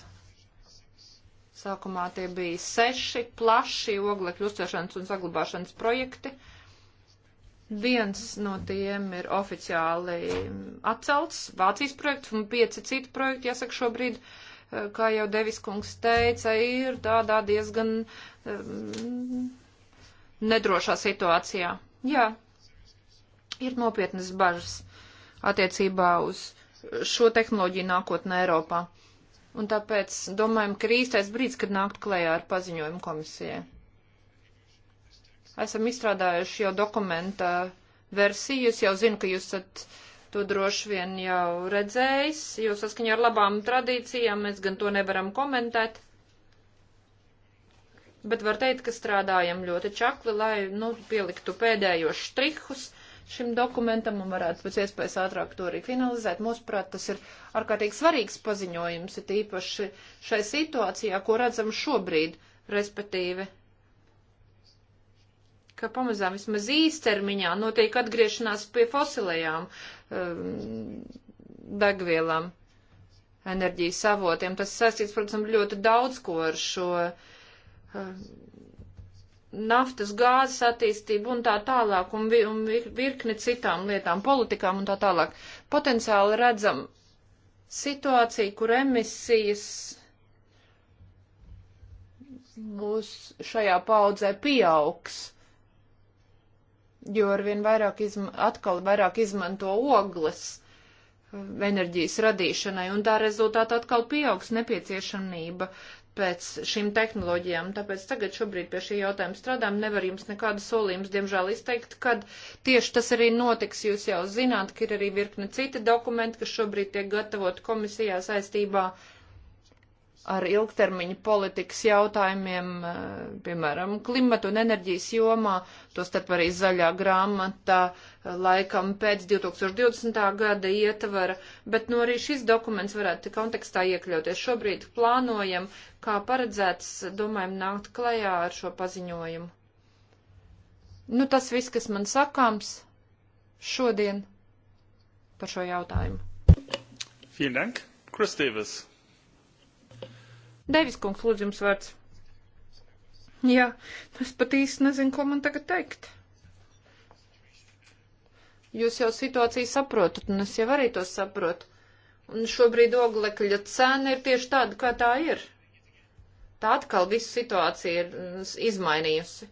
Sākumā tie bija seši plaši oglekļu uztvēršanas un saglabāšanas projekti. Viens no tiem ir oficiāli atcelts, Vācijas projekts, un pieci citi projekti, jāsaka, šobrīd uh, kā jau Devis kungs teica, ir tādā diezgan um, nedrošā situācijā. Jā, ir nopietnas bažas attiecībā uz šo tehnoloģiju nākotnē Eiropā. Un tāpēc domājam, ka ir īstais brīdis, kad nākt klējā ar paziņojumu komisijai. Esam izstrādājuši jau dokumenta versiju, es jau zinu, ka jūs esat to droši vien jau redzējis, jo saskaņā ar labām tradīcijām mēs gan to nevaram komentēt bet var teikt, ka strādājam ļoti čakli, lai, nu, pieliktu pēdējos štrihus šim dokumentam un varētu pēc iespējas ātrāk to arī finalizēt. Mūsuprāt, tas ir ārkārtīgi svarīgs paziņojums, ir īpaši šai situācijā, ko redzam šobrīd, respektīvi, ka pamazām vismaz īstermiņā notiek atgriešanās pie fosilējām um, degvielām, enerģijas avotiem. Tas saistīts, protams, ļoti daudz ko ar šo uh, naftas, gāzes attīstību un tā tālāk, un, vi, un virkni citām lietām, politikām un tā tālāk. Potenciāli redzam situāciju, kur emisijas būs šajā paudzē pieaugs, jo arvien vairāk izma, atkal vairāk izmanto ogles enerģijas radīšanai, un tā rezultātā atkal pieaugs nepieciešamība uh, pēc šīm tehnoloģijām. Tāpēc tagad šobrīd pie šī jautājuma strādājam. Nevar jums nekādas solījumus, diemžēl, izteikt, kad tieši tas arī notiks. Jūs jau zināt, ka ir arī virkne citi dokumenti, kas šobrīd tiek gatavot komisijā saistībā ar ar ilgtermiņa politikas jautājumiem, eh, piemēram, klimatu un enerģijas jomā, tostarp arī zaļā grāmatā, eh, laikam pēc 2020. gada ietvara, bet no nu, arī šis dokuments varētu kontekstā iekļauties. Šobrīd plānojam, kā paredzēts, domājam, nākt klajā ar šo paziņojumu. Nu, tas viss, kas man sakāms šodien par šo jautājumu. Vielen Dank, Chris Davis. Devis kungs, lūdzu jums vārds. Jā, es pat īsti nezinu, ko man tagad teikt. Jūs jau situāciju saprotat, un es jau arī to saprotu. Un šobrīd oglekļa cena ir tieši tāda, kā tā ir. Tā atkal visu situāciju ir mm, izmainījusi.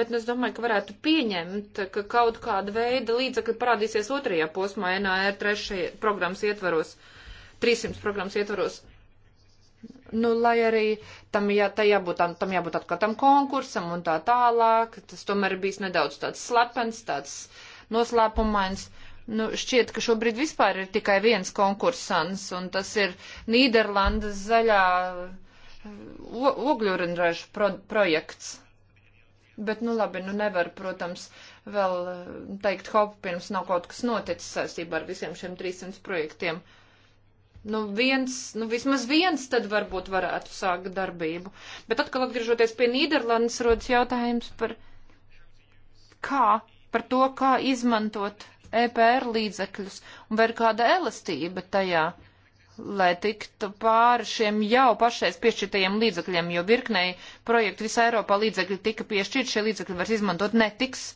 Bet es domāju, ka varētu pieņemt, ka kaut kāda veida līdzekļi parādīsies otrajā posmā NAR 3 programmas ietvaros, 300 programmas ietvaros. Nu, lai arī tam, jā, jābūt, tam jābūt atkal tam konkursam un tā tālāk, tas tomēr ir bijis nedaudz tāds slepens, tāds noslēpumains. Nu, šķiet, ka šobrīd vispār ir tikai viens konkursants, un tas ir Nīderlandes zaļā eh, ogļurinražu pro projekts. Bet, nu labi, nu nevar, protams, vēl eh, teikt hopu, pirms nav kaut kas noticis saistībā ar visiem šiem 300 projektiem. Uh, Nu, viens, nu, vismaz viens tad varbūt varētu sākt darbību. Bet atkal atgriežoties pie Nīderlandes, rodas jautājums par kā, par to, kā izmantot EPR līdzekļus un vai ir kāda elastība tajā, lai tiktu pāri šiem jau pašais piešķirtajiem līdzekļiem, jo virknei projektu visā Eiropā līdzekļi tika piešķirt, šie līdzekļi vairs izmantot netiks.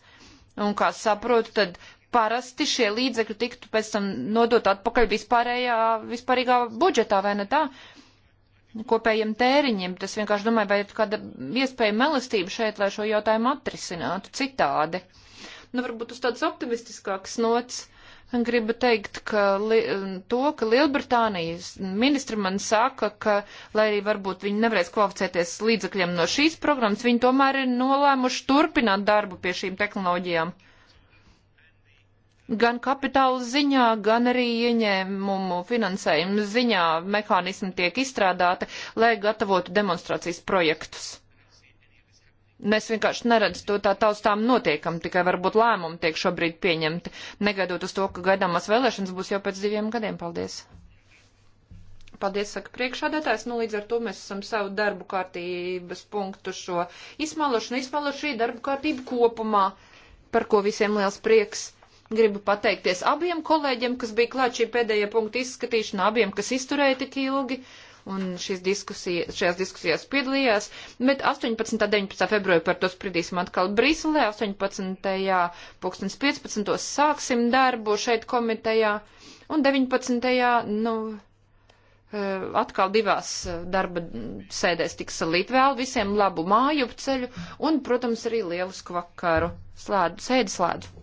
Un, kā saprotu, tad parasti šie līdzekļi tiktu pēc tam nodot atpakaļ vispārējā, vispārīgā budžetā, vai ne tā? Kopējiem tēriņiem. Tas vienkārši domāju, vai ir kāda iespēja melistība šeit, lai šo jautājumu atrisinātu citādi. Nu, varbūt uz tāds optimistiskāks nots. Gribu teikt, ka li, to, ka Lielbritānijas ministri man saka, ka, lai arī varbūt viņi nevarēs kvalificēties līdzakļiem no šīs programmas, viņi tomēr ir nolēmuši turpināt darbu pie šīm tehnoloģijām gan kapitāla ziņā, gan arī ieņēmumu finansējumu ziņā mehānismi tiek izstrādāti, lai gatavotu demonstrācijas projektus. Mēs vienkārši neredz to tā taustām notiekam, tikai varbūt lēmumi tiek šobrīd pieņemti, negaidot uz to, ka gaidāmās vēlēšanas būs jau pēc diviem gadiem. Paldies! Paldies, saka priekšādātājs. Nu, līdz ar to mēs esam savu darbu kārtības punktu šo izsmalošanu, izsmalošu šī darbu kārtību kopumā, par ko visiem liels prieks. Gribu pateikties abiem kolēģiem, kas bija klāt šī pēdējā punkta izskatīšana, abiem, kas izturēja tik ilgi un diskusija, šajās diskusijās piedalījās, bet 18. un 19. februārī par to spridīsim atkal Briselē, 18. pulkstens 15. sāksim darbu šeit komitejā un 19. nu eh, atkal divās eh, darba sēdēs tiks salīt vēl visiem labu māju ceļu un, protams, arī lielisku vakaru. Slēdu, sēdi slēdu.